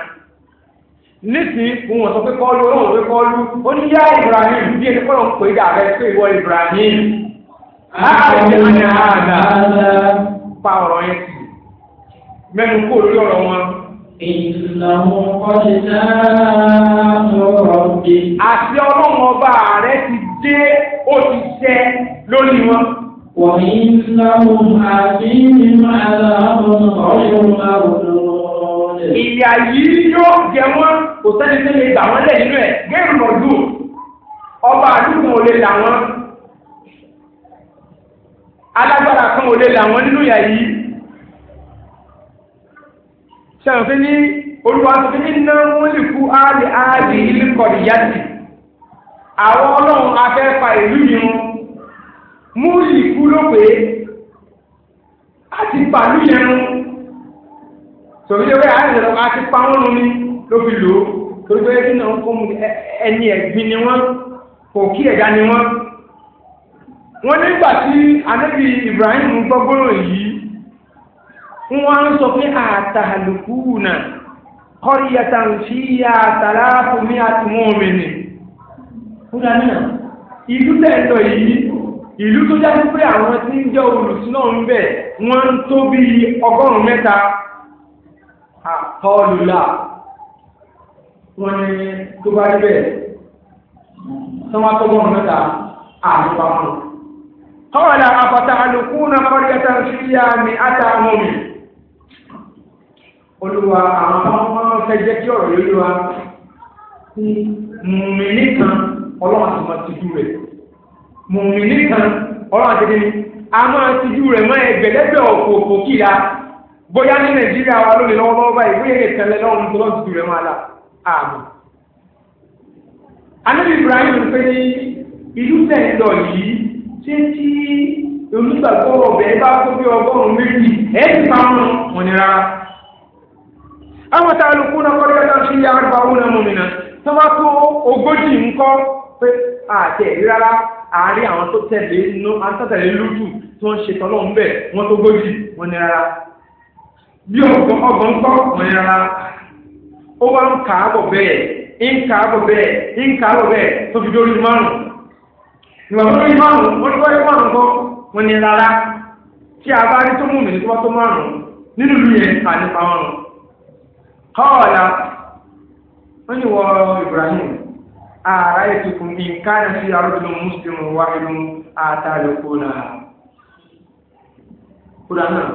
nísìn fún wọn sọ pé kọlu ọlọ́run pé kọlu ó ní yá Ibrahim bí ẹni kọ́lọ̀ ń pè é dàbẹ́ pé ìwọ Ibrahim láàrin àná pa ọ̀rọ̀ yẹn sí mẹ́nu kó lórí ọ̀rọ̀ wọn. ìlànà ọ̀sẹ̀ náà lọ́rọ̀ dé. àti ọlọ́run ọba rẹ ti dé ó ti wọn. wọ́n ń lọ́wọ́ àbí nínú àlọ́ àwọn ọ̀rọ̀ yóò máa ìyá yìí yóò jẹ wọn kò sẹ́ni tó lè gbà wọ́n lẹ̀ nínú ẹ̀ géèrè mọ̀dù ọba àdúgbò ò lè là wọ́n alágbára kan ò lè là wọ́n nínú ìyá yìí sẹ́wọ̀n fi ní olùwà tó fi ní ná wọ́n lè kú áàlì áàlì ilé kọ̀ọ̀dì yáàtì àwọn ọlọ́run afẹ́fà ìlú yìí mú ìkú ló pé pàlú yẹn rún tòbí ló pé àárẹ̀ lọ bá ti pa wọ́n nu ni ló fi lò ó torí pé kí náà fún ẹni ẹ̀gbin ni wọ́n kò kí ẹ̀dá ni wọ́n. wọ́n nígbà tí anábì Ibrahim gbọ́gbọ́rọ̀ yìí wọ́n á sọ pé àtàlùkù náà kọ́ríyàtà ń fi yà tàlá fún ni. kúrò náà ìlú tẹ̀sọ̀ yìí ìlú tó jáde pé àwọn tí ń jẹ́ olùsí ń bẹ̀ wọ́n ń tó bíi ọgọ́rùn-ún mẹ́ta. àkọọ́lùlà wọ́n ní tó bá débẹ̀ sọ́wọ́tọ́gbọ́n mẹ́ta àmúpa wọn. kọ́ọ̀lá àpàtà àlùkù náà kọ́ríyàtà síríà ní àtàwọn mi olùwà àwọn ọmọ fẹ́ jẹ́ kí ọ̀rọ̀ yóò wá mùmìnì kan ọlọ́run ti máa rẹ̀ ọlọ́run dín ní a máa rẹ̀ mọ́ ẹgbẹ̀lẹ́gbẹ̀ ọ̀pọ̀ bóyá ní nàìjíríà wa lónìí lọ́wọ́lọ́wọ́ báyìí bóyá èyí tẹ̀lé lọ́wọ́ tó lọ́wọ́ tutù rẹ̀ máa la àmọ́. anábì ibrahim pé ìlú tẹ̀lọ̀ yìí ṣé tí olùgbàgbọ́ ọ̀bẹ bá tó bí ọgọ́rùn-ún méjì ẹ̀ ti máa ń wọ̀n ní rárá. àwọn tá a lò kún náà kọ́ lẹ́yìn náà ṣe yá àgbà òun náà mú mi náà tó bá tó ogójì ńkọ́ pé àtẹ̀ rárá àárín àwọn tó tẹ̀lé lójú tó ń ṣe tọ́lọ́ bí ọ̀gbọ́n ọ̀gbọ́n kọ́ ọ̀gbọ́n yẹn rárá ó wá ń kà á bọ̀ bẹ́ẹ̀ ń kà á bọ̀ bẹ́ẹ̀ ń kà á bọ̀ bẹ́ẹ̀ tó fi dórí márùn-ún ìwà tó dórí márùn-ún wọ́n ti wáyé márùn-ún kọ́ wọ́n ní tí a bá rí tó mú mi ní tó bá tó márùn-ún nínú ìlú yẹn kà nípa márùn-ún kọ́ọ̀lá wọ́n ní wọ Ibrahim ààrá ìtukùn ní káyà sí arúgbó mùsùlùmí wáyé mú àtàlẹ́kùn náà náà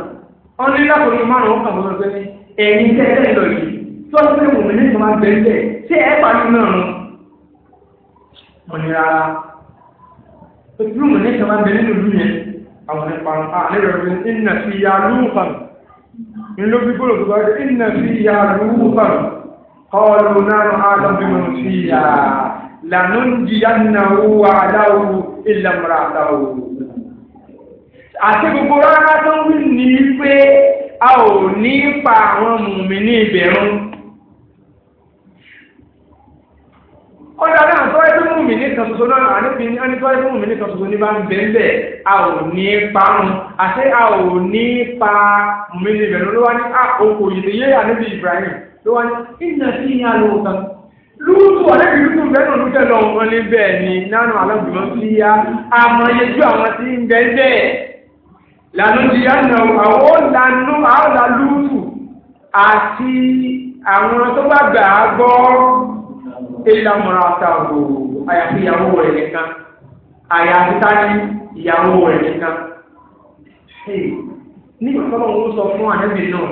wọ́n ní lápòlù márùn-ún kan lọ́wọ́ pé ẹ̀yin tẹ́ ẹ lọ yìí tó ṣe pé wòmí nígbà máa gbẹ ńlẹ̀ ṣé ẹ pàdé náà nù. wọ́n ní rárá ojú wòmí nígbà máa gbẹ nínú ìlú yẹn àwọn nípa àlẹ́ rẹ̀ pé ìnà fi ya lúùfàn ńlọ bí bọ́lọ̀ tó bá dé ìnà fi ya lúùfàn kọ́ọ̀lù náà ádám bí mo fi ya lànà ń jìyà náà wà láwù ìlàmùrà àti gbogbo rárá tó ń wí a ò ní pa àwọn mùmí ní ìbẹ̀rún. ọ̀dà náà tó ẹ́ mùmí ní kan ṣoṣo náà àníbi ẹni tó ẹ́ mùmí ní kan a ò ní pa wọn a ò ní pa mùmí ní ìbẹ̀rún ló wá ní ah, Ibrahim ló wá ní ìnà sí ìyá ló bẹ́ẹ̀ náà lọ́wọ́ ní bẹ́ẹ̀ ni nánú alágbèmọ́ sí yá àmọ́ yẹjú àwọn tí lànújì yánà àwọn òǹdànù àwọ̀là lúùtù àti àwọn tó bá gbà á gbọ́ ìlàmọ̀ra àtàwò àyàfi ìyàwó rẹ̀ nìkan àyàfi táyé ìyàwó rẹ̀ nìkan. nígbà tó bá wọn sọ fún ànábì náà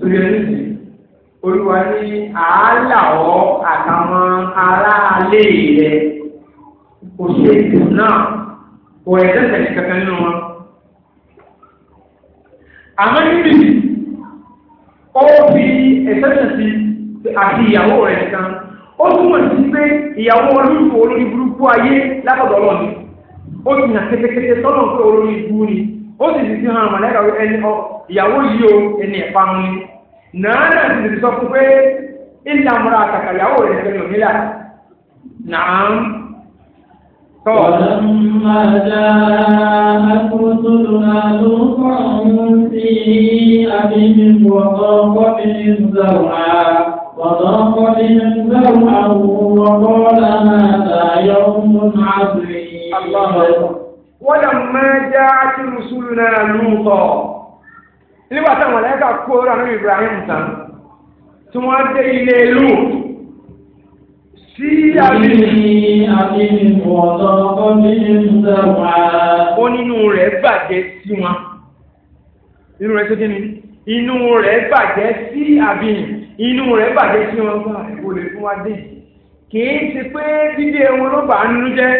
lórí ẹni sì olúwa ní àálà ọ àtàwọn aráalé rẹ̀ kò ṣe ètò náà. kò ẹ̀dẹ́sẹ̀ ní kankan nínú wọn. àmọ́ níbi ó fi ẹ̀sẹ̀sẹ̀ sí àti ìyàwó rẹ̀ nìkan ó túmọ̀ sí pé ìyàwó olùkọ́ olórí burúkú ayé látọ̀dọ̀ lọ́ni ó ti hàn ni ó sì o ẹni ẹ̀pá mu ni nàánà sì ti sọ وَلَمَّا جاءت رسلنا نوح سيء بهم وضاق بهم زرعا وضاق بهم زرعا وقال هذا يوم عظيم ولما جاءت رسلنا لوطا nígbà táwọn ẹ̀ka kó ránú Ibrahim tán tí wọ́n tí a lè. ní akínníkù ọ̀dọ́ kọ́mí ń dẹ̀wà. ó nínú rẹ̀ bàjẹ́ sí wọn. inú rẹ̀ ṣe kí ni inú rẹ̀ bàjẹ́ sí àbíyàn inú rẹ̀ bàjẹ́ sí wọn fún àìkú lè fún wa dé. kìí ṣe pé dídé wọn ló bàá nínú jẹ́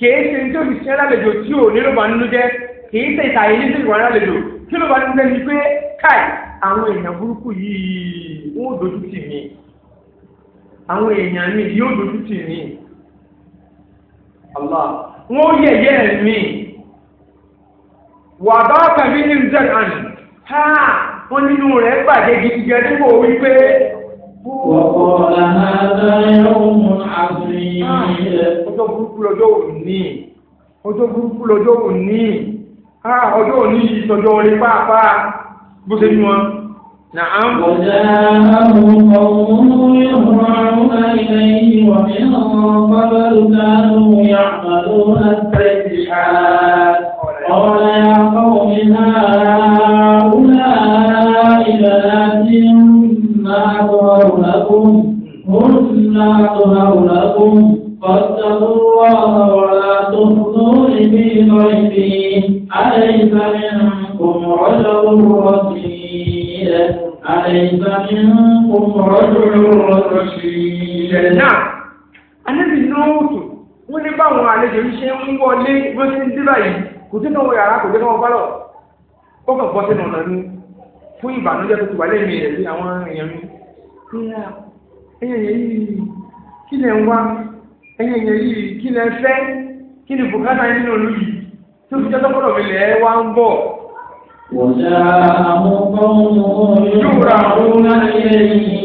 kìí ṣe ní tó fi ṣẹ́ lálejò tí ò ní ló bàá nínú jẹ́ kìí ṣe ìtàyè ní tó ìwà lálejò kí ló bàá nínú jẹ́ ni pé káì àwọn èèyàn burúkú yìí wọ́n dojú tì mí àwọn èèyàn mi yóò dojú tì mí Allah wọn ó yẹ̀yẹ́ mi wà bá kàbí ní zed and ha wọn nínú rẹ̀ gbàdé gidigidi nígbà wípé. Wọ́pọ̀ làhádá yóò àbí. Ọjọ́ burúkú lọ́jọ́ òní. Ọjọ́ burúkú lọ́jọ́ òní. Ọjọ́ òní yìí sọjọ́ orí pàápàá. Bó ṣe ní wọn. نعم وجاءهم قوم يهرعون إليه ومن قبل كانوا يعملون السيئات قال يا قوم هؤلاء بناتي ما أظهر لكم هن أظهر لكم فاتقوا الله ولا تخزون في ضيفي أليس منكم رجل رسول أليس منكم رجل رشيد نعم Ànábì Núhù wọ́n mi. وجاءه قومه يهرعون إليه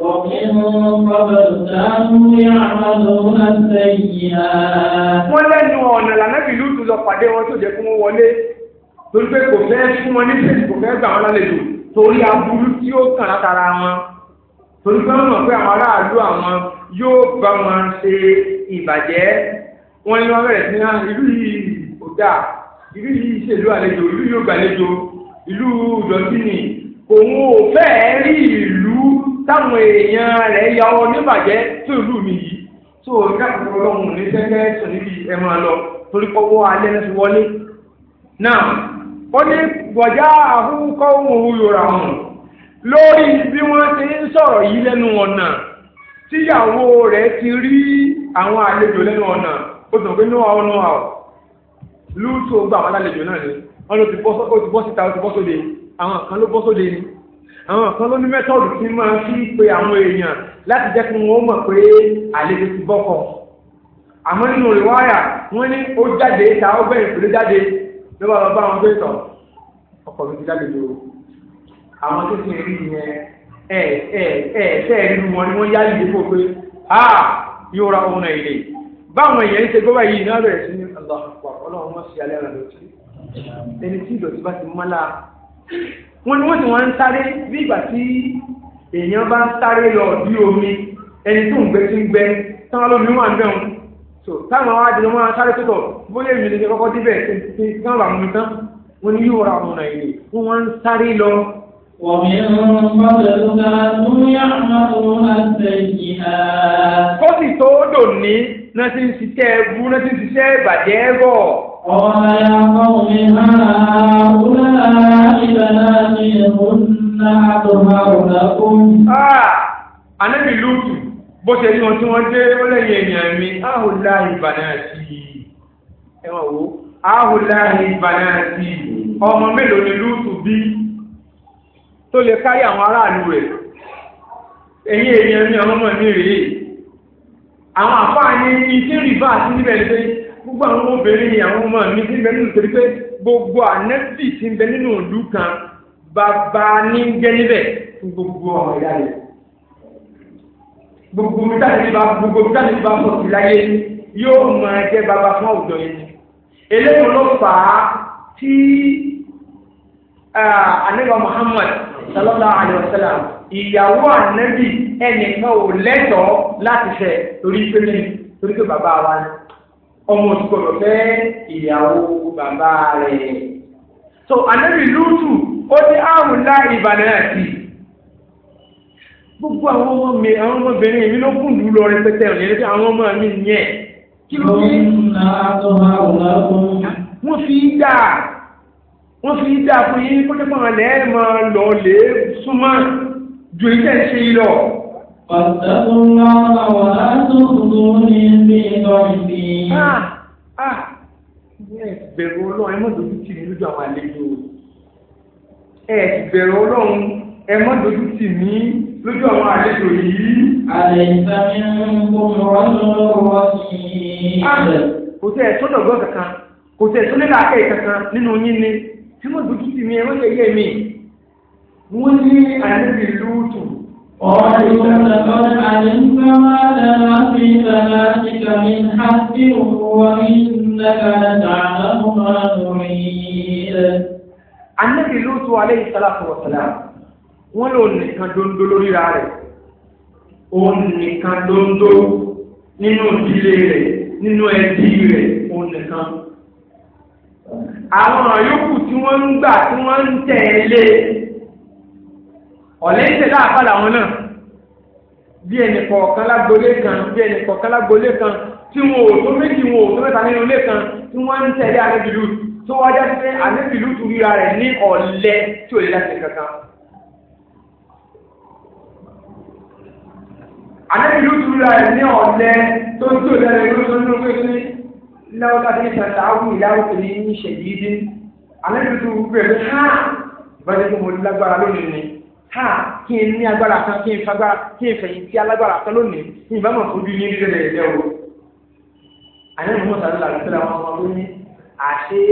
ومن قبل كانوا يعملون السيئات wọ́n lẹ́nu ọ̀nà lànàbí lùdù lọ pàdé wọn tó jẹ́ kí wọ́n wọlé torí pé kò fẹ́ fún wọn ní fèsì kò fẹ́ gbà wọn lálejò torí aburú tí ó kàn látara wọn torí pé wọ́n mọ̀ pé àwọn aráàlú àwọn yóò bá wọn ṣe ìbàjẹ́ wọ́n ní wọ́n bẹ̀rẹ̀ sí ní ah, ìlú yìí kò dáa ìlú yìí ṣèlú àlejò ìlú yóò gbàlejò ìlú dọ̀tínì òun ò fẹ́ẹ́ rí ìlú táwọn èèyàn rẹ̀ ya ọ níbàjẹ́ tó ìlú mi yìí tó o ní àkókò ọlọ́run ní sẹ́kẹ́ sùn níbi ẹ máa lọ torí pọ́wọ́ alẹ́ náà ti wọlé. náà ó ní bọ̀já àhúkọ́ òun yòrà hàn lórí bí wọ́n ti ń sọ̀rọ̀ yìí lẹ́nu ọ̀nà tíyàwó rẹ̀ ti rí àwọn àlejò lẹ́nu ọ̀nà ó sọ pé no how no how lúùtù ó gbà wọn lálejò náà ni wọn ló ti bọ́ síta ó ti bọ́ sóde àwọn kan ló bọ́ sóde ni àwọn kan ló ní mẹ́tọ́ọ̀dù tí máa fi pe àwọn èèyàn láti jẹ́ kí wọ́n mọ̀ pé àlejò ti bọ́kọ̀ àmọ́ nínú rìwáyà wọ́n ní ó jáde ta ó bẹ̀rẹ̀ pẹ̀lú jáde ló bá lọ bá wọn gbé tọ̀ ọkọ̀ mi ti lálejò àwọn tó ti rí yẹn ẹ ẹ ẹ sẹ́ẹ̀rí wọn ni wọ́n yá ìdíkò pé a yóò ra òun náà yìí báwọn èèyàn ṣe gbọ́bà yìí náà rẹ̀ sí ní ọlọ́pàá ọlọ́run wọn ṣe alẹ́ rẹ̀ lọ́tí ẹni tí ìdọ̀tí bá ti mọ́lá wọn ni wọ́n ti wọ́n ń sáré bí ìgbà tí èèyàn bá ń sáré lọ bí omi ẹni tó ń gbẹ tí ń gbẹ táwọn lómi wà ń bẹ̀ wọn so táwọn àwọn àjẹjọ máa sáré tó tọ̀ bóyá èmi lè kọ́kọ́ débẹ̀ kí wọ́n bá mú mi tán wọn ni yóò ra ọmọ náà yìí wọ́n ń sáré lọ ومن قبل كانوا يعملون السيئات. ó sì tó dòní náà ti ń ṣiṣẹ́ ẹbú náà ti ń ṣiṣẹ́ ìbàjẹ́ bọ̀. قال mi قوم هؤلاء بناتي هن أطهر لكم. ànábì lùtù bó ṣe rí wọn tí wọ́n dé ó lẹ́yìn èèyàn mi áhùlá ìbànátì ẹ̀wọ̀n wo áhùlá ìbànátì ọmọ mélòó ni lùtù bí tó lè kárí àwọn aráàlú rẹ̀ ẹ̀yìn èèyàn ní ọmọ ní rèé àwọn àfáà ní iṣẹ́ rìbá àti níbẹ̀ ni pé gbogbo àwọn obìnrin ni àwọn ọmọ mi ti ń bẹ nínú torí pé gbogbo ànẹ́tì ti ń bẹ nínú ìlú kan bàbá ní jẹ́ níbẹ̀ fún gbogbo ọmọ ìyá rẹ̀ gbogbo mítàlì bá gbogbo mítàlì bá pọ̀ sí láyé yóò máa jẹ́ bàbá fún àwùjọ yìí eléyìí ló fà á tí ànẹ́gbà Muhammad sọlọ́lá àlùfẹ́là ìyàwó ànẹ́bì ẹnìkan ò lẹ́tọ̀ọ́ láti fẹ́ torí pé mi torí pé bàbá wa ni ọmọ òtúkọ̀rọ̀ fẹ́ ìyàwó bàbá rẹ̀. so ànẹ́bì lútù ó ní àrùn lá ìbàdàn àti gbogbo àwọn ọmọ mi àwọn ọmọbìnrin mi ló kùn lù lọ rẹpẹtẹ ọ̀nà ẹni pé àwọn ọmọ mi yẹn kí ló dé. wọ́n fi dà wọ́n fi dá fún yín kó tẹ́pọ̀ wọn máa lọ lè súnmọ́ ju iṣẹ́ ṣe yìí lọ. Pàtàkùn náà wà á tó ní bí lọ́rùn bí. ẹ bẹ̀rù ọlọ́run ẹ mọ̀ dojú tì mí lójú àwọn àlejò yìí. Àlẹ́ ìsàmì ń bọ̀ wọ́n lọ́wọ́ sí i. Kò tẹ́ ẹ̀ tó dọ̀gbọ́n kankan, kò tẹ́ ẹ̀ tó nílà tí mo dùn kìtì mi ẹ̀rọ yẹyẹ mi wọ́n ní àyẹ̀lẹ́bí lóòtù. ọ̀rọ̀ ìṣẹ̀lẹ̀ àyẹ̀lẹ́bí máa dára sí ìṣẹ̀lẹ̀ àtìkà mi àti òwúwa ìṣẹ̀lẹ̀ àtàlámù máa lóòtù alẹ́ ìṣẹ̀lẹ̀ àtọ̀wọ̀sẹ̀lẹ̀ wọ́n lò nìkan dondo lórí ra rẹ̀ òun nìkan dondo nínú ìdílé rẹ̀ nínú ẹbí rẹ̀ òun nìkan àwọn yòókù tí wọ́n ń gbà tí wọ́n ń tẹ̀lé ọ̀lẹ́ ń tẹ̀lé àbálà wọn náà bí ẹnì kọ̀ọ̀kan lágbolé kan bí ẹnì kọ̀ọ̀kan lágbolé kan tí wọn ò tó méjì wọn ò tó mẹ́ta nínú ilé kan tí wọ́n ń tẹ̀lé àlébìlú tó wájá sí pé àlébìlú tó ríra rẹ̀ ní ọ̀lẹ́ tí ò lè láti kankan. àlébìlú tó ríra rẹ̀ ní ọ̀lẹ́ tó ń tó lẹ́rẹ̀ẹ́ lóṣooṣù lóṣooṣù lọ́wọ́ bá dé sàn táwọn ìyáwó tó ní ní ṣèyí dín àlẹ́ tuntun gbogbo ẹ̀ ha ìbájú tó mo lágbára lónìí ni ha kí n ní agbára kan kí n fagbára kí n fẹ̀yìntì alágbára kan lónìí kí n bá mọ̀ fojú ní rírẹ̀ rẹ̀ rẹ̀ o. àlẹ́ mi mọ̀ sàlùlà lọ́sẹ̀ làwọn ọmọ tó ní àṣé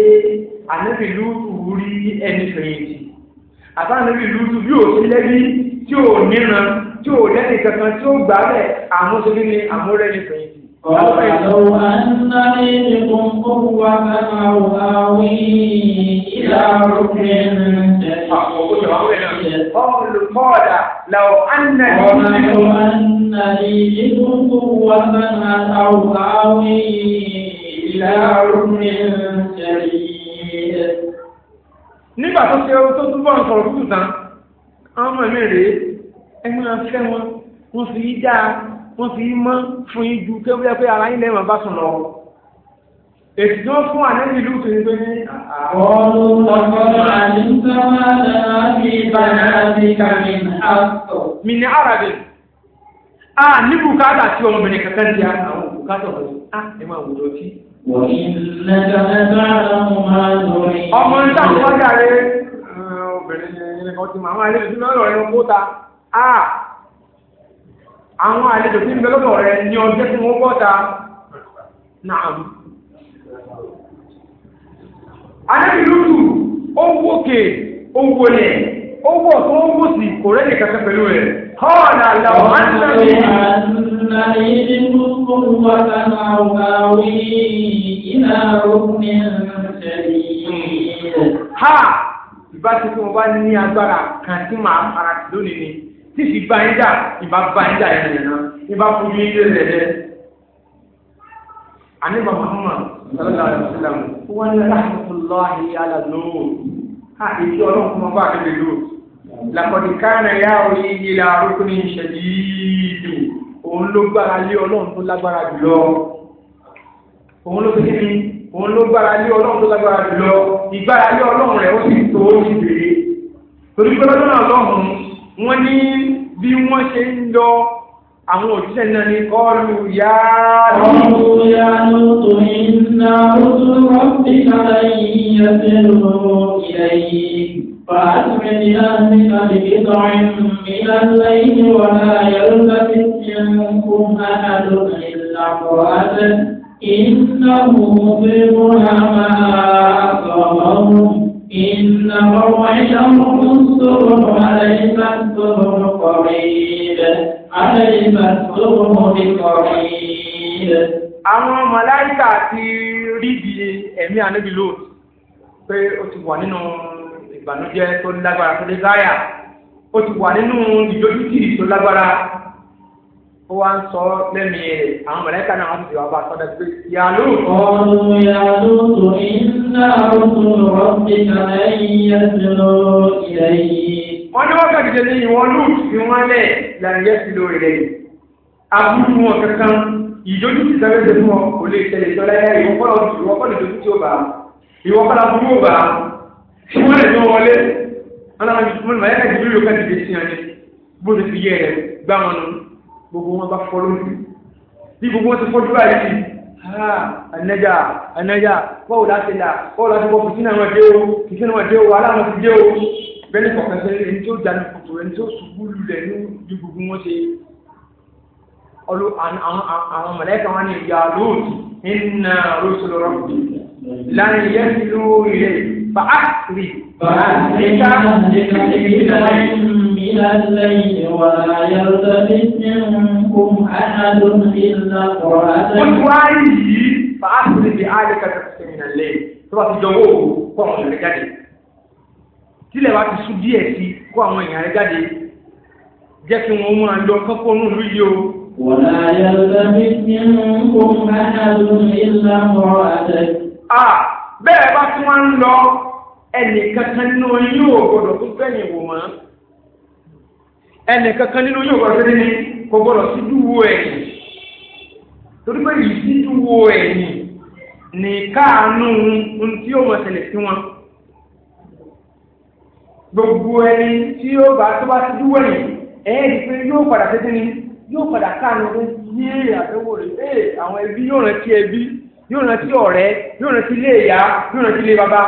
ànábì lùtù rí ẹni fẹ̀yìntì àbá ànábì lùtù bí òsì lẹ́bí tí ò níran tí ò lẹ́nì kankan tí ó gbà bẹ́ẹ̀ àmúṣe ní àmúrẹ́ni ولو أن لي بكم قوة أو آوي إلى ركن قال لو أن لو أن لي بكم قوة أو آوي إلى ركن شديد nígbà tó ṣe ohun tó túbọ̀ ń sọ̀rọ̀ kúkú tán àwọn ọmọ mi rèé ẹni máa fẹ́ wọn wọn sì í dáa wọ́n fi mọ́ fún yín ju kí wọ́n pé ara yín lẹ́wọ̀n bá sùn lọ. èsì tí wọ́n fún ànẹ́bí ìlú tó ń gbé ní. ọ̀rọ̀ ọ̀gbọ́n àdìsọ́mọ́ lọ́wọ́ bí bàrà bí kàmínà àtọ̀. mi ni arabe a ní bùkátà tí ọmọbìnrin kankan di àwọn bùkátà wọn a ẹ máa wò lọ sí. ọmọ nígbà tó wájà rẹ obìnrin yẹn ni wọ́n ti máa máa rí ìdúná lọ́rẹ́ wọn kó ta a. àwọn àlejò tí ń bẹ lọ́dọ̀ rẹ ní ọjọ́ tí wọ́n bọ́ta náà. Ànábì lúdù ó wókè ó wọlé ó wọ̀ tó ń sí kò rẹ́ nìkan pẹ̀lú rẹ̀. Ha! Ìbá tí ìfi bá ń jà ìbá bá ń jà ẹ̀rẹ̀ náà ìbá fún mi ilé rẹ̀ rẹ̀. àní bàbá mọ́mọ́ sọ́lá ìsìlámù wọ́n ní aláàbùsọ̀lọ́ àyè alàlóò ha ìdí ọlọ́run fún ọba àti ìlú làkọ̀dí káàrẹ̀ yá òye ìlà arúgbó ní ìṣẹ̀lẹ̀ ìdù òun ló gbára lé ọlọ́run tó lágbára jùlọ òun ló fi ní òun ló gbára lé ọlọ́run tó lágbára jùlọ ìgbára lé ọlọ́run rẹ̀ ó sì tó ó sì bèrè torí pé náà lọ́hùn wọ́n ní bí wọ́n ṣe ń lọ àwọn òṣìṣẹ́ náà ní kọ́ọ̀lù yá lọ́wọ́ yá lọ́tọ̀ iná lọ́tọ̀ rọ́bì náà yìí ẹsẹ̀ lọ́wọ́ ilẹ̀ yìí فأسمن أهلك بقطع من الليل ولا يلتفت منكم أحد إلا امرأته إنه مصرها ما أصابهم إن موعد الصبح عليك الصبح قريب عليك الصبح قريب. àwọn mọ̀láìkà ti rí di ẹ̀mí ànábì lóòtù pé ó ti wà nínú ìbànújẹ́ tó lágbára tó lé gáyà ó ti wà nínú ìdójútì tó lágbára ó wá ń sọ lẹ́mi rẹ̀ àwọn mọ̀lẹ́kà náà wọ́n ti wá bá sọ́dọ̀ pé ìyàlú. ọ̀run ìyàlú tó iná ọ̀tún rọ́bìnà ẹ̀yìn ẹ̀sìnlọ ilẹ̀ yìí. wọ́n ní wọ́n kàdìdẹ ní ìwọ̀n lù fi wọ́n lẹ̀ lànà ẹ̀sìnlọ ilẹ̀ yìí. àbúrò wọn kankan ìjójú ti sáré ṣe fún ọ kò lè tẹ̀lé tọ́lá ẹ̀ ìwọ́n kọ́ ìwọ́n kọ́ gbogbo wọn bá fọ́ lójú bí gbogbo wọn ti fọ́ dúró àyè anaja anaja báwo la ti là báwo la ti bọ́ fìtínà wọn dé o fìtínà wọn dé o aláwọn ti dé o bẹ́ẹ̀ni kọ̀ọ̀kan sẹ́yìn ẹni tí ó jáde kòtò ẹni tí ó ṣubú lulẹ̀ ní bí gbogbo wọn ṣe ọlọ àwọn mọ̀lẹ́kà wọn ni ìyá lóòtù nínú rọ́ṣọlọ́rọ́ láàrin yẹn ti lóore فأحري من الليل ولا يلتفت منكم أحد إلا امرأتك والوالي فأحري بآلك نفس من الليل tó bá ti jọ wóò kó àwọn èèyàn bẹ́ẹ̀ bá tí wọ́n ń lọ ẹnì kankan nínú yóò gbọdọ̀ tó gbẹ̀yìn wò mọ́ ẹnì kankan nínú yóò gbọdọ̀ tó ní kò gbọdọ̀ sí dúwó ẹ̀yìn torí pé yìí sí dúwó ẹ̀yìn ní káàánú ohun tí ó mọ̀ tẹ̀lé sí wọn gbogbo ẹni tí ó bá tó bá sí dúwó ẹ̀yìn ẹ̀ẹ́dì pé yóò padà tètè ní yóò padà káàánú pé yé àtẹwò rẹ̀ ẹ̀ àwọn ẹbí yóò rántí ẹbí yóò rántí ọ̀rẹ́ yóò rántí ilé ìyá yóò rántí ilé bàbá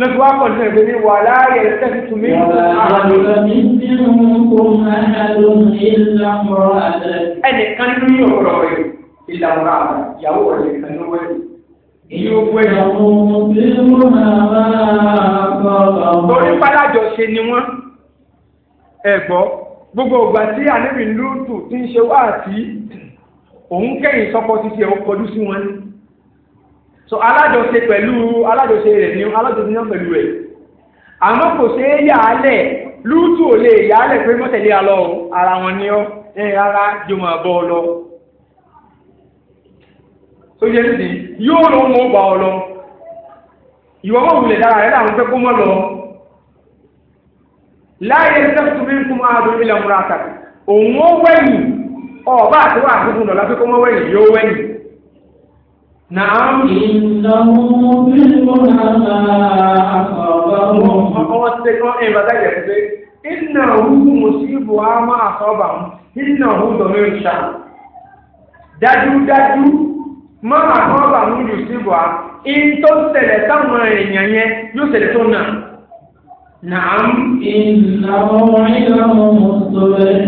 lọ́sí wá pọ̀ sílẹ̀ ní wà láàyè tẹ́sí tún mí. ẹnìkan nínú yóò gbọ́dọ̀ wẹ̀ ìlànà ìyàwó rẹ̀ nìkan ló wẹ̀. èyí ó gbé ẹ̀. torí pálájọ ṣe ni wọ́n ẹ gbọ́ gbogbo ìgbà tí àníbi lùtù ti ń ṣe wáàtí òun kẹ́yìn sọ́kọ́ títí ẹ̀ ó kọjú sí wọn ni. so alájọṣe pẹ̀lú alájọṣe rẹ̀ ni alájọṣe náà pẹ̀lú rẹ̀ àmọ́ kò ṣe é yàálẹ̀ lútù ò lè yàálẹ̀ pé mọ́tẹ̀lé ara wọn ni ọ́ ẹ rárá jọmọ lọ tó yẹ yóò lọ mọ ọgbà ọ ìwọ dára rẹ làwọn kó mọ lọ láyé kú máa ọba Nàám. Ìnáwó bímọ náà àkọ́bọ̀. Ọmọ ti tẹ́kọ́ ẹ̀ bàtà yẹ̀ pé ìnáwó mùsíbù á máa sọ́bà mú ìnáwó dọ̀mí ìṣà. Dájúdájú máa sọ́bà mú mùsíbù á. Ìtọ́ ṣẹlẹ̀ táwọn èèyàn yẹn yóò ṣẹlẹ̀ tó náà. Nàám. Ìnáwó ìlànà mọ̀ọ́sọ̀rẹ́.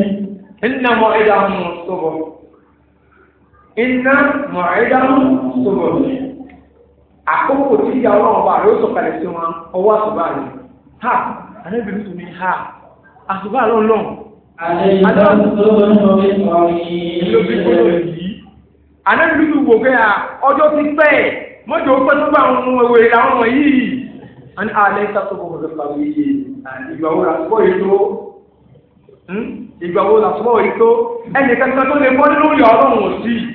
Ìnáwó ìlànà mọ̀ọ́sọ̀rẹ́ iná mọ̀ẹ́dáhùn sọ̀rọ̀ àkókò tí ìyá ọlọ́run bá rẹ̀ ó sọ̀kalẹ̀ sí wọn ọwọ́ àṣùbà rẹ̀ ha anábìrin tún ní ha àṣùbà lọ́n lọ́n. anábìrin tún wò pé ọjọ́ ti pẹ́ mọ́jọ́ ó pẹ́ tó bá àwọn ọmọ ìwé àwọn yìí ani alẹ́ sàtọ́ bọ̀ bọ̀ bá wí yé ìgbà wo la sọ́ yìí tó hm? ìgbà wo la sọ́ yìí tó tó lè bọ́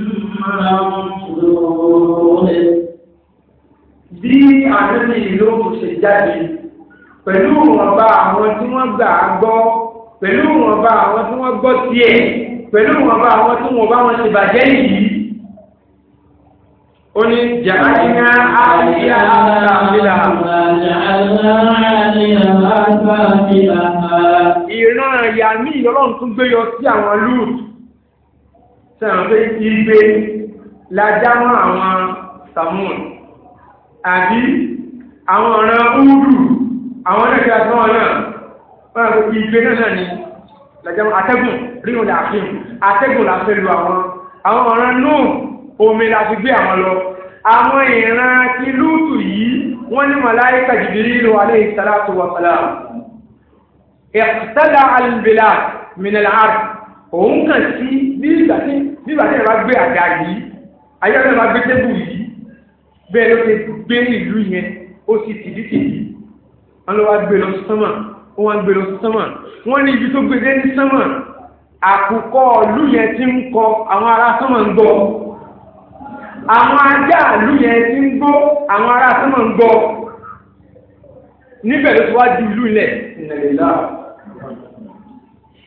منظور bí àdúgbò ìlú ṣe jáde pẹ̀lú ìwọ̀nba àwọn tí wọ́n gbà á gbọ́ pẹ̀lú ìwọ̀nba àwọn tí wọ́n gbọ́ tiẹ̀ pẹ̀lú ìwọ̀nba àwọn tí wọ́n bá wọn ṣe bàjẹ́ yìí oni ja'alna aliya asafila ìran ìyá mi ìlọ́lọ́run tún gbé yọ sí àwọn lúùtù sẹ́wọ̀n pé igbe lajá mọ́ àwọn samun àbí àwọn ọ̀ràn údù àwọn onáṣẹ́ àtúnwọ̀n náà wọ́n yàgò igbe náà ní lajá mọ́ atẹ́gùn ríhùn làáfin atẹ́gùn la fẹ́ lu àwọn àwọn ọ̀ràn náà omi la gbé àwọn lọ àwọn ìran ti lúùtù yìí wọ́n ní màláìka Jibrilu alayhi salatu wa salam ìtàlá al-bilad min òun kàn sí bí ìgbà tí nígbà tí ìyàrá gbé àga yìí ayélujára ìyàrá gbé tébù yìí bẹ́ẹ̀ ló ti gbé ìlú yẹn ó sì tìdítìdí wọn ló wá gbé lọ sí sánmà wọn wá gbé lọ sí sánmà wọn ní ibi tó gbé dé ní sánmà àkùkọ ìlú yẹn ti ń kọ àwọn ará sánmà ń gbọ́ àwọn ajá ìlú yẹn ti ń gbọ́ àwọn ará sánmà ń gbọ́ níbẹ̀ ló ti wá di ìlú ilẹ̀ ìnàlélá.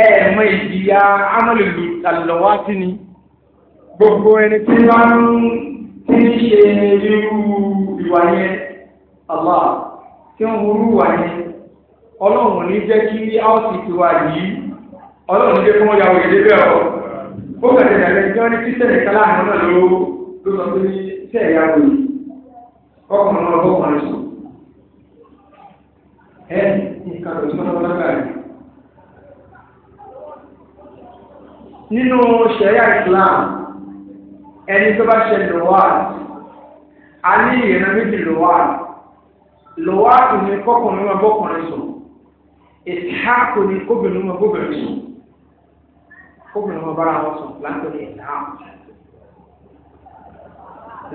ẹ̀ẹ̀mọ ìdíyà amọ̀lùlù àlùlọ́wọ́ sí ni gbogbo ẹni tí wọ́n ń tí ń ṣe irú ìwà yẹn tí wúrú wà yẹn ní kí wà yìí ní kí ọ ó ní náà ló ló sọ pé ọkùnrin náà sùn ẹ nǹkan wọn yìí. nínú ṣẹ̀ríà Islam ẹni tó bá ṣe lòwàd a ní ìrìnà méjì lòwàd lòwàd ni kọkùnrin máa bọ́kùnrin sùn ìsìháàkù ni kóbìnrin máa bóbìnrin sùn kóbìnrin máa bára wọn sùn láńpẹ́ ní ìsìháàkù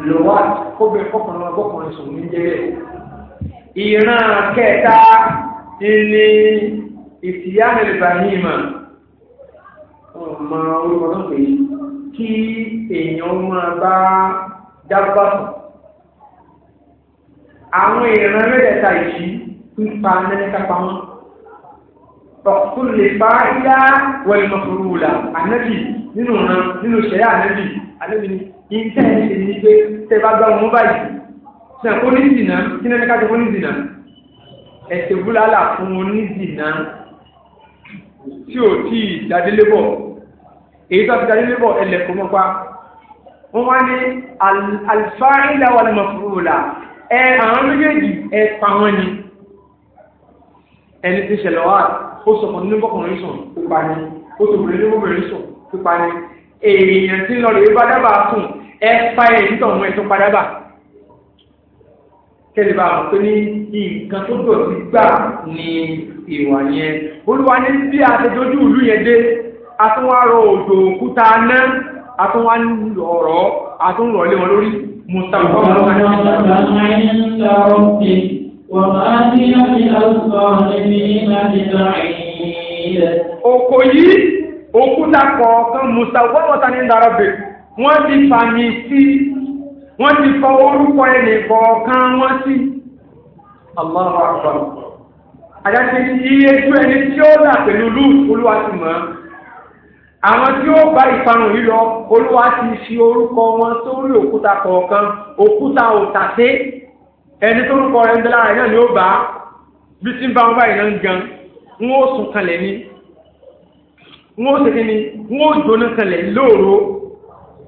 lòwàd kóbìnrin bọ́kùnrin sùn ní jẹ́rẹ́ ìran kẹta ni ìsìyá mẹ́lẹ̀ mọ́ ọmọ orúkọ náà pé kí èèyàn máa bá dábà sùn àwọn èèyàn mẹ́tẹ̀ẹ̀ta yìí ń pa nẹ́nẹ́ta pamọ́ ọ̀kùn lè bá yá wẹ̀lùmọ̀kùrù là ànábì nínú ọ̀ràn nínú ìṣẹ̀lẹ̀ ànábì ànábì ni iṣẹ́ ẹ̀ ṣe ní pé tẹ́ bá gbá wọn báyìí ṣe àpò ní ìdìnnà kí nẹ́nẹ́ta ti fún ní ìdìnnà ẹ̀sẹ̀ búlálà fún onídìnnà tí ò tí ì dadélébọ̀ èyí tó ti dadélébọ̀ ẹlẹ́kùn mọ́pá wọ́n wá ní alifáìlà wà lọ́mọ fúru la ẹ àwọn méjèèjì ẹ pa wọ́n ni ẹni tí ṣẹlẹ̀ wá ó sọ fún nínú bọ́kùnrin sùn ó pa ni ó sọ fún nínú bọ́kùnrin sùn ó pa ni èèyàn tí ń lọ rèé bá dábàá fún ẹ pa ẹ̀ nítorí ọmọ ẹ̀ tó padà bà kẹ́lẹ́ bá wọn pé ní nǹkan tó dọ̀tí gbà ní ìwà yẹn olúwa ní bí a ti dojú ìlú yẹn dé atúnwárọ̀ òjò òkúta náà atúnwá ọ̀rọ̀ atúnrọ̀ lé wọn lórí mustapha oko yìí òkúta kọ̀ọ̀kan mustapha wọ́ta ní darabẹ̀ wọ́n ti fàmì sí wọ́n ti kọ orúkọ ẹnì kọ̀ọ̀kan wọ́n sí. Allahu Akbar àdáṣe iye tó ẹni tí ó là pẹ̀lú lùt olúwa ti mọ̀ ọ́ àwọn tí ó bá ìparun yìí lọ olúwa ti fi orúkọ wọn sórí òkúta kọ̀ọ̀kan òkúta òtàtẹ́ ẹni tó rúkọ rẹ̀ ń bẹ lára náà ni ó bá bí tí ń bá wọn báyìí náà ń gan wọn ó sùn kalẹ̀ ní wọn ó sèké ní wọn ó jóná kalẹ̀ lóòrò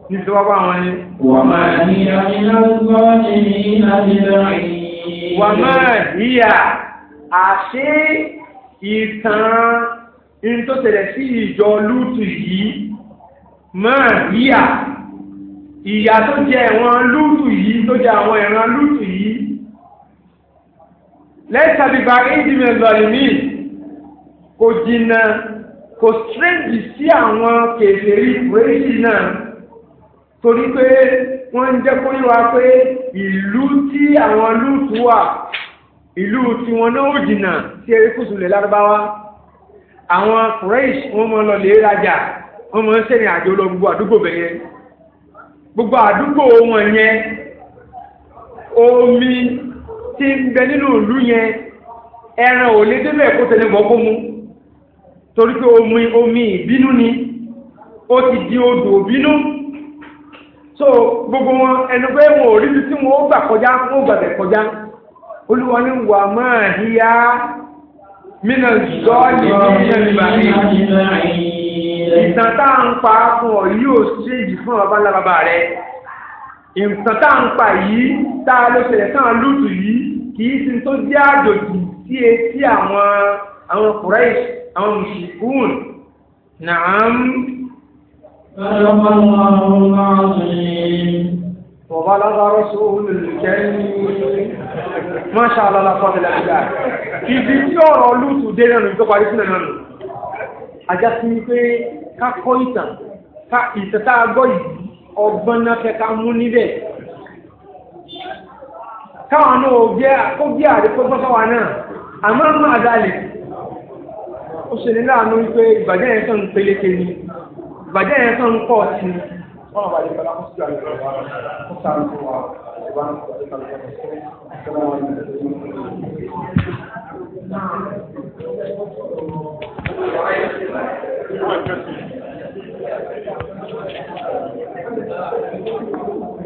ní ìjọba bá ni. wà á máa yíya iná gbọ́ ní ìlànà ìlànà yìí. wà á máa yíya àṣé ìtàn in tó ṣẹlẹ̀ sí ìjọ lútù yìí máa yíyà ìyà tó jẹ ẹ̀wọ̀n lútù yìí tó jẹ àwọn ẹ̀ràn lútù yìí lẹ́sàbíbá ìdìmẹ̀lọ́lìmí kò jìnnà kò strẹ́ǹdì sí àwọn kèfèrí kùrẹ́sì náà torí pé wọ́n ń jẹ́ kó yíwa pé ìlú tí àwọn lútù wà ìlú tiwọn náà ó jìnnà sí erékùsù lè lárúbáwá àwọn fresh wọn mọ lọ lè rajà wọn mọ sẹ́yìn àjò lọ gbogbo àdúgbò bẹ̀ yẹn gbogbo àdúgbò wọn yẹn omi ti ń bẹ nínú ìlú yẹn ẹran ò lè débẹ̀ kó tẹ̀lé bọ́ kó mu torí pé omi omi ìbínú ni ó ti di odò ìbínú so gbogbo wọn ẹnu pé wọn ò rí ibi tí wọn ó gbà kọjá wọn ó gbàgbẹ́ kọjá olúwa ní wà máa híyá mínà zọ́ọ̀lì nínú ìbàdí ìtàn tá à ń pa fún ọ yóò ṣéèjì fún ọba lábàbà rẹ ìtàn tá à ń pa yìí tá a lọ ṣẹlẹ̀ sáà lùtù yìí kì í sin tó jẹ́ àjòjì sí etí àwọn àwọn kùrẹ́ẹ̀sì àwọn mùsùlùmí nàám. Bẹ́ẹ̀ni, ọmọ ọmọ ọmọ ọmọ ọmọ ọmọ ọmọ ọmọ ọmọ ọmọ ọmọ ọmọ ọmọ ọmọ وبلغ رسول الكريم ما شاء الله لا قوة إلا بالله ibi tí ọ̀rọ̀ lùtù dé lẹ́nu tó parí sílẹ̀ náà nù ajá sí ni pé ká kọ́ ìtàn ká ìtàn tá a gbọ́ yìí ọgbọ́n náà fẹ́ ká mú níbẹ̀ káwọn náà ò gbé kó gbé àdékò gbọ́sọ̀ wa náà àmọ́ àmọ́ àdálẹ̀ ó ṣe الله عليه وسلم مسجد عليه الصلاة والسلام سبحانه وتعالى السلام عليكم ورحمة الله وبركاته